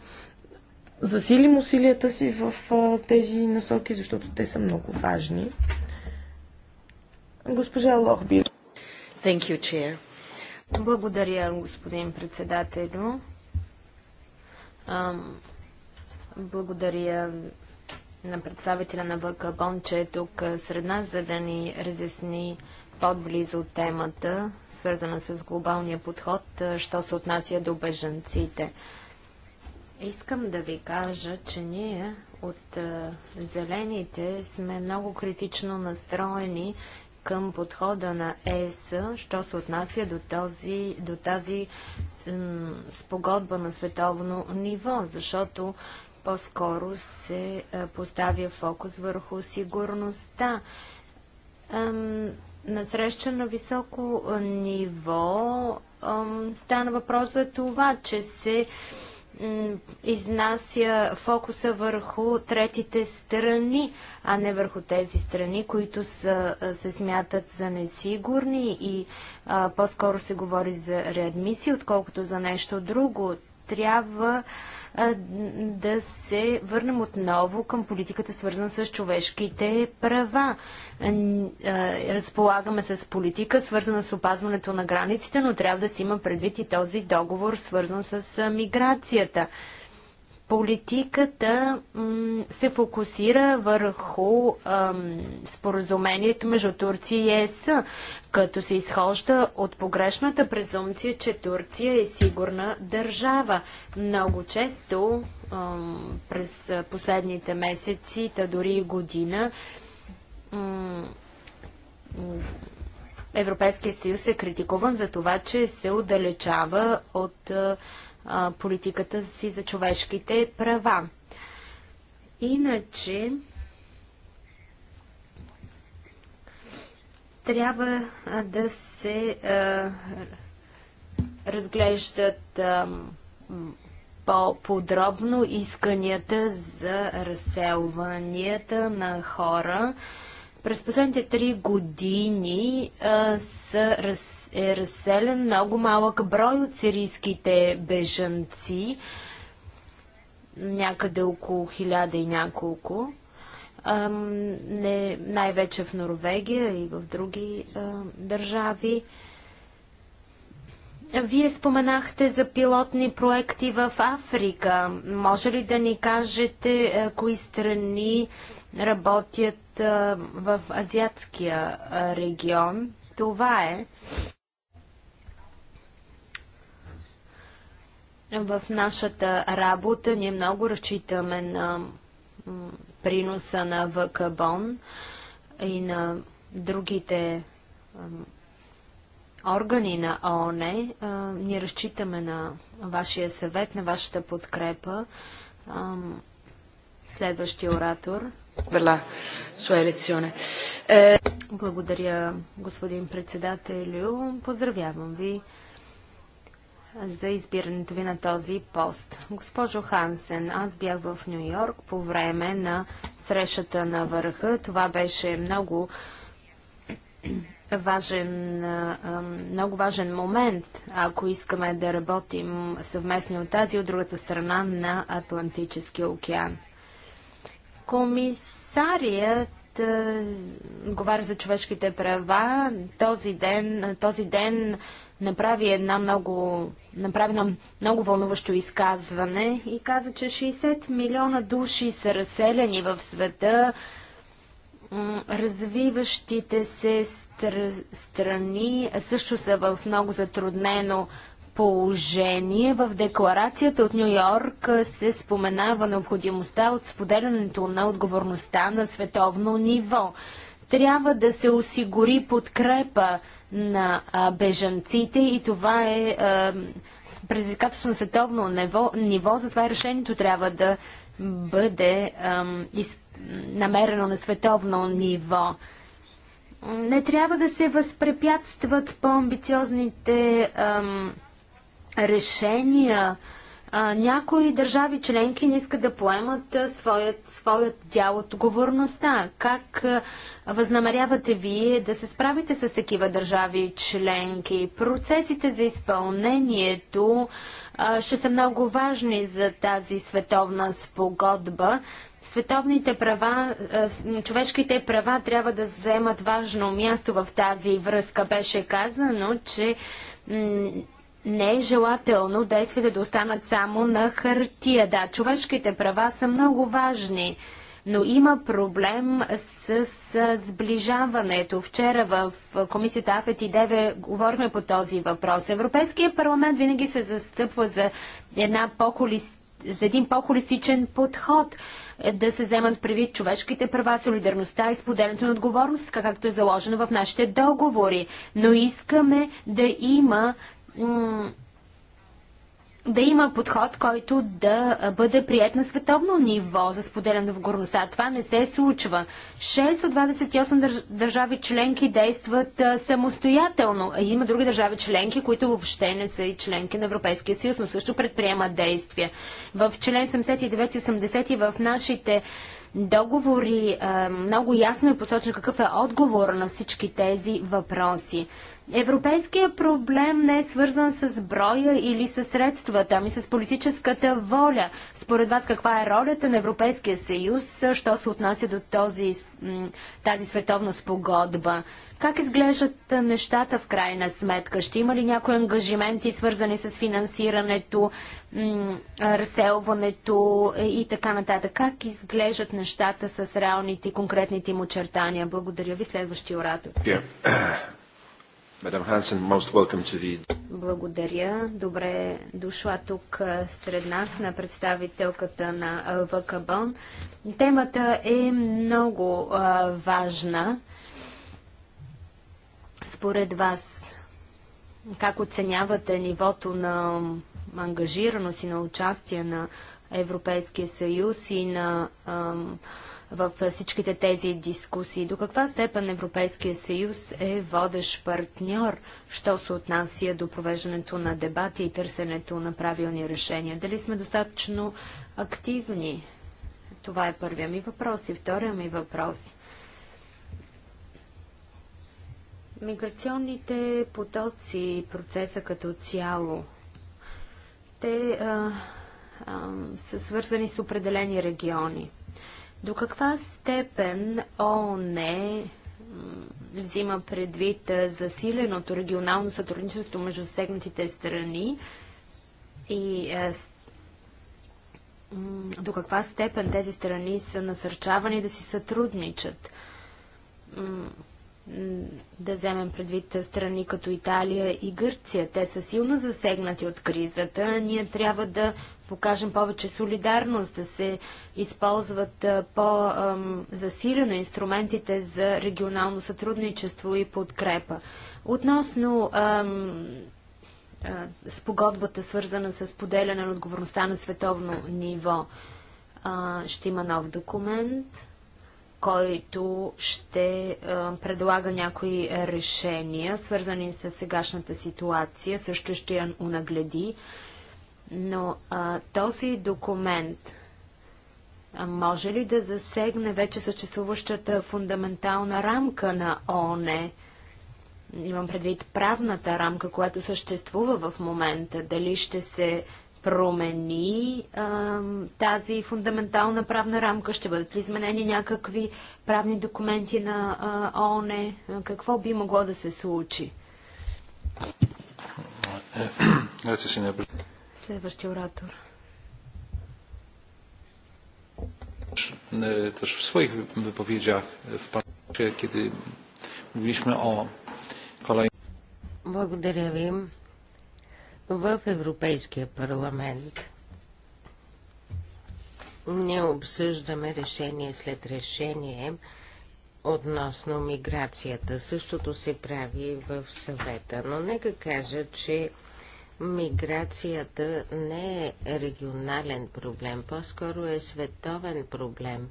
Speaker 7: засилим усилията си в тези насоки, защото те са много важни.
Speaker 6: Госпожа Лохби. Thank you, chair. Благодаря, господин председателю. Благодаря на представителя на ВКБОН, че е тук сред нас, за да ни разясни по-близо темата, свързана с глобалния подход, що се отнася до бежанците. Искам да ви кажа, че ние от зелените сме много критично настроени към подхода на ЕС, що се отнася до, този, до тази спогодба на световно ниво, защото по-скоро се е, поставя фокус върху сигурността. На среща на високо е, ниво стана въпрос за това, че се изнася фокуса върху третите страни, а не върху тези страни, които са, се смятат за несигурни и по-скоро се говори за реадмисия, отколкото за нещо друго. Трябва а, да се върнем отново към политиката свързана с човешките права. Разполагаме с политика свързана с опазването на границите, но трябва да си има предвид и този договор свързан с миграцията. Политиката се фокусира върху споразумението между Турция и ЕС, като се изхожда от погрешната презумпция, че Турция е сигурна държава. Много често през последните месеци, та дори и година, Европейския съюз е критикуван за това, че се отдалечава от а, политиката си за човешките права. Иначе трябва да се а, разглеждат по-подробно исканията за разселванията на хора. През последните три години а, са раз е разселен много малък брой от сирийските бежанци, някъде около хиляда и няколко, най-вече в Норвегия и в други държави. Вие споменахте за пилотни проекти в Африка. Може ли да ни кажете кои страни работят в азиатския регион? Това е. В нашата работа ние много разчитаме на приноса на ВКБОН и на другите органи на ООН. Ние разчитаме на вашия съвет, на вашата подкрепа. Следващия оратор. Е, Благодаря, господин председателю. Поздравявам ви за избирането ви на този пост. Госпожо Хансен, аз бях в Нью Йорк по време на срещата на върха. Това беше много важен, много важен момент, ако искаме да работим съвместно от тази и от другата страна на Атлантическия океан. Комисарият говоря за човешките права. Този ден, този ден направи една много, направи едно много вълнуващо изказване и каза, че 60 милиона души са разселени в света. Развиващите се стр- страни също са в много затруднено положение. В декларацията от Нью Йорк се споменава необходимостта от споделянето на отговорността на световно ниво. Трябва да се осигури подкрепа на бежанците и това е предизвикателство на световно ниво, ниво, затова решението трябва да бъде намерено на световно ниво. Не трябва да се възпрепятстват по-амбициозните решения, някои държави членки не искат да поемат своят, своят дял от отговорността. Как възнамерявате вие да се справите с такива държави членки? Процесите за изпълнението ще са много важни за тази световна спогодба. Световните права, човешките права трябва да заемат важно място в тази връзка. Беше казано, че не е желателно действията да останат само на хартия. Да, човешките права са много важни, но има проблем с, с сближаването. Вчера в комисията АФЕТ и ДЕВЕ говорихме по този въпрос. Европейския парламент винаги се застъпва за, една по за един по-холистичен подход е, да се вземат предвид човешките права, солидарността и споделянето на отговорност, както е заложено в нашите договори. Но искаме да има да има подход, който да бъде прият на световно ниво за споделяне в горността. Това не се случва. 6 от 28 държави членки действат самостоятелно. Има други държави членки, които въобще не са и членки на Европейския съюз, но също предприемат действия. В член 79 и 80 в нашите договори много ясно е посочено какъв е отговор на всички тези въпроси. Европейският проблем не е свързан с броя или с средствата, ами с политическата воля. Според вас каква е ролята на Европейския съюз, що се отнася до този, тази световна спогодба? Как изглеждат нещата в крайна сметка? Ще има ли някои ангажименти, свързани с финансирането, разселването е, и така нататък? Как изглеждат нещата с реалните и конкретните им очертания? Благодаря ви, следващия оратор.
Speaker 1: Yeah. Благодаря.
Speaker 6: Добре дошла тук сред нас на представителката на ВКБОН. Темата е много важна. Според вас, как оценявате нивото на ангажираност и на участие на Европейския съюз и на ам, в всичките тези дискусии. До каква степен Европейския съюз е водещ партньор, що се отнася до провеждането на дебати и търсенето на правилни решения? Дали сме достатъчно активни? Това е първия ми въпрос. И втория ми въпрос. Миграционните потоци, и процеса като цяло, те а, а, са свързани с определени региони. До каква степен ООН взима предвид засиленото регионално сътрудничество между сегнатите страни и до каква степен тези страни са насърчавани да си сътрудничат? Да вземем предвид страни като Италия и Гърция. Те са силно засегнати от кризата. Ние трябва да покажем повече солидарност, да се използват по-засилено инструментите за регионално сътрудничество и подкрепа. Относно спогодбата, свързана с поделяне на отговорността на световно ниво, ще има нов документ, който ще предлага някои решения, свързани с сегашната ситуация, също ще я унагледи. Но а, този документ а може ли да засегне вече съществуващата фундаментална рамка на ООН? Имам предвид правната рамка, която съществува в момента. Дали ще се промени а, тази фундаментална правна рамка? Ще бъдат ли изменени някакви правни документи на а, ООН? Какво би могло да се случи? Следващия оратор.
Speaker 4: Е, też w swoich wypowiedziach e, w parlamencie, kiedy mówiliśmy o kolejnym.
Speaker 2: Благодаря ви. В Европейския парламент не обсъждаме решение след решение относно миграцията. Същото се прави в съвета. Но нека кажа, че Миграцията не е регионален проблем, по-скоро е световен проблем,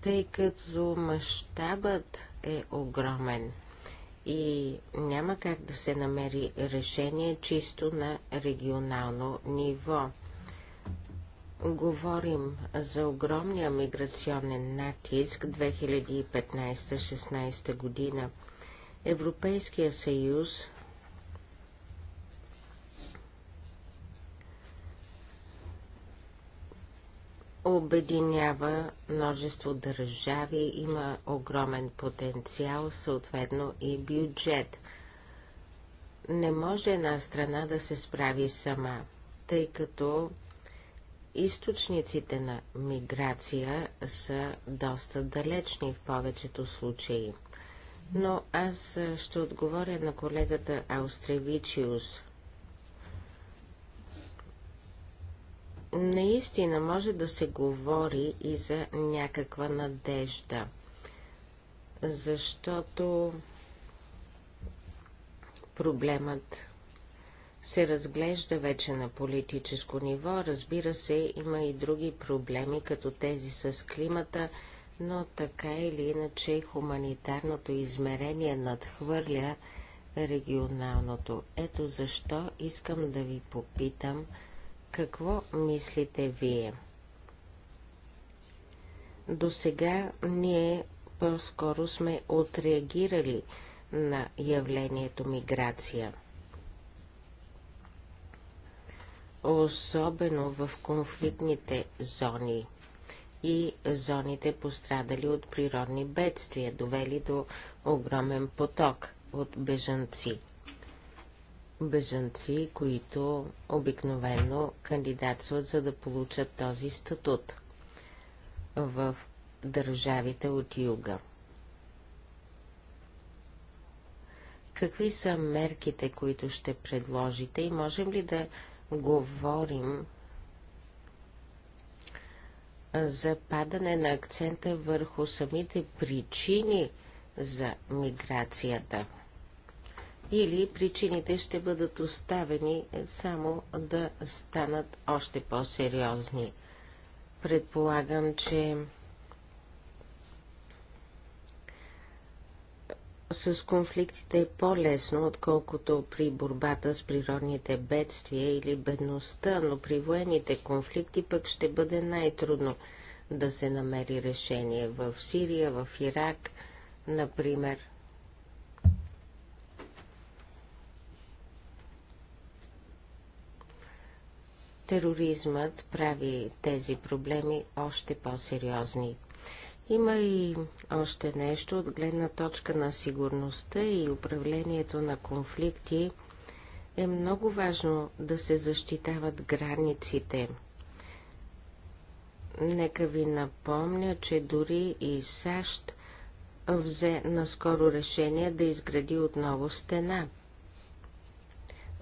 Speaker 2: тъй като мащабът е огромен и няма как да се намери решение чисто на регионално ниво. Говорим за огромния миграционен натиск 2015-16 година. Европейския съюз обединява множество държави, има огромен потенциал, съответно и бюджет. Не може една страна да се справи сама, тъй като източниците на миграция са доста далечни в повечето случаи. Но аз ще отговоря на колегата Аустревичиус – наистина може да се говори и за някаква надежда, защото проблемът се разглежда вече на политическо ниво. Разбира се, има и други проблеми, като тези с климата, но така или иначе хуманитарното измерение надхвърля регионалното. Ето защо искам да ви попитам – какво мислите вие? До сега ние по-скоро сме отреагирали на явлението миграция. Особено в конфликтните зони и зоните пострадали от природни бедствия, довели до огромен поток от бежанци – бежанци, които обикновено кандидатстват за да получат този статут в държавите от юга. Какви са мерките, които ще предложите и можем ли да говорим за падане на акцента върху самите причини за миграцията? или причините ще бъдат оставени само да станат още по-сериозни. Предполагам, че с конфликтите е по-лесно, отколкото при борбата с природните бедствия или бедността, но при военните конфликти пък ще бъде най-трудно да се намери решение в Сирия, в Ирак, например – тероризмът прави тези проблеми още по-сериозни. Има и още нещо от гледна точка на сигурността и управлението на конфликти. Е много важно да се защитават границите. Нека ви напомня, че дори и САЩ взе наскоро решение да изгради отново стена –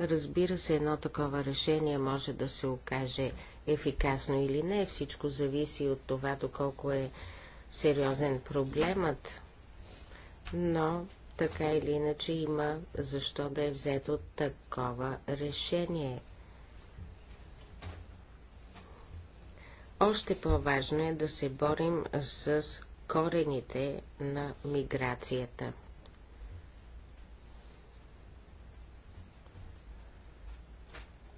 Speaker 2: Разбира се, едно такова решение може да се окаже ефикасно или не. Всичко зависи от това, доколко е сериозен проблемът. Но така или иначе има защо да е взето такова решение. Още по-важно е да се борим с корените на миграцията.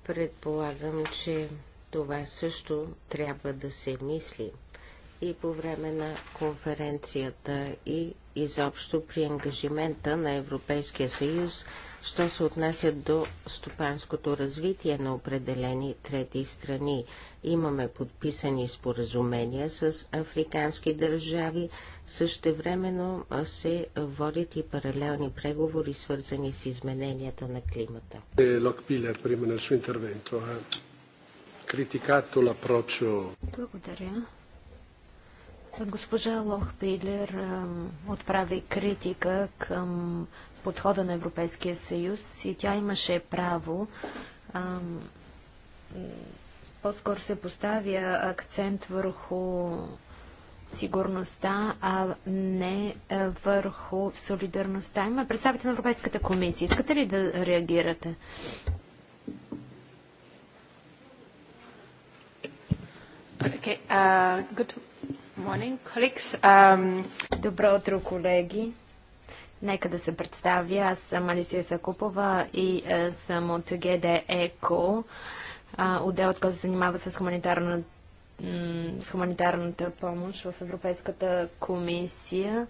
Speaker 2: Предполагам, че това също трябва да се мисли и по време на конференцията и изобщо при ангажимента на Европейския съюз, що се отнася до стопанското развитие на определени трети страни. Имаме подписани споразумения с африкански държави, Същевременно се водят и паралелни преговори, свързани с измененията на климата.
Speaker 4: Локпилер, prima nel suo intervento, ha
Speaker 6: Благодаря. Госпожа Лохпилер отправи критика към подхода на Европейския съюз и тя имаше право по-скоро се поставя акцент върху сигурността, а не върху солидарността. Има представите на Европейската комисия. Искате ли да реагирате? Okay, uh, good morning, colleagues. Um... Добро утро, колеги. Нека да се представя. Аз съм Алисия Сакупова и е, съм от ГД ЕКО, отдел, от който се занимава с хуманитарната с хуманитарната помощ в Европейската комисия.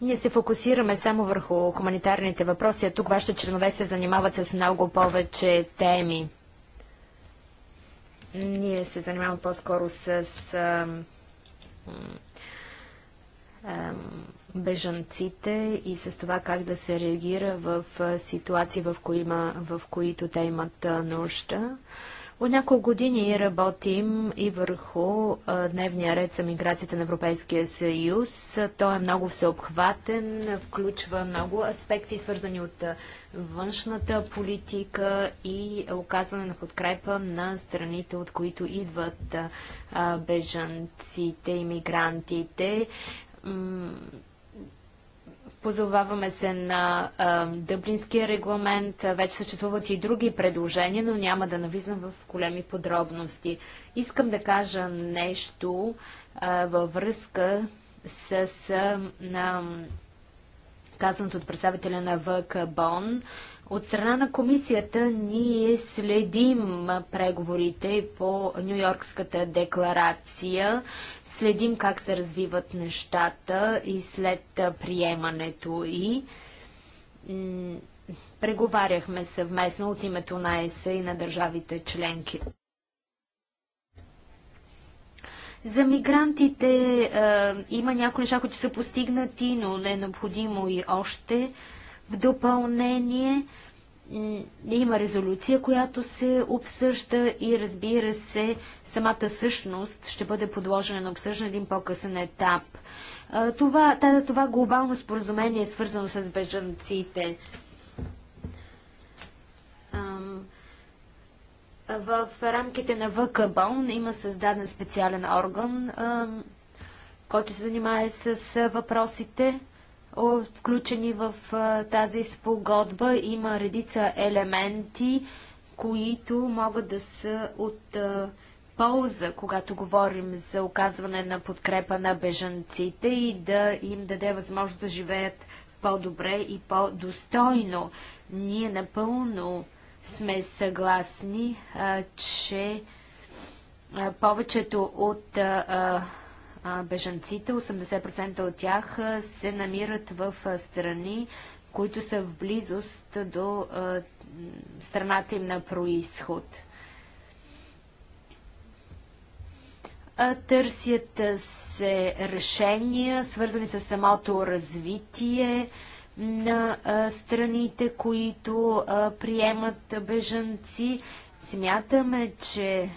Speaker 6: Ние се фокусираме само върху хуманитарните въпроси, а тук вашите членове се занимават с много повече теми. Ние се занимаваме по-скоро с бежанците и с това как да се реагира в ситуации, в, кои има, в които те имат нужда. От няколко години работим и върху дневния ред за миграцията на Европейския съюз. Той е много всеобхватен, включва много аспекти, свързани от външната политика и оказване на подкрепа на страните, от които идват бежанците и мигрантите Позоваваме се на а, Дъблинския регламент. Вече съществуват и други предложения, но няма да навлизам в големи подробности. Искам да кажа нещо а, във връзка с на, казаното от представителя на ВК Бон. От страна на комисията ние следим преговорите по Нью-Йоркската декларация, следим как се развиват нещата и след приемането и преговаряхме съвместно от името на ЕСА и на държавите членки. За мигрантите е, има някои неща, които са постигнати, но не е необходимо и още. В допълнение има резолюция, която се обсъжда и разбира се, самата същност ще бъде подложена на обсъждане един по-късен етап. Това, това глобално споразумение е свързано с бежанците. В рамките на ВКБОН има създаден специален орган, който се занимава с въпросите включени в тази спогодба. Има редица елементи, които могат да са от полза, когато говорим за оказване на подкрепа на бежанците и да им даде възможност да живеят по-добре и по-достойно. Ние напълно сме съгласни, че повечето от а, бежанците. 80% от тях се намират в страни, които са в близост до страната им на происход. Търсят се решения, свързани с самото развитие на страните, които приемат бежанци. Смятаме, че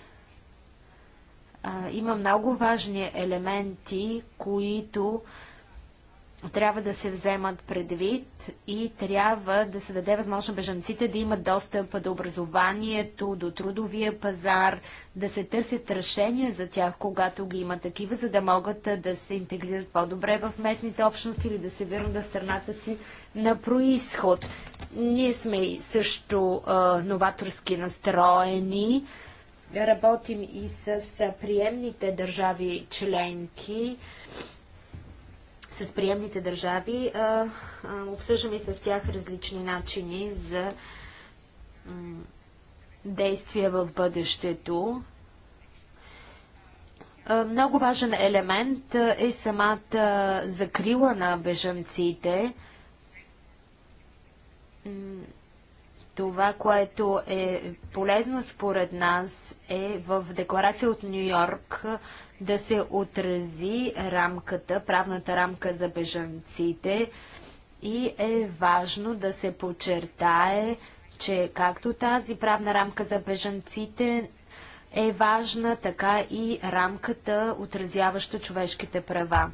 Speaker 6: има много важни елементи, които трябва да се вземат предвид и трябва да се даде възможно бежанците да имат достъп до образованието, до трудовия пазар, да се търсят решения за тях, когато ги има такива, за да могат да се интегрират по-добре в местните общности или да се върнат в страната си на происход. Ние сме също а, новаторски настроени. Работим и с приемните държави членки. С приемните държави обсъждаме и с тях различни начини за действия в бъдещето. Много важен елемент е самата закрила на бежанците. Това, което е полезно според нас е в декларация от Нью Йорк да се отрази рамката, правната рамка за бежанците и е важно да се подчертае, че както тази правна рамка за бежанците е важна, така и рамката, отразяваща човешките права.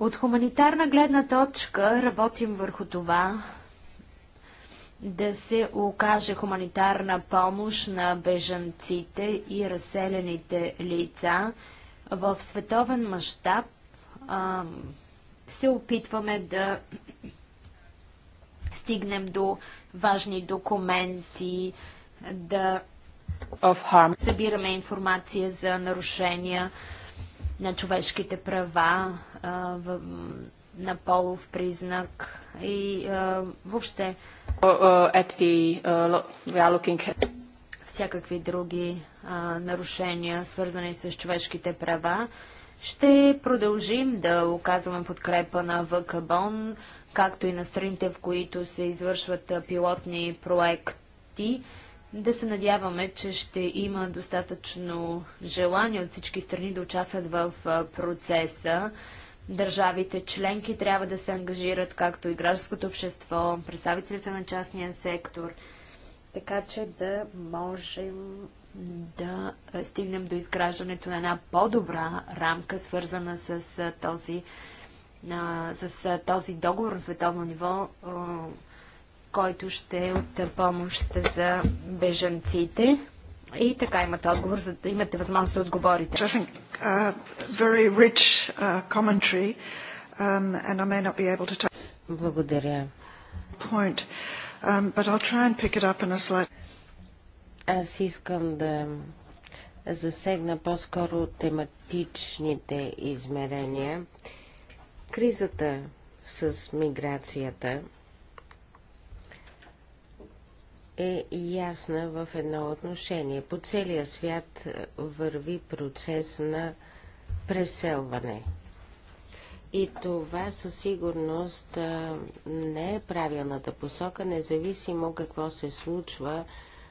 Speaker 6: От хуманитарна гледна точка работим върху това да се окаже хуманитарна помощ на бежанците и разселените лица. В световен мащаб се опитваме да стигнем до важни документи, да събираме информация за нарушения на човешките права, на полов признак и въобще Uh, uh, всякакви други нарушения, свързани с човешките права. Ще продължим да оказваме подкрепа на ВКБОН, както и на страните, в които се извършват пилотни проекти. Да се надяваме, че ще има достатъчно желание от всички страни да участват в процеса държавите членки трябва да се ангажират, както и гражданското общество, представителите на частния сектор, така че да можем да е, стигнем до изграждането на една по-добра рамка, свързана с е, този, с е, този договор на световно ниво, който ще е от помощ за бежанците. И така имате отговор, за да имате възможност да отговорите. I think, uh,
Speaker 3: very rich, uh, um, Благодаря. Point. Um, but I'll try and pick it up in a slight...
Speaker 2: Аз искам да засегна по-скоро тематичните измерения. Кризата с миграцията – е ясна в едно отношение. По целия свят е, върви процес на преселване. И това със сигурност е, не е правилната посока, независимо какво се случва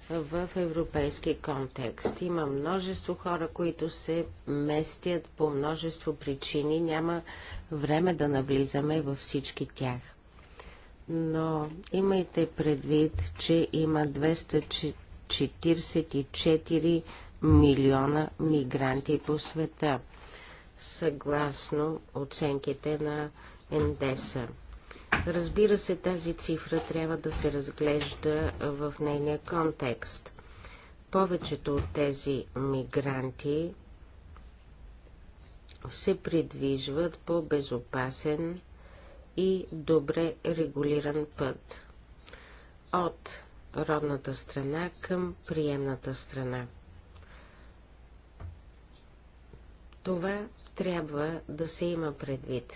Speaker 2: в европейски контекст. Има множество хора, които се местят по множество причини. Няма време да навлизаме във всички тях но имайте предвид, че има 244 милиона мигранти по света, съгласно оценките на НДЕСа. Разбира се, тази цифра трябва да се разглежда в нейния контекст. Повечето от тези мигранти се придвижват по безопасен и добре регулиран път от родната страна към приемната страна. Това трябва да се има предвид.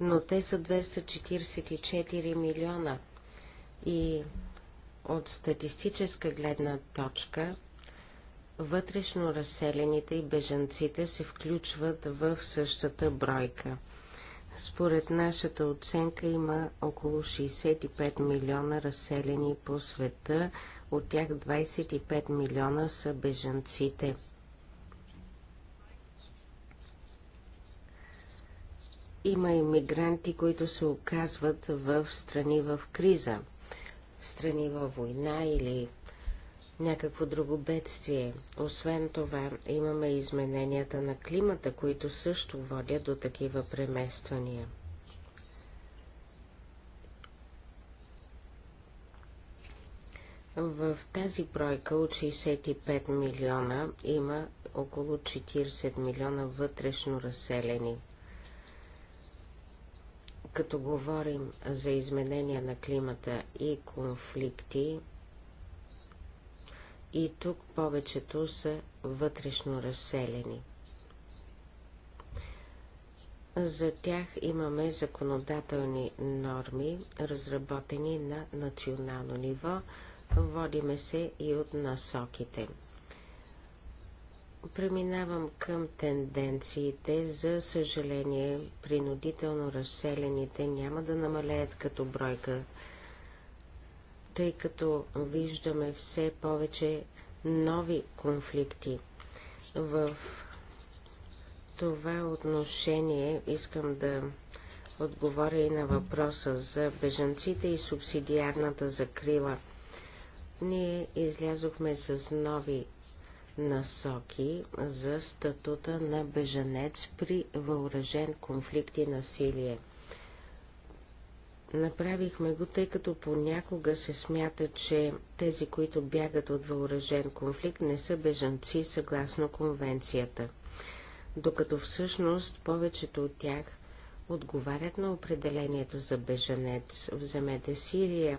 Speaker 2: Но те са 244 милиона и от статистическа гледна точка вътрешно разселените и бежанците се включват в същата бройка – според нашата оценка има около 65 милиона разселени по света, от тях 25 милиона са бежанците. Има иммигранти, които се оказват в страни в криза, страни във война или някакво друго бедствие. Освен това, имаме измененията на климата, които също водят до такива премествания. В тази бройка от 65 милиона има около 40 милиона вътрешно разселени. Като говорим за изменения на климата и конфликти, и тук повечето са вътрешно разселени. За тях имаме законодателни норми, разработени на национално ниво, водиме се и от насоките. Преминавам към тенденциите. За съжаление, принудително разселените няма да намалеят като бройка тъй като виждаме все повече нови конфликти. В това отношение искам да отговоря и на въпроса за бежанците и субсидиарната закрила. Ние излязохме с нови насоки за статута на бежанец при въоръжен конфликт и насилие – Направихме го, тъй като понякога се смята, че тези, които бягат от въоръжен конфликт, не са бежанци съгласно конвенцията, докато всъщност повечето от тях отговарят на определението за бежанец. Вземете Сирия.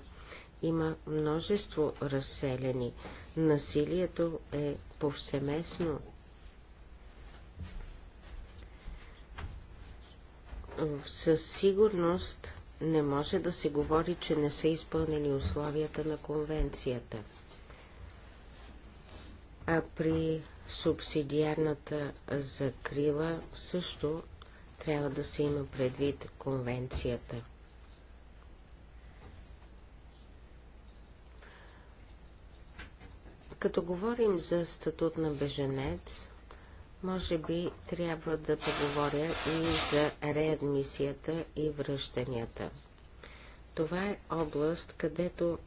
Speaker 2: Има множество разселени. Насилието е повсеместно. Със сигурност не може да се говори, че не са изпълнени условията на конвенцията. А при субсидиарната закрила също трябва да се има предвид конвенцията. Като говорим за статут на беженец, може би трябва да поговоря и за реадмисията и връщанията. Това е област, където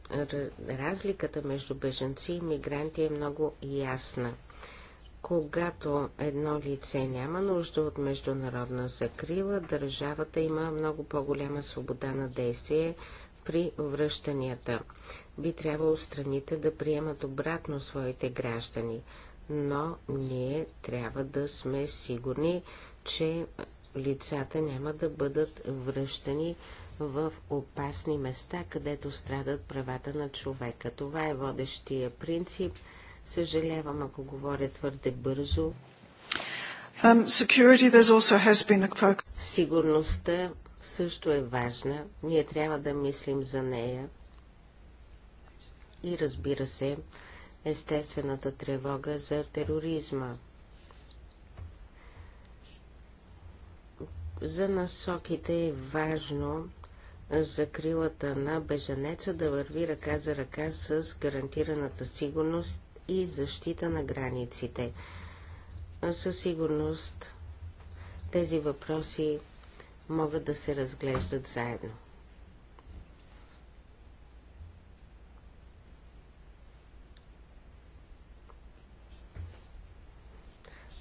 Speaker 2: разликата между беженци и мигранти е много ясна. Когато едно лице няма нужда от международна закрила, държавата има много по-голяма свобода на действие при връщанията. Би трябвало страните да приемат обратно своите граждани – но ние трябва да сме сигурни, че лицата няма да бъдат връщани в опасни места, където страдат правата на човека. Това е водещия принцип. Съжалявам, ако говоря твърде бързо.
Speaker 3: Um, security, also has been a...
Speaker 2: Сигурността също е важна. Ние трябва да мислим за нея. И разбира се, естествената тревога за тероризма. За насоките е важно закрилата на бежанеца да върви ръка за ръка с гарантираната сигурност и защита на границите. Със сигурност тези въпроси могат да се разглеждат заедно.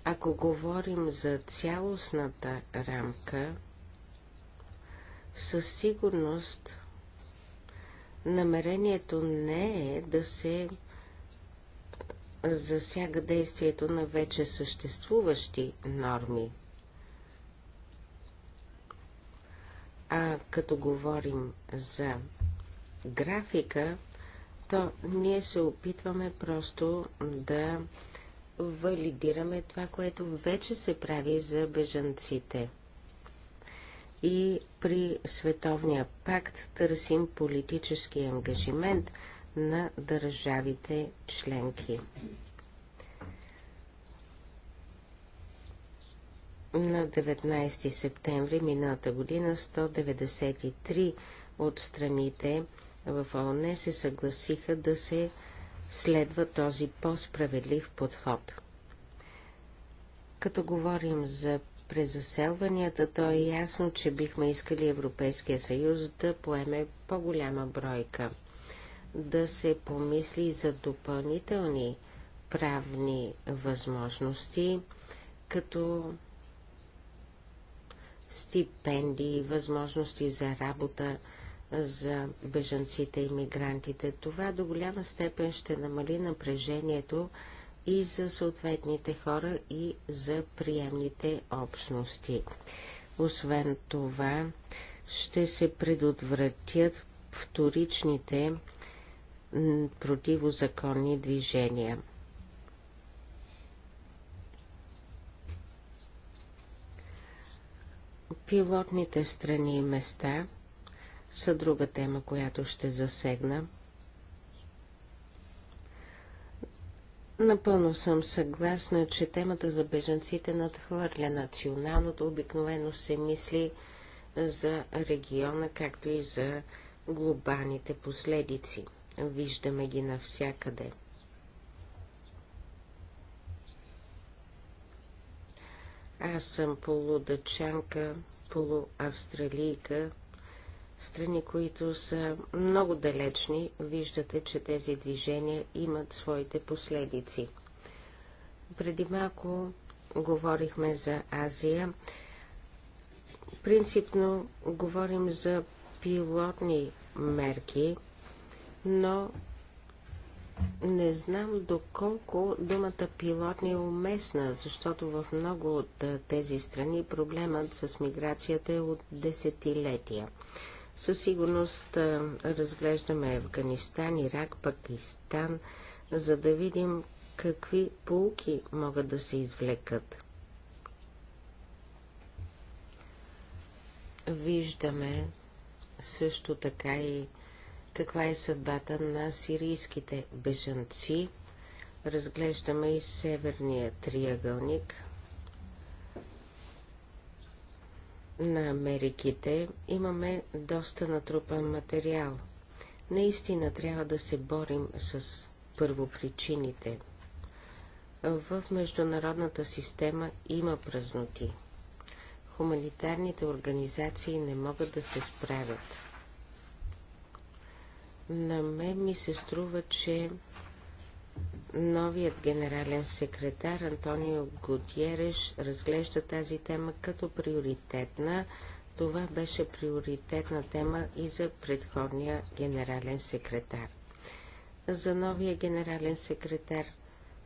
Speaker 2: Ако говорим за цялостната рамка, със сигурност намерението не е да се засяга действието на вече съществуващи норми. А като говорим за графика, то ние се опитваме просто да валидираме това, което вече се прави за бежанците. И при Световния пакт търсим политически ангажимент на държавите членки. На 19 септември миналата година 193 от страните в ООН се съгласиха да се следва този по-справедлив подход. Като говорим за презаселванията, то е ясно, че бихме искали Европейския съюз да поеме по-голяма бройка, да се помисли за допълнителни правни възможности, като стипендии, възможности за работа – за бежанците и мигрантите. Това до голяма степен ще намали напрежението и за съответните хора и за приемните общности. Освен това, ще се предотвратят вторичните противозаконни движения. Пилотните страни и места са друга тема, която ще засегна. Напълно съм съгласна, че темата за бежанците надхвърля националното. Обикновено се мисли за региона, както и за глобалните последици. Виждаме ги навсякъде. Аз съм полудачанка, полуавстралийка, страни, които са много далечни, виждате, че тези движения имат своите последици. Преди малко говорихме за Азия. Принципно говорим за пилотни мерки, но не знам доколко думата пилотни е уместна, защото в много от тези страни проблемът с миграцията е от десетилетия. Със сигурност разглеждаме Афганистан, Ирак, Пакистан, за да видим какви полки могат да се извлекат. Виждаме също така и каква е съдбата на сирийските бежанци. Разглеждаме и северния триъгълник – на Америките имаме доста натрупан материал. Наистина трябва да се борим с първопричините. В международната система има празноти. Хуманитарните организации не могат да се справят. На мен ми се струва, че Новият генерален секретар Антонио Гутиереш разглежда тази тема като приоритетна. Това беше приоритетна тема и за предходния генерален секретар. За новия генерален секретар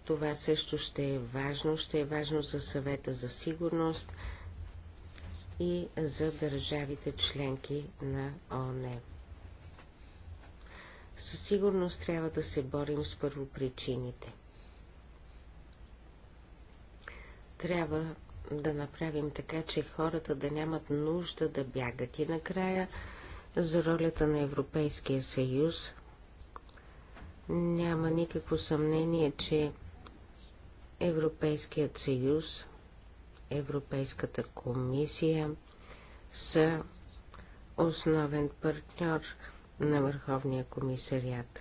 Speaker 2: това също ще е важно. Ще е важно за съвета за сигурност и за държавите членки на ОНЕ. Със сигурност трябва да се борим с първопричините. Трябва да направим така, че хората да нямат нужда да бягат. И накрая за ролята на Европейския съюз няма никакво съмнение, че Европейският съюз, Европейската комисия са основен партньор – на Върховния комисариат.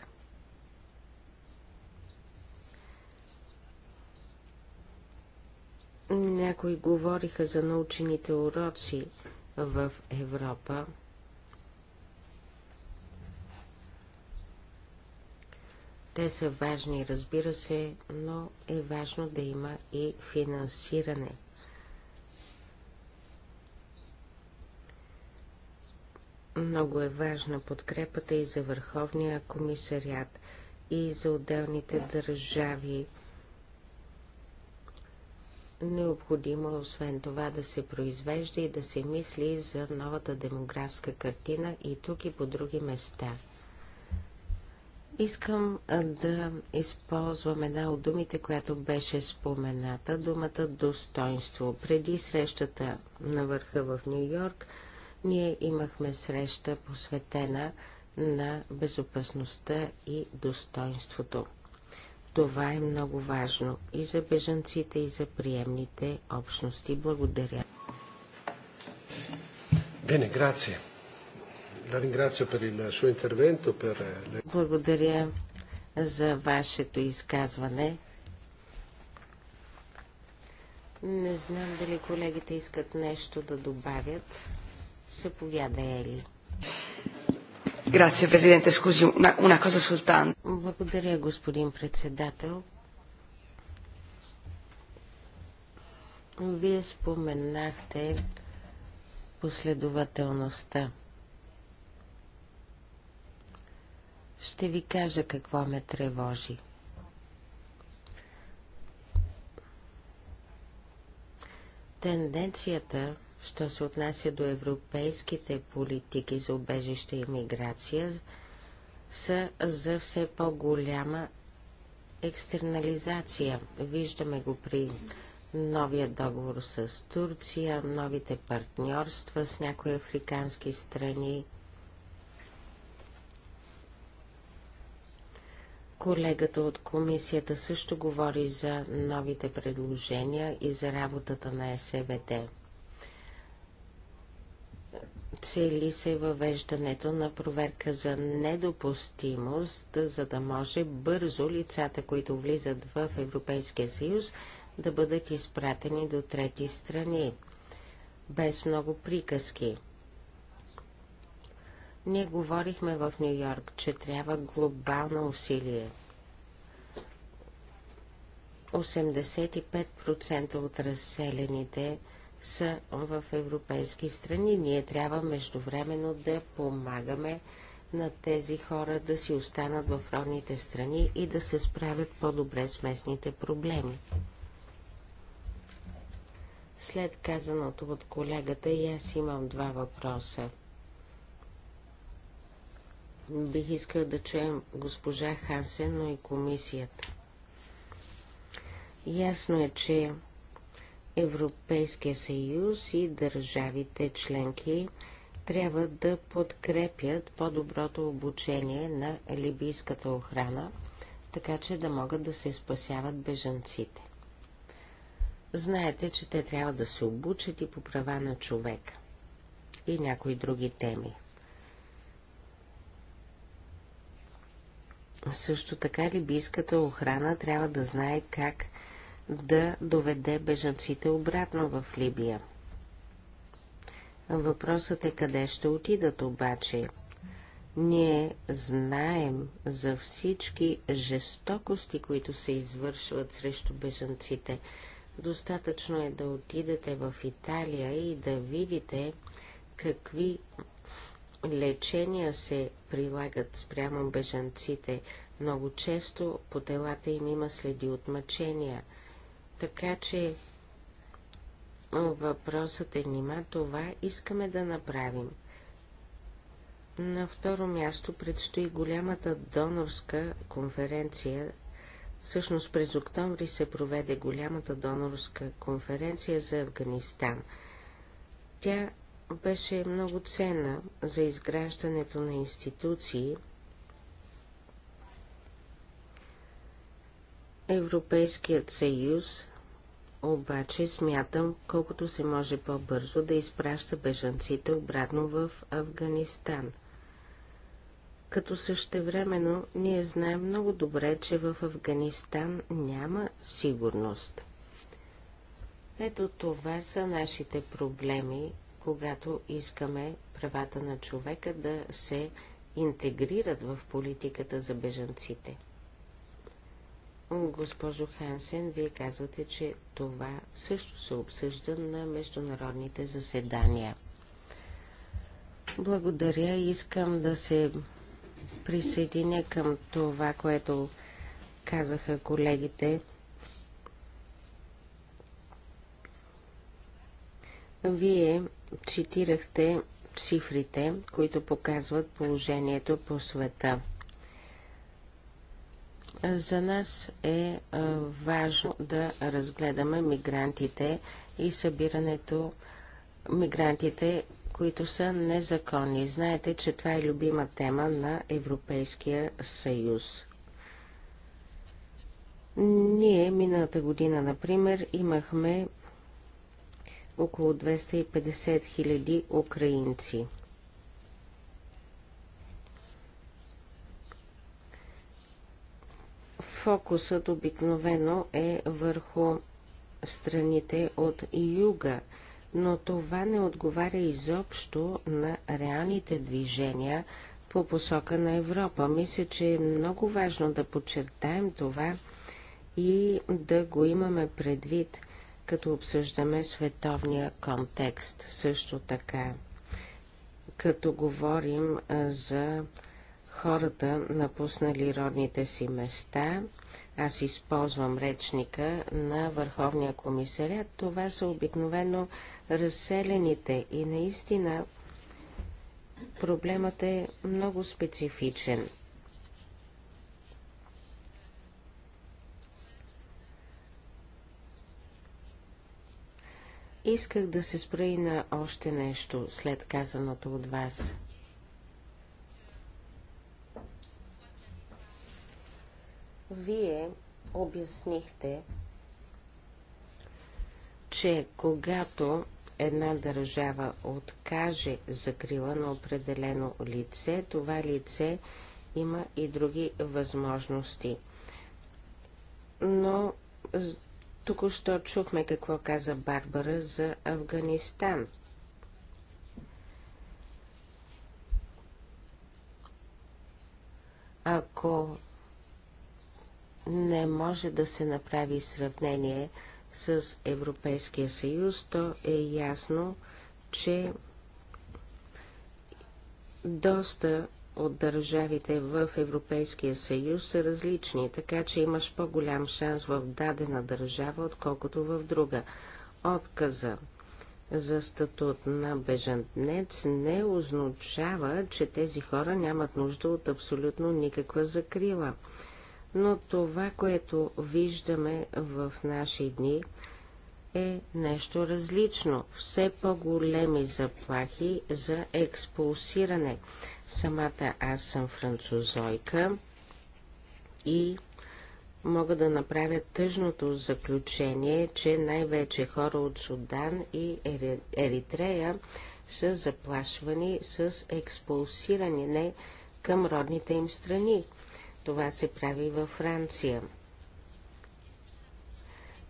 Speaker 2: Някои говориха за научените уроци в Европа. Те са важни, разбира се, но е важно да има и финансиране – Много е важна подкрепата и за Върховния комисариат, и за отделните държави. Необходимо е освен това да се произвежда и да се мисли за новата демографска картина и тук и по други места. Искам да използвам една от думите, която беше спомената, думата достоинство. Преди срещата на върха в Нью Йорк – ние имахме среща посветена на безопасността и достоинството. Това е много важно и за бежанците, и за приемните общности. Благодаря.
Speaker 4: Bene, grazie. La ringrazio per il suo intervento. Per...
Speaker 2: Благодаря за вашето изказване. Не знам дали колегите искат нещо да добавят. Заповядай, Ели. Благодаря, господин председател. Вие споменахте последователността. Ще ви кажа какво ме тревожи. Тенденцията Що се отнася до европейските политики за убежище и миграция, са за все по-голяма екстернализация. Виждаме го при новия договор с Турция, новите партньорства с някои африкански страни. Колегата от комисията също говори за новите предложения и за работата на СВД цели се въвеждането на проверка за недопустимост, за да може бързо лицата, които влизат в Европейския съюз, да бъдат изпратени до трети страни, без много приказки. Ние говорихме в Нью Йорк, че трябва глобално усилие. 85% от разселените са в европейски страни. Ние трябва междувременно да помагаме на тези хора да си останат в родните страни и да се справят по-добре с местните проблеми. След казаното от колегата и аз имам два въпроса. Бих искал да чуем госпожа Хансен, но и комисията. Ясно е, че Европейския съюз и държавите членки трябва да подкрепят по-доброто обучение на либийската охрана, така че да могат да се спасяват бежанците. Знаете, че те трябва да се обучат и по права на човека и някои други теми. Също така либийската охрана трябва да знае как да доведе бежанците обратно в Либия. Въпросът е къде ще отидат обаче. Ние знаем за всички жестокости, които се извършват срещу бежанците. Достатъчно е да отидете в Италия и да видите какви лечения се прилагат спрямо бежанците. Много често по телата им има следи от мъчения – така че въпросът е нима това искаме да направим. На второ място предстои голямата донорска конференция. Всъщност през октомври се проведе голямата донорска конференция за Афганистан. Тя беше много ценна за изграждането на институции, Европейският съюз обаче смятам, колкото се може по-бързо да изпраща бежанците обратно в Афганистан. Като същевременно ние знаем много добре, че в Афганистан няма сигурност. Ето това са нашите проблеми, когато искаме правата на човека да се интегрират в политиката за бежанците. Госпожо Хансен, вие казвате, че това също се обсъжда на международните заседания. Благодаря. Искам да се присъединя към това, което казаха колегите. Вие цитирахте цифрите, които показват положението по света. За нас е, е важно да разгледаме мигрантите и събирането мигрантите, които са незаконни. Знаете, че това е любима тема на Европейския съюз. Ние миналата година, например, имахме около 250 000 украинци – Фокусът обикновено е върху страните от юга, но това не отговаря изобщо на реалните движения по посока на Европа. Мисля, че е много важно да подчертаем това и да го имаме предвид, като обсъждаме световния контекст също така, като говорим за хората, напуснали родните си места. Аз използвам речника на Върховния комисарят. Това са обикновено разселените и наистина проблемът е много специфичен. Исках да се спра и на още нещо след казаното от вас – Вие обяснихте, че когато една държава откаже закрила на определено лице, това лице има и други възможности. Но току-що чухме какво каза Барбара за Афганистан. Ако не може да се направи сравнение с Европейския съюз, то е ясно, че доста от държавите в Европейския съюз са различни, така че имаш по-голям шанс в дадена държава, отколкото в друга. Отказа за статут на бежантнец не означава, че тези хора нямат нужда от абсолютно никаква закрила но това, което виждаме в наши дни, е нещо различно. Все по-големи заплахи за експулсиране. Самата аз съм французойка и мога да направя тъжното заключение, че най-вече хора от Судан и Еритрея са заплашвани с експулсиране към родните им страни. Това се прави във Франция.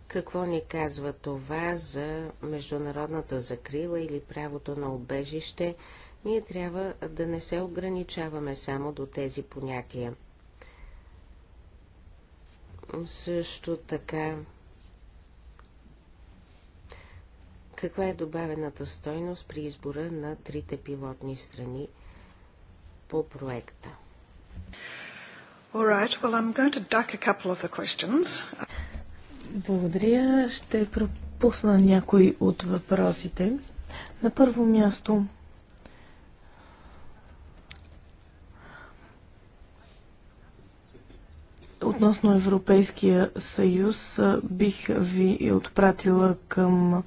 Speaker 2: Какво ни казва това за международната закрила или правото на обежище? Ние трябва да не се ограничаваме само до тези понятия. Също така, каква е добавената стойност при избора на трите пилотни страни по
Speaker 1: проекта? All right, well, I'm going to duck a couple of the questions.
Speaker 7: Благодаря. Ще пропусна някои от въпросите. На първо място относно Европейския съюз бих ви отпратила към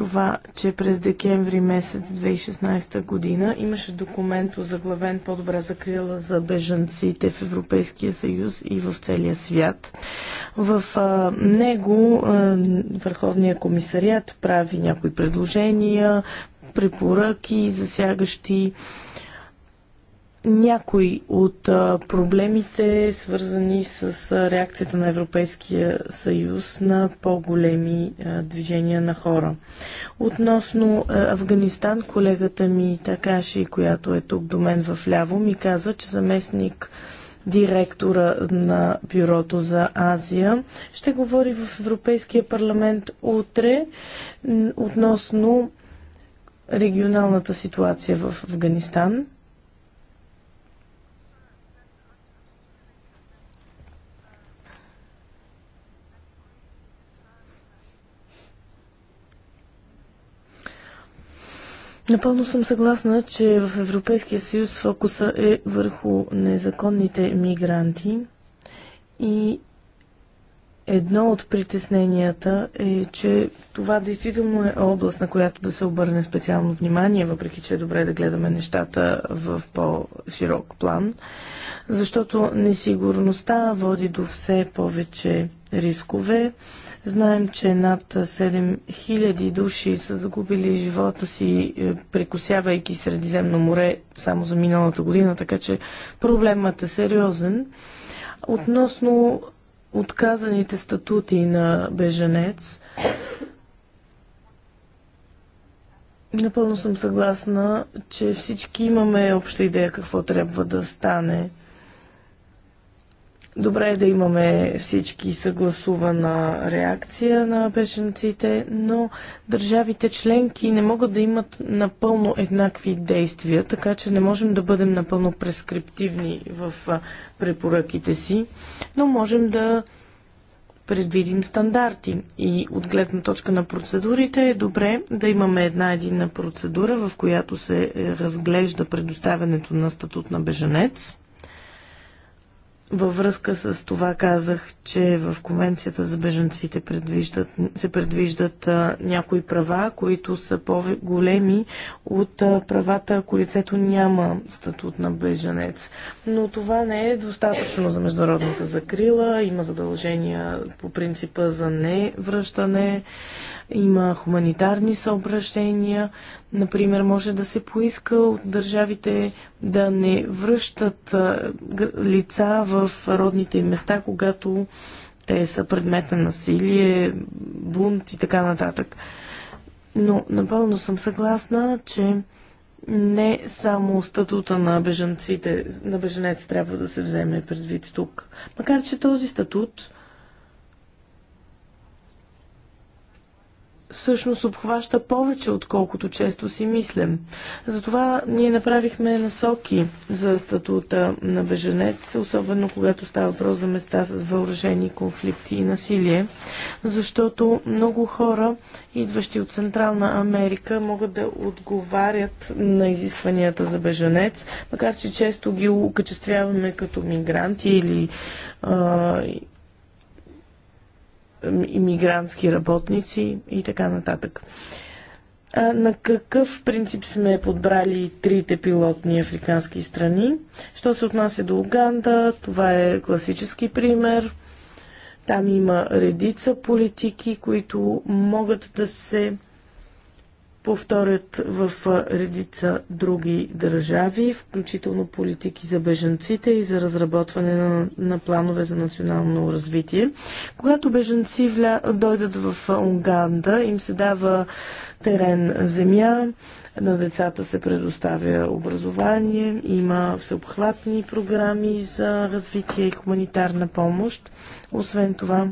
Speaker 7: това, че през декември месец 2016 година имаше документ заглавен по-добра закрила за бежанците в Европейския съюз и в целия свят. В а, него а, Върховния комисариат прави някои предложения, препоръки, засягащи а, някои от проблемите, свързани с реакцията на Европейския съюз на по-големи движения на хора. Относно Афганистан, колегата ми Такаши, която е тук до мен в ляво, ми каза, че заместник директора на Бюрото за Азия. Ще говори в Европейския парламент утре относно регионалната ситуация в Афганистан. Напълно съм съгласна, че в Европейския съюз фокуса е върху незаконните мигранти и едно от притесненията е, че това действително е област, на която да се обърне специално внимание, въпреки че е добре да гледаме нещата в по-широк план, защото несигурността води до все повече рискове Знаем, че над 7000 души са загубили живота си, е, прекусявайки Средиземно море само за миналата година, така че проблемът е сериозен. Относно отказаните статути на беженец, Напълно съм съгласна, че всички имаме обща идея какво трябва да стане. Добре е да имаме всички съгласувана реакция на беженците, но държавите членки не могат да имат напълно еднакви действия, така че не можем да бъдем напълно прескриптивни в препоръките си, но можем да предвидим стандарти. И от гледна точка на процедурите е добре да имаме една единна процедура, в която се е, разглежда предоставянето на статут на беженец във връзка с това казах, че в Конвенцията за беженците предвиждат, се предвиждат а, някои права, които са по-големи от а, правата, ако лицето няма статут на беженец. Но това не е достатъчно за международната закрила. Има задължения по принципа за невръщане, има хуманитарни съображения, Например, може да се поиска от държавите да не връщат лица в родните им места, когато те са предмет на насилие, бунт и така нататък. Но напълно съм съгласна, че не само статута на бежанците, на беженец трябва да се вземе предвид тук. Макар, че този статут всъщност обхваща повече, отколкото често си мислям. Затова ние направихме насоки за статута на беженец, особено когато става въпрос за места с въоръжени конфликти и насилие, защото много хора, идващи от Централна Америка, могат да отговарят на изискванията за беженец, макар че често ги окачествяваме като мигранти или а, иммигрантски работници и така нататък. А на какъв принцип сме подбрали трите пилотни африкански страни? Що се отнася до Уганда, това е класически пример. Там има редица политики, които могат да се повторят в редица други държави, включително политики за беженците и за разработване на, на планове за национално развитие. Когато беженци вля... дойдат в Унганда, им се дава терен земя, на децата се предоставя образование, има всеобхватни програми за развитие и хуманитарна помощ. Освен това,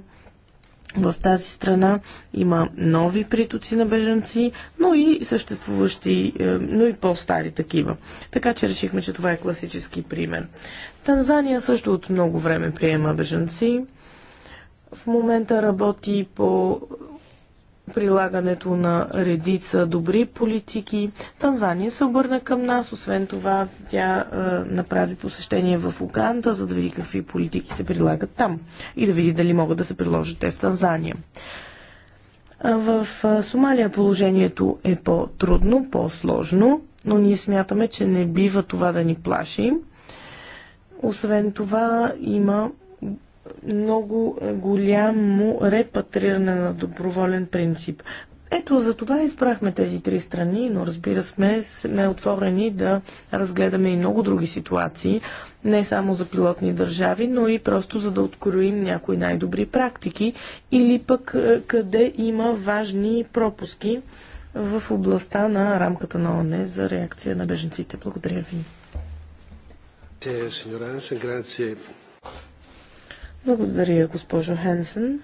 Speaker 7: в тази страна има нови притоци на бежанци, но и съществуващи, е, но и по-стари такива. Така че решихме, че това е класически пример. Танзания също от много време приема бежанци. В момента работи по прилагането на редица добри политики. Танзания се обърна към нас, освен това тя е, направи посещение в Уганда, за да види какви политики се прилагат там и да види дали могат да се приложат те в Танзания. В е, Сомалия положението е по-трудно, по-сложно, но ние смятаме, че не бива това да ни плаши. Освен това има много голямо репатриране на доброволен принцип. Ето за това избрахме тези три страни, но разбира сме, сме отворени да разгледаме и много други ситуации, не само за пилотни държави, но и просто за да откроим някои най-добри практики или пък е, къде има важни пропуски в областта на рамката на ОНЕ за реакция на беженците. Благодаря ви.
Speaker 4: Е,
Speaker 7: благодаря, госпожо Хенсен.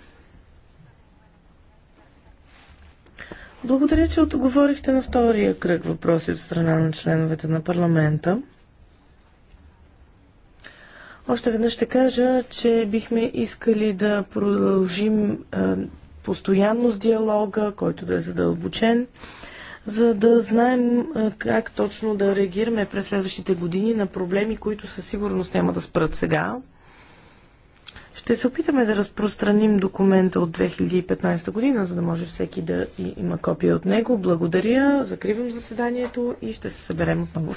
Speaker 7: Благодаря, че отговорихте на втория кръг въпроси от страна на членовете на парламента. Още веднъж ще кажа, че бихме искали да продължим постоянно с диалога, който да е задълбочен, за да знаем как точно да реагираме през следващите години на проблеми, които със сигурност няма да спрат сега. Ще се опитаме да разпространим документа от 2015 година, за да може всеки да има копия от него. Благодаря, закривам заседанието и ще се съберем отново.